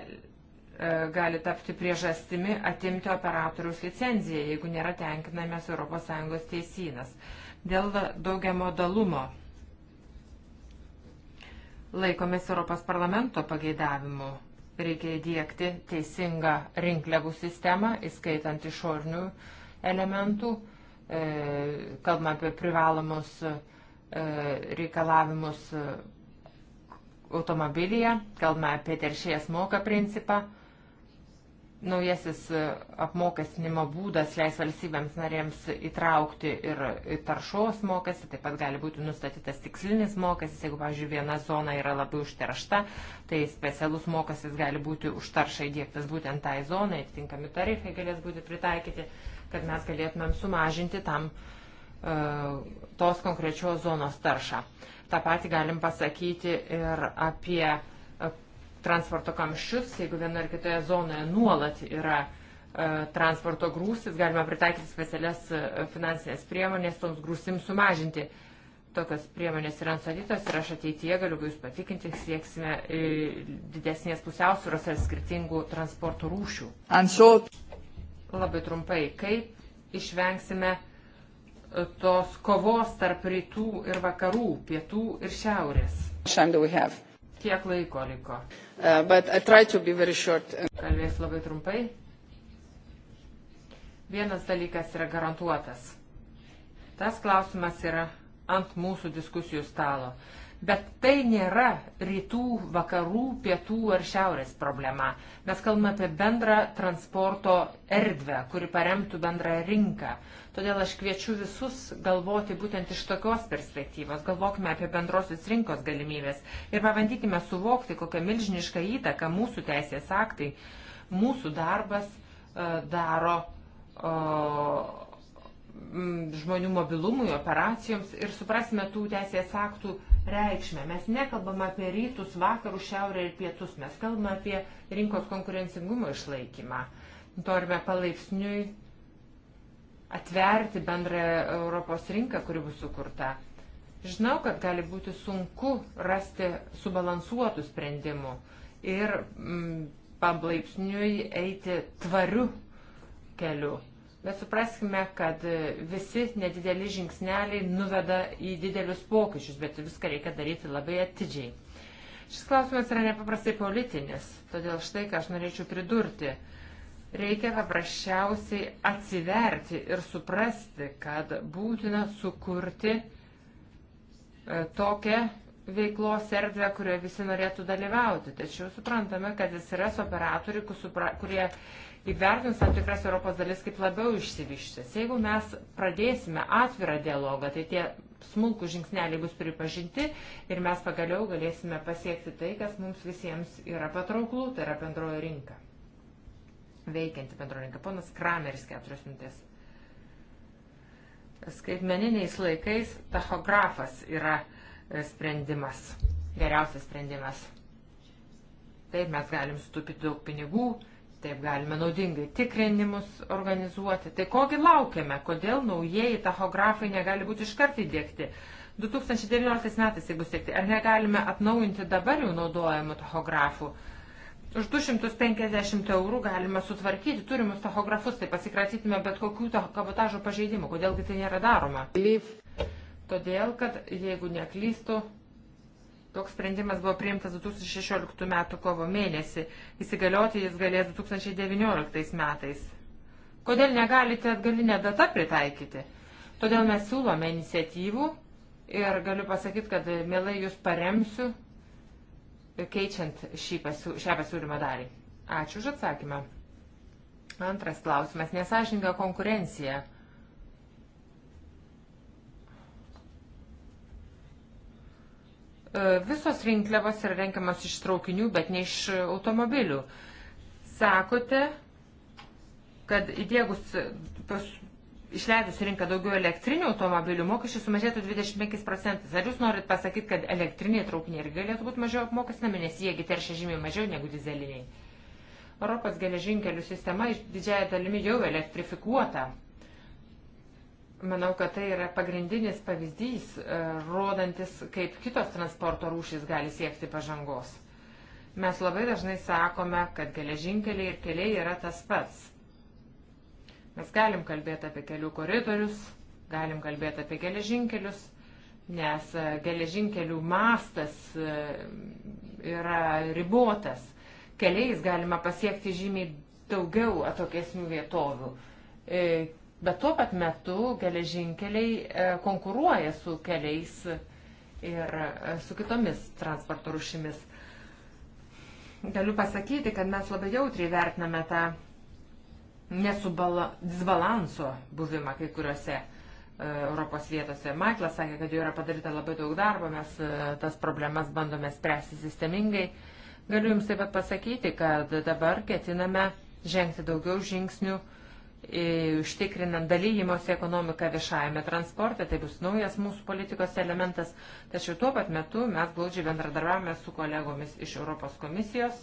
E, gali tapti priežastimi atimti operatoriaus licenciją, jeigu nėra tenkinamas ES teisynas. Dėl daugiamodalumo laikomės Europos parlamento pageidavimu. Reikia įdėkti teisingą rinkliavų sistemą, įskaitant išornių elementų, e, kalbame apie privalomus e, reikalavimus automobilyje, kalbame apie teršėjas moka principą. E, naujasis e, apmokestinimo būdas leis valstybėms narėms įtraukti ir taršos mokestį, taip pat gali būti nustatytas tikslinis mokestis, jeigu, pavyzdžiui, viena zona yra labai užteršta, tai specialus mokestis gali būti užtaršai dėktas būtent tai zonai, atitinkami tarifai galės būti pritaikyti, kad mes galėtumėm sumažinti tam e, tos konkrečios zonos taršą. Ta pati galim pasakyti ir apie transporto kamščius, jeigu vienoje ar kitoje zonoje nuolat yra e, transporto grūsis, galima pritaikyti specialias e, finansinės priemonės toms grūsims sumažinti. Tokios priemonės yra nustatytos ir aš ateityje galiu jūs patikinti, sieksime e, didesnės pusiausvėros ir skirtingų transporto rūšių. Anksčiau. Labai trumpai, kaip išvengsime tos kovos tarp rytų ir vakarų, pietų ir šiaurės? Kiek laiko liko? Uh, Kalbės labai trumpai. Vienas dalykas yra garantuotas. Tas klausimas yra ant mūsų diskusijų stalo. Bet tai nėra rytų, vakarų, pietų ar šiaurės problema. Mes kalbame apie bendrą transporto erdvę, kuri paremtų bendrą rinką. Todėl aš kviečiu visus galvoti būtent iš tokios perspektyvos. Galvokime apie bendrosios rinkos galimybės ir pabandykime suvokti, kokią milžinišką įtaką mūsų teisės aktai, mūsų darbas e, daro Mm, žmonių mobilumui, operacijoms ir suprasime tų teisės aktų reikšmę. Mes nekalbam apie rytus, vakarus, šiaurę ir pietus, mes kalbam apie rinkos konkurencingumo išlaikymą. Norime palaipsniui atverti bendrą Europos rinką, kuri bus sukurta. Žinau, kad gali būti sunku rasti subalansuotų sprendimų ir mm, pablaipsniui eiti tvariu keliu Bet supraskime, kad visi nedideli žingsneliai nuveda į didelius pokyčius, bet viską reikia daryti labai atidžiai. Šis klausimas yra nepaprastai politinis, todėl štai ką aš norėčiau pridurti. Reikia paprasčiausiai atsiverti ir suprasti, kad būtina sukurti e, tokią veiklos erdvę, kurioje visi norėtų dalyvauti. Tačiau suprantame, kad jis yra operatoriai, kurie įvertins tam tikras Europos dalis kaip labiau išsivyščias. Jeigu mes pradėsime atvirą dialogą, tai tie smulkų žingsneliai bus pripažinti ir mes pagaliau galėsime pasiekti tai, kas mums visiems yra patrauklų, tai yra bendroji rinka. Veikianti bendroji rinka. Ponas Krameris, keturios mintės. Skaitmeniniais laikais tachografas yra e, sprendimas, geriausias sprendimas. Taip mes galim sutupyti daug pinigų, Taip galime naudingai tikrinimus organizuoti. Tai kogi laukiame, kodėl naujieji tachografai negali būti iškart įdėkti? 2019 metais, jeigu siekti, ar negalime atnaujinti dabar jau naudojamų tachografų? Už 250 eurų galime sutvarkyti turimus tachografus, tai pasikratytume bet kokių kabotažo pažeidimų. Kodėlgi tai nėra daroma? Todėl, kad jeigu neklystų, Toks sprendimas buvo priimtas 2016 m. kovo mėnesį. Įsigalioti jis galės 2019 metais. Kodėl negalite atgalinę datą pritaikyti? Todėl mes siūlome iniciatyvų ir galiu pasakyti, kad mielai jūs paremsiu, keičiant pasiū, šią pasiūlymą dalį. Ačiū už atsakymą. Antras klausimas. Nesažininga konkurencija. E, visos rinkliavos yra renkiamas iš traukinių, bet ne iš automobilių. Sakote, kad įdėgus, pas, išleidus rinką daugiau elektrinių automobilių, mokesčiai sumažėtų 25 procentais. Ar jūs norit pasakyti, kad elektriniai traukiniai ir galėtų būti mažiau apmokestinami, nes jiegi teršia žymiai mažiau negu dizeliniai? Europos geležinkelių sistema didžiaja dalimi jau elektrifikuota. Manau, kad tai yra pagrindinis pavyzdys, e, rodantis, kaip kitos transporto rūšys gali siekti pažangos. Mes labai dažnai sakome, kad geležinkeliai ir keliai yra tas pats. Mes galim kalbėti apie kelių koridorius, galim kalbėti apie geležinkelius, nes e, geležinkelių mastas e, yra ribotas. Keliais galima pasiekti žymiai daugiau atokesnių vietovių Bet tuo pat metu geležinkeliai e, konkuruoja su keliais ir e, su kitomis transporto rušimis. Galiu pasakyti, kad mes labai jautriai vertiname tą disbalanso buvimą kai kuriuose e, Europos vietose. Maiklas sakė, kad jau yra padaryta labai daug darbo, mes tas problemas bandome spręsti sistemingai. Galiu Jums taip pat pasakyti, kad dabar ketiname žengti daugiau žingsnių užtikrinant dalyjimuose ekonomiką viešajame transporte, tai bus naujas mūsų politikos elementas, tačiau tuo pat metu mes glaudžiai bendradarbiavame su kolegomis iš Europos komisijos,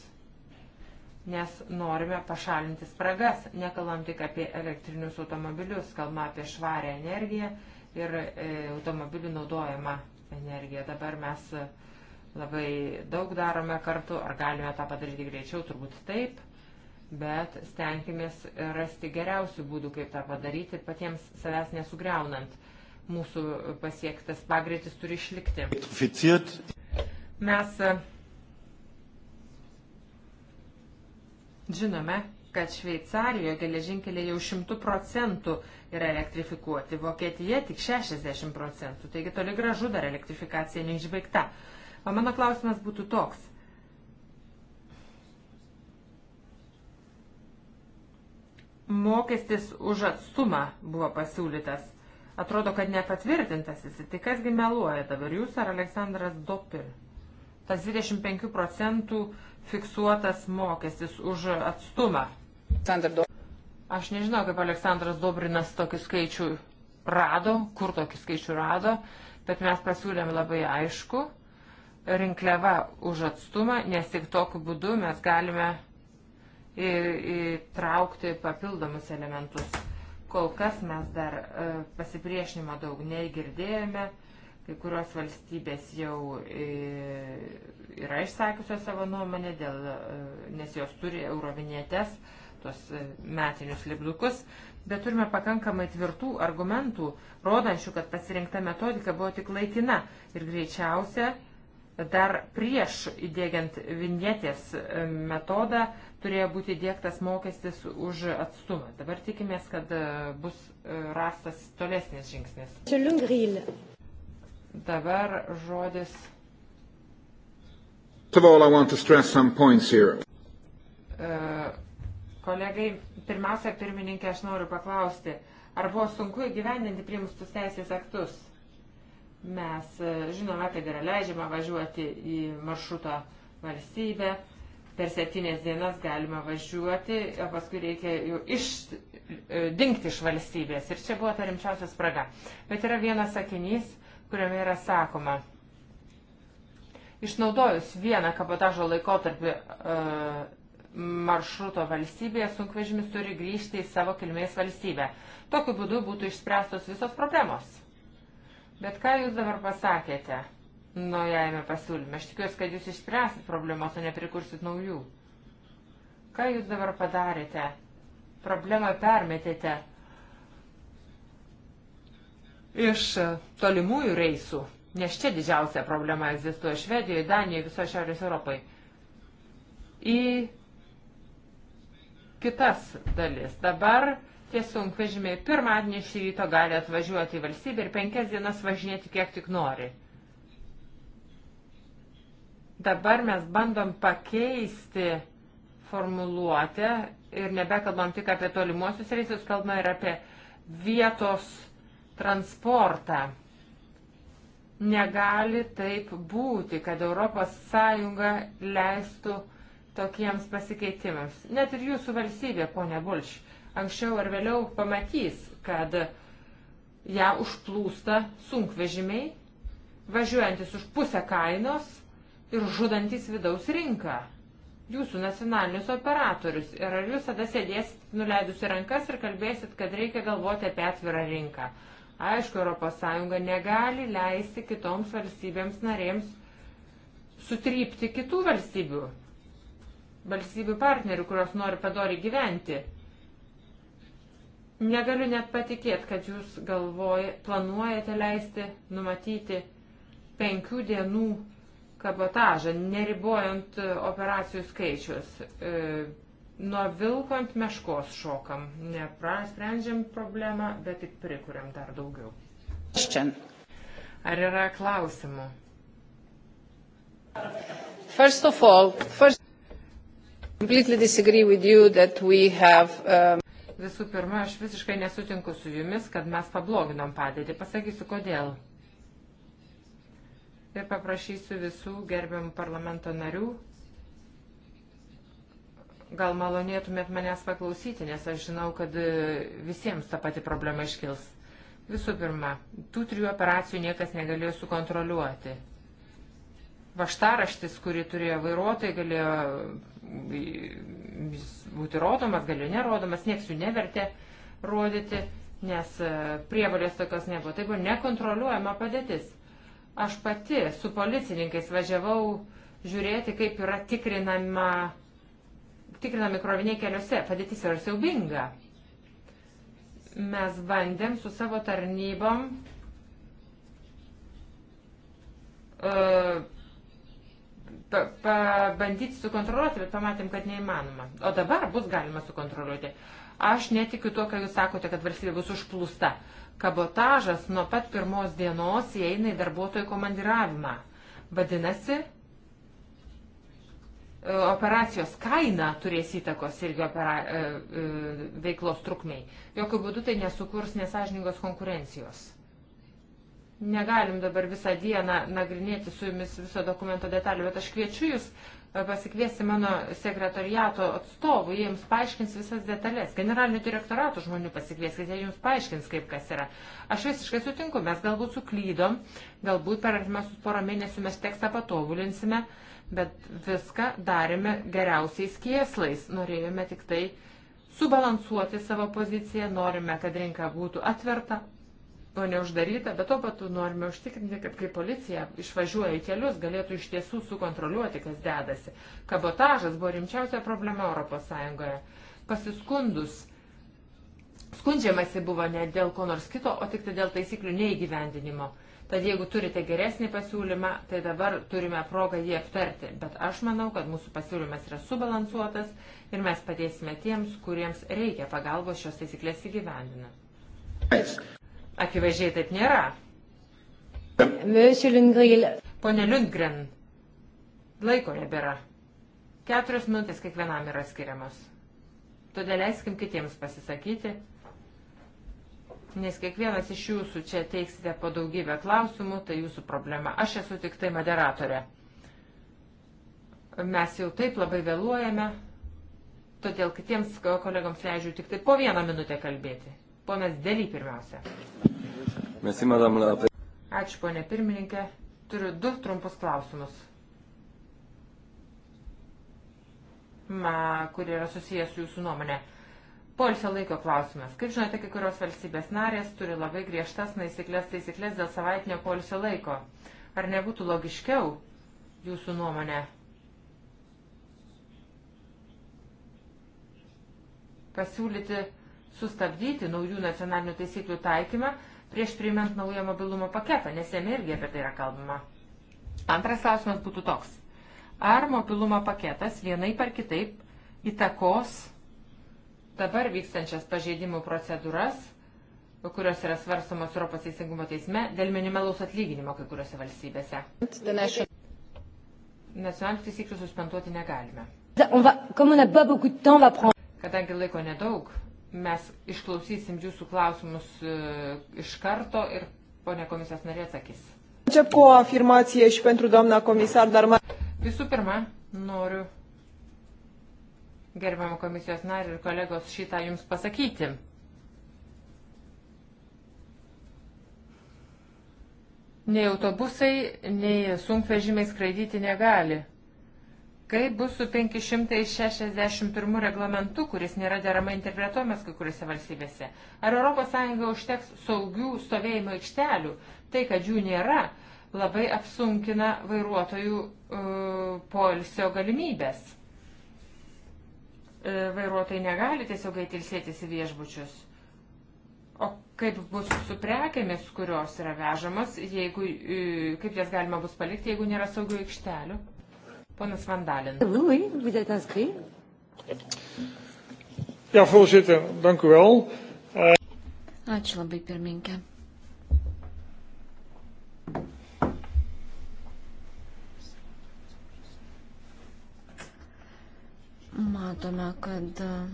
nes norime pašalinti spragas, nekalbam tik apie elektrinius automobilius, kalbam apie švarę energiją ir e, automobilių naudojimą energiją. Dabar mes e, labai daug darome kartu, ar galime tą padaryti greičiau, turbūt taip bet stenkimės rasti geriausių būdų, kaip tą padaryti, patiems savęs nesugriaunant. Mūsų pasiektas pagreitis turi išlikti. Mes e, žinome, kad Šveicarijoje geležinkeliai jau šimtų procentų yra elektrifikuoti, Vokietija tik 60 procentų, taigi toli gražu dar elektrifikacija neišbaigta. O mano klausimas būtų toks mokestis už atstumą buvo pasiūlytas. Atrodo, kad nepatvirtintas jis. Tai kasgi meluoja dabar jūs ar Aleksandras Dopir? Tas 25 procentų fiksuotas mokestis už atstumą. Aš nežinau, kaip Aleksandras Dobrinas tokį skaičių rado, kur tokį skaičių rado, bet mes pasiūlėm labai aišku rinkliava už atstumą, nes tik tokiu būdu mes galime įtraukti papildomus elementus. Kol kas mes dar e, pasipriešinimo daug negirdėjome, kai kurios valstybės jau e, yra išsakiusios savo nuomonę, dėl, e, nes jos turi eurovinėtes, tos metinius libdukus, bet turime pakankamai tvirtų argumentų, rodančių, kad pasirinkta metodika buvo tik laikina ir greičiausia dar prieš įdėgiant vinjetės metodą turėjo būti dėktas mokestis už atstumą. Dabar tikimės, kad e, bus e, rastas tolesnis žingsnis. Dabar žodis. E, kolegai, pirmiausia, pirmininkė, aš noriu paklausti, ar buvo sunku įgyvendinti priimstus teisės aktus? Mes žinome, kad yra leidžiama važiuoti į maršruto valstybę, per septynės dienas galima važiuoti, o paskui reikia jų išdingti e, iš valstybės. Ir čia buvo ta rimčiausia spraga. Bet yra vienas sakinys, kuriame yra sakoma. Išnaudojus vieną kabotažo laikotarpį e, maršruto valstybėje, sunkvežimis turi grįžti į savo kilmės valstybę. Tokiu būdu būtų išspręstos visos problemos. Bet ką jūs dabar pasakėte? naujajame pasiūlyme. Aš tikiuosi, kad jūs išspręsit problemas, o neprikursit naujų. Ką jūs dabar padarėte? Problemą permetėte iš e, tolimųjų reisų, nes čia didžiausia problema egzistuoja Švedijoje, Danijoje, visoje Šiaurės Europoje. Į kitas dalis. Dabar tie sunkvežimiai pirmadienį iš ryto gali atvažiuoti į valstybę ir penkias dienas važinėti kiek tik nori dabar mes bandom pakeisti formuluotę ir nebekalbam tik apie tolimuosius reisus, kalbam ir apie vietos transportą. Negali taip būti, kad ES leistų tokiems pasikeitimams. Net ir jūsų valstybė, ponia Bulš, anksčiau ar vėliau pamatys, kad ją užplūsta sunkvežimiai, važiuojantis už pusę kainos ir žudantis vidaus rinką. Jūsų nacionalinius operatorius. Ir ar jūs tada sėdėsit nuleidusi rankas ir kalbėsit, kad reikia galvoti apie atvirą rinką? Aišku, ES negali leisti kitoms valstybėms narėms sutrypti kitų valstybių, valstybių partnerių, kurios nori padori gyventi. Negaliu net patikėti, kad jūs galvoj, planuojate leisti numatyti penkių dienų kabotažą, neribojant operacijų skaičius. E, nuo vilko ant meškos šokam. Neprasprendžiam problemą, bet tik prikuriam dar daugiau. Ar yra klausimų? First of all, first, completely disagree with you that we have. Um, Visų pirma, aš visiškai nesutinku su jumis, kad mes pabloginom padėtį. Pasakysiu, kodėl ir paprašysiu visų gerbiamų parlamento narių. Gal malonėtumėt manęs paklausyti, nes aš žinau, kad e, visiems ta pati problema iškils. Visų pirma, tų trijų operacijų niekas negalėjo sukontroliuoti. Vaštaraštis, kurį turėjo vairuotojai, galėjo e, būti rodomas, galėjo nerodomas, nieks jų nevertė rodyti, nes e, prievalės tokios nebuvo. Tai buvo nekontroliuojama padėtis. Aš pati su policininkais važiavau žiūrėti, kaip yra tikrinama, tikrinami kroviniai keliuose. Padėtis yra siaubinga. Mes bandėm su savo tarnybom uh, pabandyti sukontroliuoti, bet pamatėm, kad neįmanoma. O dabar bus galima sukontroliuoti. Aš netikiu tuo, ką jūs sakote, kad valstybė bus užplūsta kabotažas nuo pat pirmos dienos įeina į darbuotojų komandiravimą. Vadinasi, e, operacijos kaina turės įtakos irgi opera, e, e, veiklos trukmiai. Jokių būdų tai nesukurs nesažiningos konkurencijos. Negalim dabar visą dieną nagrinėti su jumis viso dokumento detalių, bet aš kviečiu jūs pasikviesti mano sekretariato atstovų, jie jums paaiškins visas detalės. Generalinių direktoratų žmonių pasikvieskite, jie jums paaiškins, kaip kas yra. Aš visiškai sutinku, mes galbūt suklydom, galbūt per artimiausius porą mėnesių mes tekstą patobulinsime, bet viską darėme geriausiais kieslais. Norėjome tik tai subalansuoti savo poziciją, norime, kad rinka būtų atverta, to neuždaryta, bet to patu norime užtikrinti, kad kai policija išvažiuoja į kelius, galėtų iš tiesų sukontroliuoti, kas dedasi. Kabotažas buvo rimčiausia problema ES. Pasiskundus, skundžiamasi buvo ne dėl ko nors kito, o tik tai dėl taisyklių neįgyvendinimo. Tad jeigu turite geresnį pasiūlymą, tai dabar turime progą jį aptarti. Bet aš manau, kad mūsų pasiūlymas yra subalansuotas ir mes padėsime tiems, kuriems reikia pagalbos šios taisyklės įgyvendinant. Akivaizdžiai taip nėra. Pone Lundgren, laiko nebėra. Keturios minutės kiekvienam yra skiriamos. Todėl leiskim kitiems pasisakyti, nes kiekvienas iš jūsų čia teiksite po daugybę klausimų, tai jūsų problema. Aš esu tik tai moderatorė. Mes jau taip labai vėluojame, todėl kitiems kolegams leidžiu tik tai po vieną minutę kalbėti. Ponas Dėly pirmiausia. Mes įmadam lapai. Ačiū, ponė pirmininkė. Turiu du trumpus klausimus, Ma, kurie yra susijęs su jūsų nuomonė. Polsio laiko klausimas. Kaip žinote, kai kurios valstybės narės turi labai griežtas naisyklės taisyklės dėl savaitinio polsio laiko. Ar nebūtų logiškiau jūsų nuomonė pasiūlyti sustabdyti naujų nacionalinių taisyklių taikymą prieš priimant naują mobilumo paketą, nes jame irgi apie tai yra kalbama. Antras klausimas būtų toks. Ar mobilumo paketas vienai par kitaip įtakos dabar vykstančias pažeidimų procedūras, kurios yra svarstamos Europos teisingumo teisme dėl minimalaus atlyginimo kai kuriuose valstybėse? Nacionalinių taisyklių suspenduoti negalime. Kadangi laiko nedaug, Mes išklausysim jūsų klausimus e, iš karto ir ponė komisijos narė atsakys. Čia po afirmacija iš pentru domna komisar dar man. Visų pirma, noriu gerbiamą komisijos narį ir kolegos šitą jums pasakyti. Nei autobusai, nei sunkvežimiai skraidyti negali. Kaip bus su 561 reglamentu, kuris nėra deramai interpretuojamas kai kuriuose valstybėse? Ar ES užteks saugių stovėjimo aikštelių? Tai, kad jų nėra, labai apsunkina vairuotojų uh, poilsio galimybės. Uh, vairuotojai negali tiesiog įtilsėtis į viešbučius. O kaip bus su prekėmis, kurios yra vežamas, jeigu, uh, kaip jas galima bus palikti, jeigu nėra saugių aikštelių? Ponas Vandalin. Louis, wie dat inscrit? Ja, voorzitter, dank u wel. Uh... Ačiū labai pirminkė. Matome, kad uh,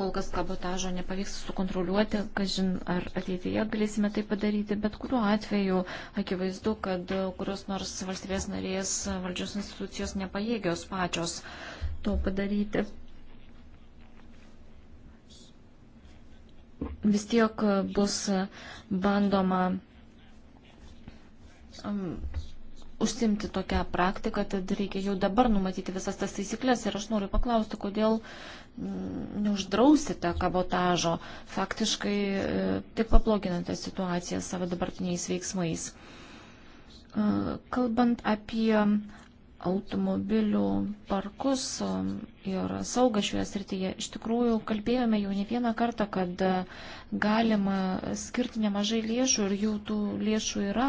kol kas kabotažo nepavyks sukontroliuoti, kažin ar ateityje galėsime tai padaryti, bet kuriuo atveju akivaizdu, kad kurios nors valstybės narės valdžios institucijos nepajėgios pačios to padaryti. Vis tiek bus bandoma um, užsimti tokią praktiką, tad reikia jau dabar numatyti visas tas taisyklės. Ir aš noriu paklausti, kodėl mm, neuždrausite kabotažo, faktiškai e, tik pabloginate situaciją savo dabartiniais veiksmais. E, kalbant apie automobilių parkus ir saugą šioje srityje. Iš tikrųjų, kalbėjome jau ne vieną kartą, kad galima skirti nemažai lėšų ir jų tų lėšų yra,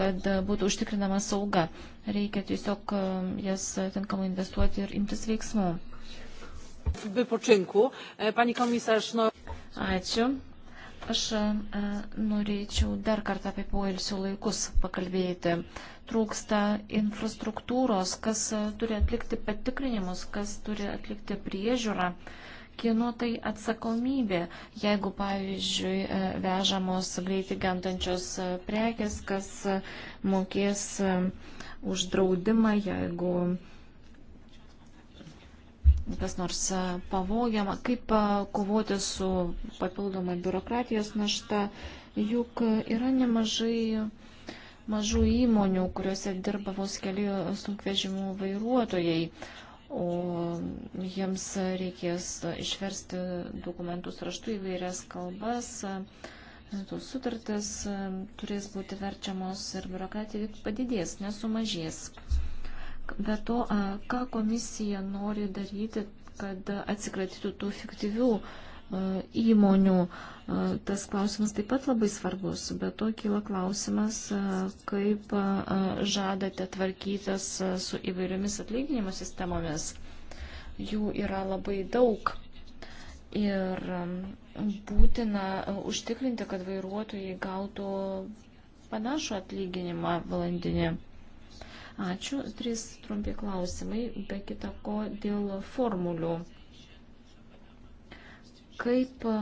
kad būtų užtikrinama sauga. Reikia tiesiog jas tinkamai investuoti ir imtis veiksmų. E, Ačiū. Aš norėčiau dar kartą apie poilsio laikus pakalbėti. Trūksta infrastruktūros, kas turi atlikti patikrinimus, kas turi atlikti priežiūrą kieno tai atsakomybė, jeigu, pavyzdžiui, vežamos greitai gentančios prekes, kas mokės už draudimą, jeigu kas nors e, pavogiama, kaip e, kovoti su papildoma biurokratijos našta, juk e, yra nemažai mažų įmonių, kuriuose dirba vos keli sunkvežimų vairuotojai, o jiems reikės išversti dokumentus raštu įvairias kalbas, tos sutartis turės būti verčiamos ir biurokratija padidės, nesumažės. Be to, ką komisija nori daryti, kad atsikratytų tų fiktyvių įmonių. Tas klausimas taip pat labai svarbus, bet to kyla klausimas, kaip žadate tvarkytis su įvairiomis atlyginimo sistemomis. Jų yra labai daug. Ir būtina užtikrinti, kad vairuotojai gautų panašų atlyginimą valandinį. Ačiū. Trys trumpi klausimai, be kita ko, dėl formulių. Kaip e,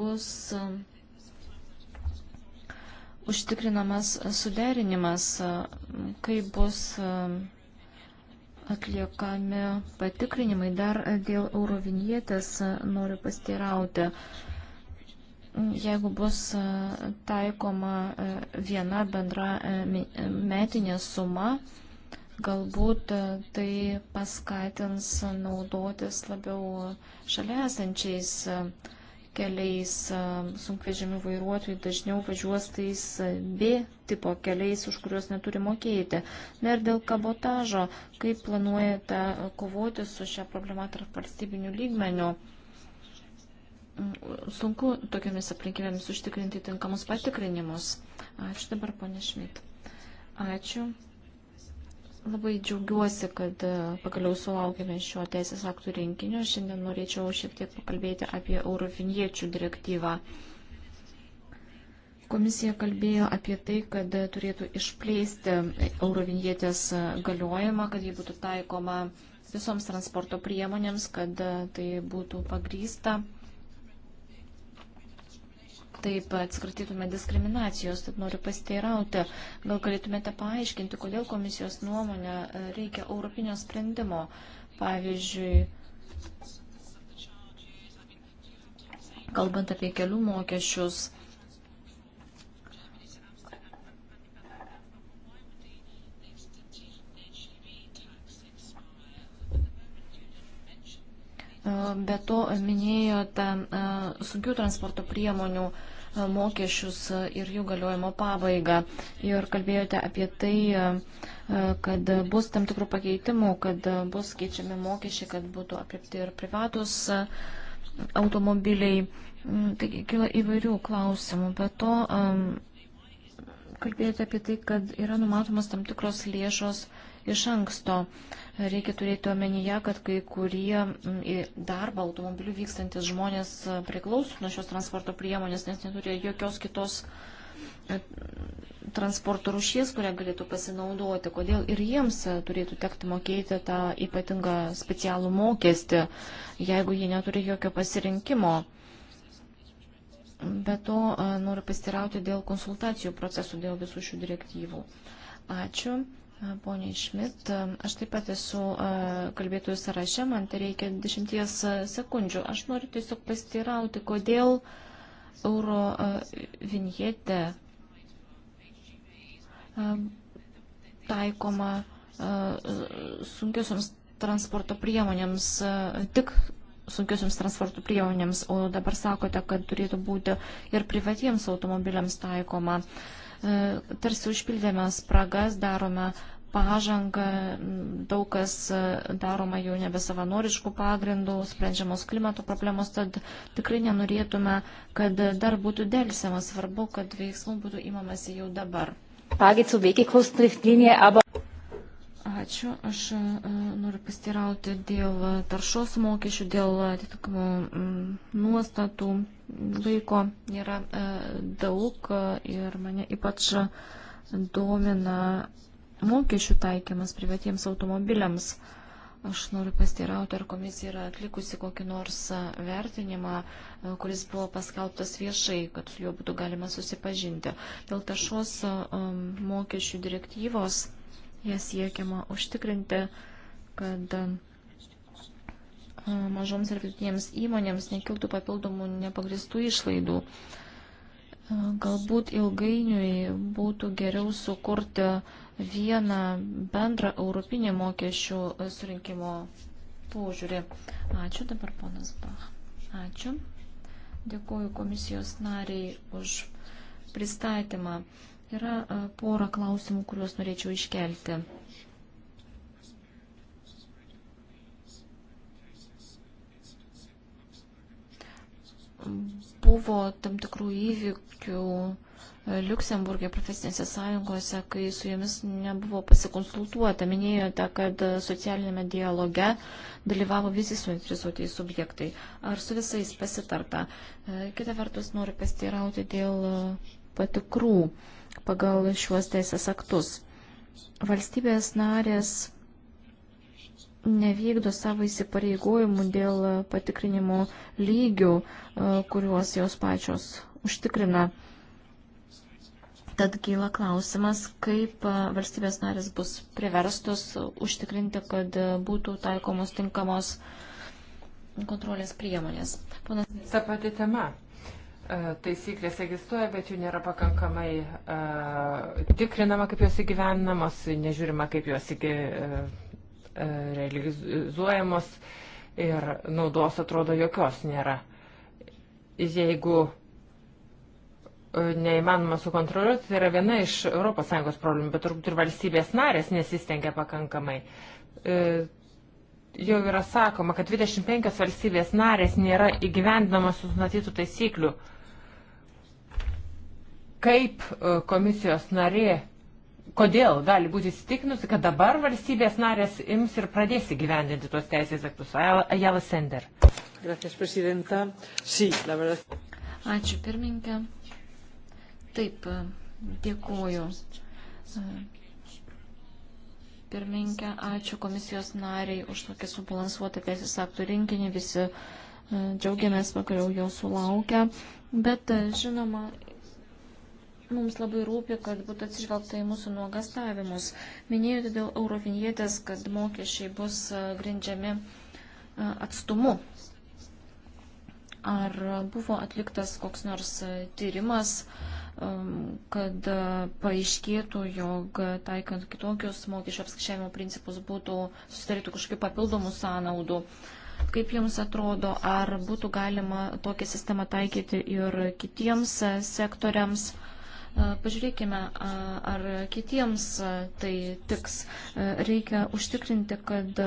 bus e, užtikrinamas suderinimas, e, kaip bus atliekami patikrinimai. Dar dėl eurovinietės noriu pasteirauti jeigu bus e, taikoma e, viena bendra e, metinė suma, galbūt tai paskatins naudotis labiau šalia esančiais keliais sunkvežimių vairuotojai dažniau važiuos tais B tipo keliais, už kuriuos neturi mokėti. Na ir dėl kabotažo, kaip planuojate kovoti su šią problemą tarp valstybinių lygmenių? sunku tokiamis aplinkybėmis užtikrinti tinkamus patikrinimus. Ačiū dabar, ponė Šmit. Ačiū. Labai džiaugiuosi, kad e, pagaliau sulaukėme šio teisės aktų rinkinio. Šiandien norėčiau šiek tiek pakalbėti apie eurofiniečių direktyvą. Komisija kalbėjo apie tai, kad turėtų išplėsti eurovinietės galiojimą, kad jį būtų taikoma visoms transporto priemonėms, kad e, tai būtų pagrysta taip atskratytume diskriminacijos, tad noriu pasiteirauti, gal galėtumėte paaiškinti, kodėl komisijos nuomonė e, reikia europinio sprendimo. Pavyzdžiui, kalbant apie kelių mokesčius, E, be to minėjote e, sunkių transporto priemonių e, mokesčius ir jų galiojimo pabaigą. Ir kalbėjote apie tai, kad bus tam tikrų pakeitimų, kad bus keičiami mokesčiai, kad būtų apriepti ir privatus automobiliai. Mm, taigi kila įvairių klausimų. Be to, kalbėjote apie tai, kad yra numatomas tam tikros lėšos iš anksto. Reikia turėti omenyje, kad kai kurie mm, į darbą automobiliu vykstantis žmonės e, priklauso nuo šios transporto priemonės, nes neturi jokios kitos e, transporto rušies, kurią galėtų pasinaudoti, kodėl ir jiems e, turėtų tekti mokėti tą ypatingą specialų mokestį, jeigu jie neturi jokio pasirinkimo. Be to noriu pastirauti dėl konsultacijų procesų, dėl visų šių direktyvų. Ačiū. Pone Šmit, aš taip pat esu e, kalbėtojų sąraše, man tai reikia dešimties sekundžių. Aš noriu tiesiog pasiteirauti, kodėl euro e, vinjetė e, taikoma sunkiosioms transporto priemonėms, tik sunkiosioms transporto priemonėms, o dabar sakote, kad turėtų būti ir privatiems automobiliams taikoma. Uh, E, tarsi užpildėme spragas, darome pažanga, daug kas e, daroma jau nebe savanoriškų pagrindų, sprendžiamos klimato problemos, tad tikrai nenorėtume, kad dar būtų dėlsiama, svarbu, kad veiksmų būtų įmamasi jau dabar. Ačiū. Aš e, noriu pastirauti dėl taršos mokesčių, dėl atitinkamų mm, nuostatų. Laiko nėra e, daug e, ir mane ypač domina mokesčių taikymas privatiems automobiliams. Aš noriu pastirauti, ar komisija yra atlikusi kokį nors vertinimą, kuris buvo paskelbtas viešai, kad su juo būtų galima susipažinti. Dėl taršos mokesčių direktyvos Jas siekiama užtikrinti, kad mažoms ir vidutinėms įmonėms nekiltų papildomų nepagristų išlaidų. Galbūt ilgainiui būtų geriau sukurti vieną bendrą europinį mokesčių surinkimo požiūrį. Ačiū dabar ponas Bach. Ačiū. Dėkuoju komisijos nariai už pristatymą. Yra pora klausimų, kuriuos norėčiau iškelti. Buvo tam tikrų įvykių e, Liuksemburgė profesinėse sąjungose, kai su jomis nebuvo pasikonsultuota. Minėjote, kad e, socialinėme dialoge dalyvavo visi suinteresuotieji subjektai. Ar su visais pasitarta? E, kita vertus, noriu pasteirauti dėl patikrų pagal šiuos teisės aktus. Valstybės narės nevykdo savo įsipareigojimų dėl patikrinimo lygių, e, kuriuos jos pačios užtikrina. Tad kyla klausimas, kaip e, valstybės narės bus priverstos užtikrinti, kad e, būtų taikomos tinkamos kontrolės priemonės. Ponas... Ta pati tema. E, taisyklės egzistuoja, bet jų nėra pakankamai uh, tikrinama, kaip jos įgyvenamos, nežiūrima, kaip jos įgy, uh, e, realizuojamos ir naudos atrodo jokios nėra. Jeigu neįmanoma sukontroliuoti, tai yra viena iš ES problemų, bet turbūt ir valstybės narės nesistengia pakankamai. Uh, jau yra sakoma, kad 25 valstybės narės nėra įgyvendinamos nustatytų taisyklių. Uh, kaip e, komisijos narė, kodėl gali būti įsitikinusi, kad dabar valstybės narės ims ir pradės įgyvendinti tuos teisės aktus. Ajala Sender. Gracias, presidenta. Sí, la verdad. Ačiū, pirmininkė. Taip, e, dėkuoju. E, pirmininkė, ačiū komisijos nariai už tokį subalansuotą teisės aktų rinkinį. Visi džiaugiamės, vakariau jau sulaukę. Bet, žinoma, Mums labai rūpi, kad būtų atsižvelgta į mūsų nuogastavimus. Minėjote dėl eurovinietės, kad mokesčiai bus grindžiami atstumu. Ar buvo atliktas koks nors tyrimas, kad paaiškėtų, jog taikant kitokius mokesčio apskaičiavimo principus būtų susidarytų kažkokių papildomų sąnaudų? Kaip Jums atrodo, ar būtų galima tokią sistemą taikyti ir kitiems sektoriams? Pažiūrėkime, ar kitiems tai tiks. Reikia užtikrinti, kad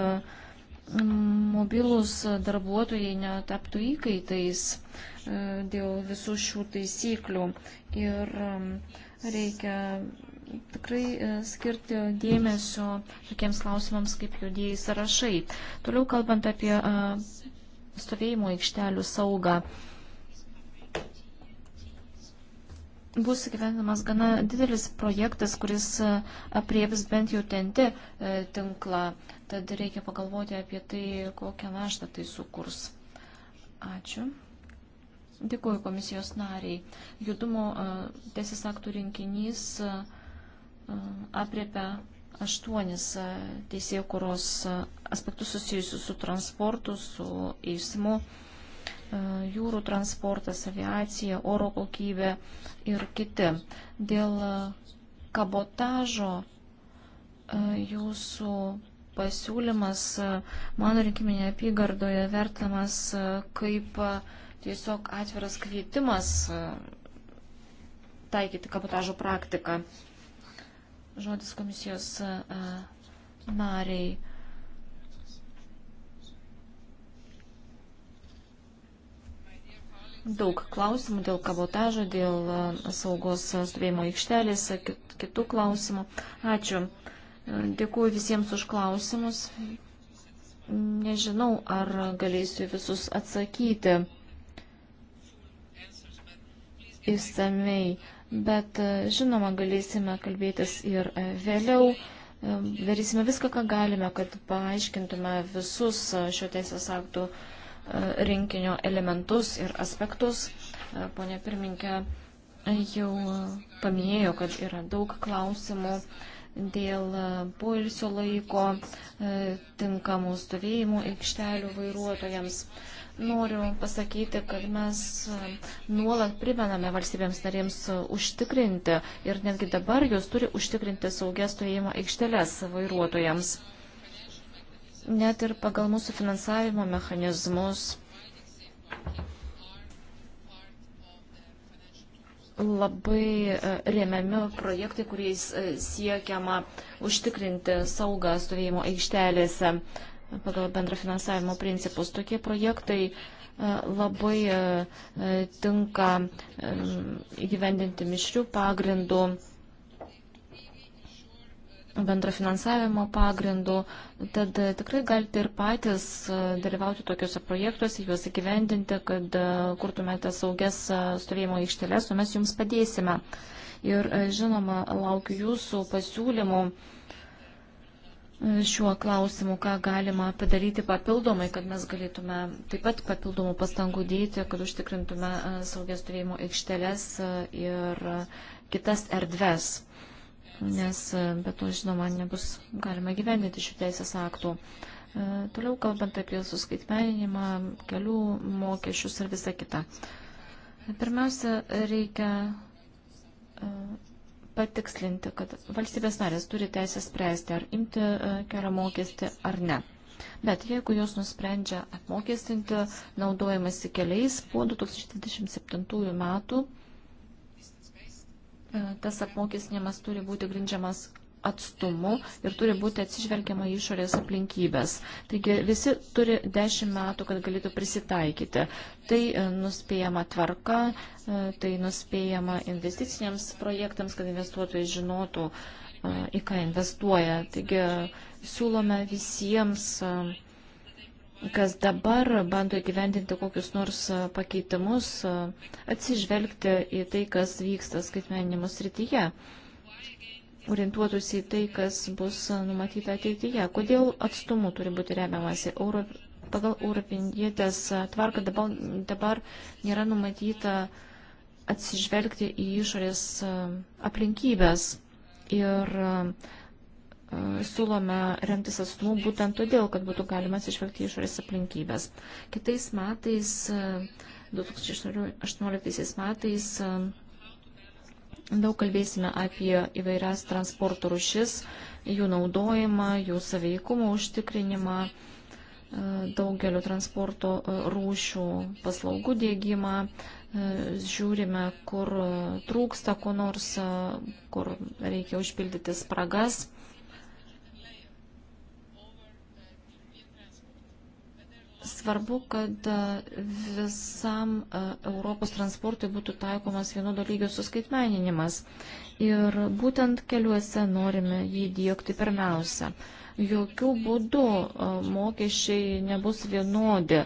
mobilūs darbuotojai netaptų įkaitais dėl visų šių taisyklių. Ir reikia tikrai skirti dėmesio tokiems klausimams kaip judėjai sąrašai. Toliau kalbant apie stovėjimo aikštelių saugą. bus gyvenimas gana didelis projektas, kuris e, aprieps bent jau tente tinklą. Tad reikia pagalvoti apie tai, kokią naštą tai sukurs. Ačiū. Dėkuoju komisijos nariai. Judumo e, teisės aktų rinkinys e, apriepia aštuonis teisėjų kuros aspektus susijusius su transportu, su eismu jūrų transportas, aviacija, oro kokybė ir kiti. Dėl kabotažo jūsų pasiūlymas mano rinkiminėje apygardoje vertinamas kaip tiesiog atviras kvietimas taikyti kabotažo praktiką. Žodis komisijos nariai. daug klausimų dėl kabotažo, dėl e, saugos stovėjimo aikštelės, kitų klausimų. Ačiū. E, dėkuoju visiems už klausimus. Nežinau, ar galėsiu visus atsakyti įsamei, bet e, žinoma, galėsime kalbėtis ir vėliau. Darysime viską, ką galime, kad paaiškintume visus šio teisės aktų rinkinio elementus ir aspektus. E, Pone pirminkė jau paminėjo, kad yra daug klausimų dėl poilsio laiko, e, tinkamų stovėjimų aikštelių vairuotojams. Noriu pasakyti, kad mes nuolat primename valstybėms narėms užtikrinti ir netgi dabar jos turi užtikrinti saugias stovėjimo aikšteles vairuotojams net ir pagal mūsų finansavimo mechanizmus labai e, remiami projektai, kuriais e, siekiama užtikrinti saugą stovėjimo aikštelėse pagal bendrą finansavimo principus. Tokie projektai e, labai tinka įgyvendinti mišrių pagrindų bendro finansavimo pagrindu, tad tikrai galite ir patys e, dalyvauti tokiuose projektuose, juos įgyvendinti, kad e, kurtumėte saugias e, stovėjimo aikšteles, o mes jums padėsime. Ir žinoma, laukiu jūsų pasiūlymų šiuo klausimu, ką galima padaryti papildomai, kad mes galėtume taip pat papildomų pastangų dėti, kad užtikrintume saugias stovėjimo aikšteles ir kitas erdves nes be to, žinoma, nebus galima gyvendinti šių teisės aktų. E, toliau kalbant apie suskaitmeninimą, kelių mokesčius ir visą kitą. Pirmiausia, reikia e, patikslinti, kad valstybės narės turi teisę spręsti, ar imti e, kelio mokestį ar ne. Bet jeigu jos nusprendžia apmokestinti naudojimasi keliais po 2027 metų, tas apmokestinimas turi būti grindžiamas atstumu ir turi būti atsižvelgiama į išorės aplinkybės. Taigi visi turi 10 metų, kad galėtų prisitaikyti. Tai e, nuspėjama tvarka, e, tai nuspėjama investiciniams projektams, kad investuotojai žinotų, e, į ką investuoja. Taigi siūlome visiems kas dabar bando įgyvendinti kokius nors pakeitimus, atsižvelgti į tai, kas vyksta skaitmeninimo srityje, orientuotųsi į tai, kas bus numatyta ateityje. Kodėl atstumu turi būti remiamasi? Euro, pagal europinietės tvarką dabar, dabar nėra numatyta atsižvelgti į išorės aplinkybės ir uh, siūlome remtis asmų būtent todėl, kad būtų galima atsižvelgti išorės aplinkybės. Kitais metais, 2018 e, metais, e, daug kalbėsime apie įvairias transporto rušis, jų naudojimą, jų saveikumo užtikrinimą, e, daugeliu transporto rūšių paslaugų dėgymą, žiūrime, kur trūksta ko nors, kur reikia užpildyti spragas. Svarbu, kad e, visam e, Europos transportui būtų taikomas vienodo lygio suskaitmeninimas. Ir būtent keliuose norime jį dėkti pirmiausia. Jokių būdų e, mokesčiai nebus vienodi.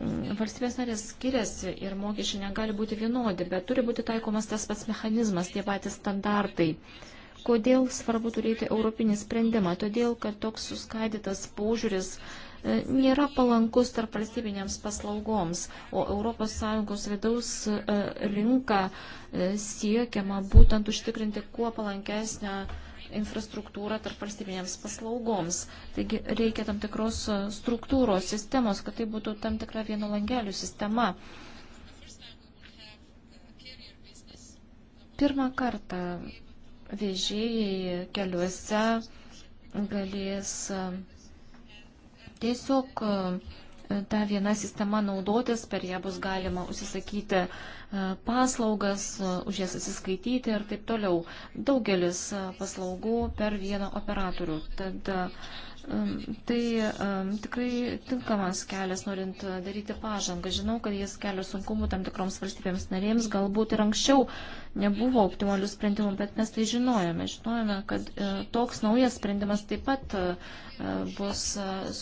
Mm, valstybės narės skiriasi ir mokesčiai negali būti vienodi, bet turi būti taikomas tas pats mechanizmas, tie patys standartai. Kodėl svarbu turėti europinį sprendimą? Todėl, kad toks suskaidytas požiūris uh, E, nėra palankus tarp valstybinėms paslaugoms, o ES vidaus e, rinka e, siekiama būtent užtikrinti kuo palankesnę infrastruktūrą tarp valstybinėms paslaugoms. Taigi reikia tam tikros struktūros, sistemos, kad tai būtų tam tikra vieno langelių sistema. Pirmą kartą vežėjai keliuose galės Tiesiog e, e, ta viena sistema naudotis, per ją bus galima užsisakyti e, paslaugas, už jas atsiskaityti ir taip toliau. Daugelis paslaugų per vieną operatorių. Tad Tai tikrai tinkamas kelias, norint e, daryti pažangą. Žinau, kad jis kelia sunkumų tam tikroms valstybėms narėms, galbūt ir anksčiau nebuvo optimalių sprendimų, bet mes tai žinojome. Žinojome, kad e, toks naujas sprendimas taip pat e, bus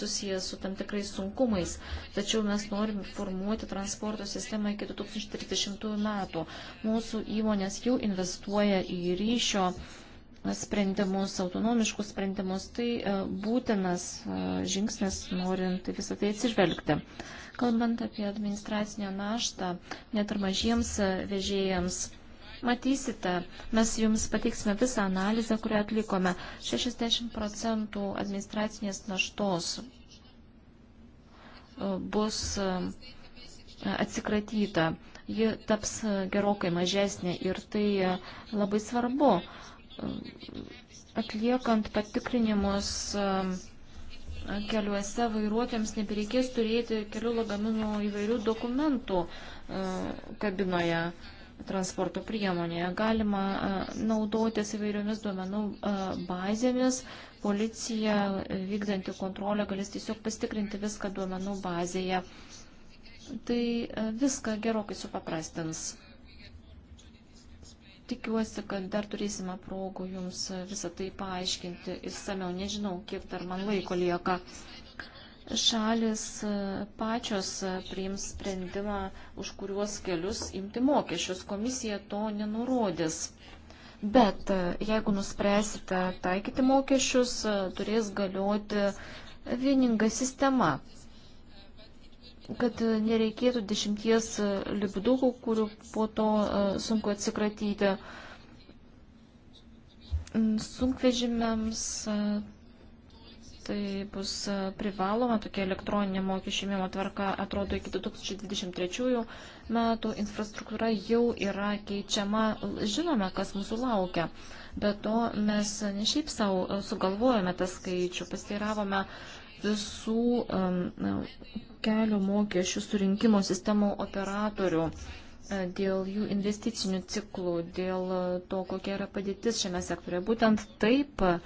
susijęs su tam tikrais sunkumais. Tačiau mes norime formuoti transporto sistemą iki 2030 metų. Mūsų įmonės jau investuoja į ryšio sprendimus, autonomiškus sprendimus, tai e, būtinas e, žingsnis, norint visą tai atsižvelgti. Kalbant apie administracinę naštą, net ir mažiems e, vežėjams, matysite, mes jums pateiksime visą analizę, kurią atlikome. 60 procentų administracinės naštos bus atsikratyta. Ji taps gerokai mažesnė ir tai labai svarbu atliekant patikrinimus um, keliuose vairuotojams nebereikės turėti kelių lagaminų įvairių dokumentų uh, kabinoje transporto priemonėje. Galima uh, naudotis įvairiomis duomenų uh, bazėmis. Policija vykdanti kontrolę galės tiesiog pastikrinti viską duomenų bazėje. Tai viską gerokai supaprastins. Tikiuosi, kad dar turėsime progų jums visą tai paaiškinti išsameu. Nežinau, kiek dar man laiko lieka. Šalis pačios priims sprendimą, už kuriuos kelius imti mokesčius. Komisija to nenurodys. Bet e, jeigu nuspręsite taikyti mokesčius, turės galioti vieninga sistema kad e, nereikėtų dešimties e, libdukų, kurių po to e, sunku atsikratyti. Mm, sunkvežimiams tai bus privaloma tokia elektroninė mokesčių mėmo tvarka, atrodo, iki 2023 metų infrastruktūra jau yra keičiama, žinome, kas mūsų laukia. Be to mes ne šiaip savo sugalvojame tą skaičių, pasteiravome uh, visų kelio mokesčių surinkimo sistemų operatorių e, dėl jų investicinių ciklų, dėl e, to, kokia yra padėtis šiame sektorėje. Būtent taip e,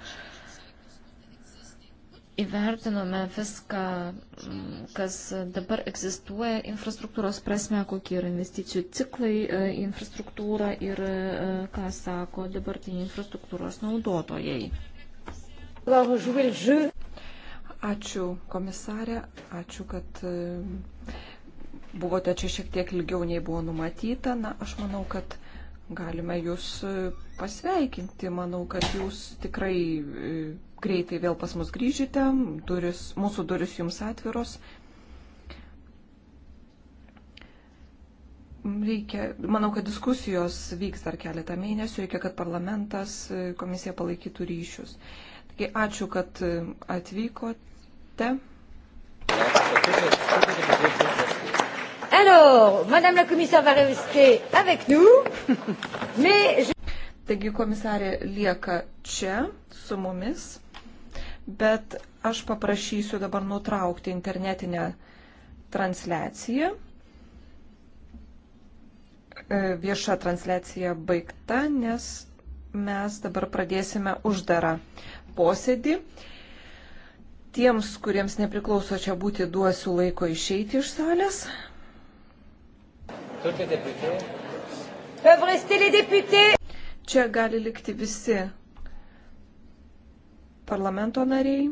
įvertinome viską, kas dabar egzistuoja infrastruktūros prasme, kokie yra investicijų ciklai į infrastruktūrą ir ką sako dabartiniai infrastruktūros naudotojai. Ačiū komisarė, ačiū, kad e, buvote čia šiek tiek ilgiau nei buvo numatyta. Na, aš manau, kad galime jūs e, pasveikinti. Manau, kad jūs tikrai e, greitai vėl pas mus grįžite. Duris, mūsų duris jums atviros. Reikia, manau, kad diskusijos vyks dar keletą mėnesių, reikia, kad parlamentas, komisija palaikytų ryšius. Taigi, ačiū, kad atvykote minutę. Alors, Madame la commissaire va rester avec nous, mais je... Taigi komisarė lieka čia su mumis, bet aš paprašysiu dabar nutraukti internetinę transliaciją. E, vieša transliacija baigta, nes mes dabar pradėsime uždarą posėdį. Tiems, kuriems nepriklauso čia būti, duosiu laiko išeiti iš salės. Čia gali likti visi parlamento nariai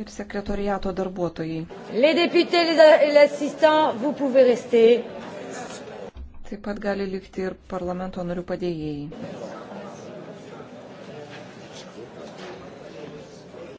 ir sekretoriato darbuotojai. Les députés, les assistants, vous pouvez rester. Taip pat gali likti ir parlamento narių padėjėjai.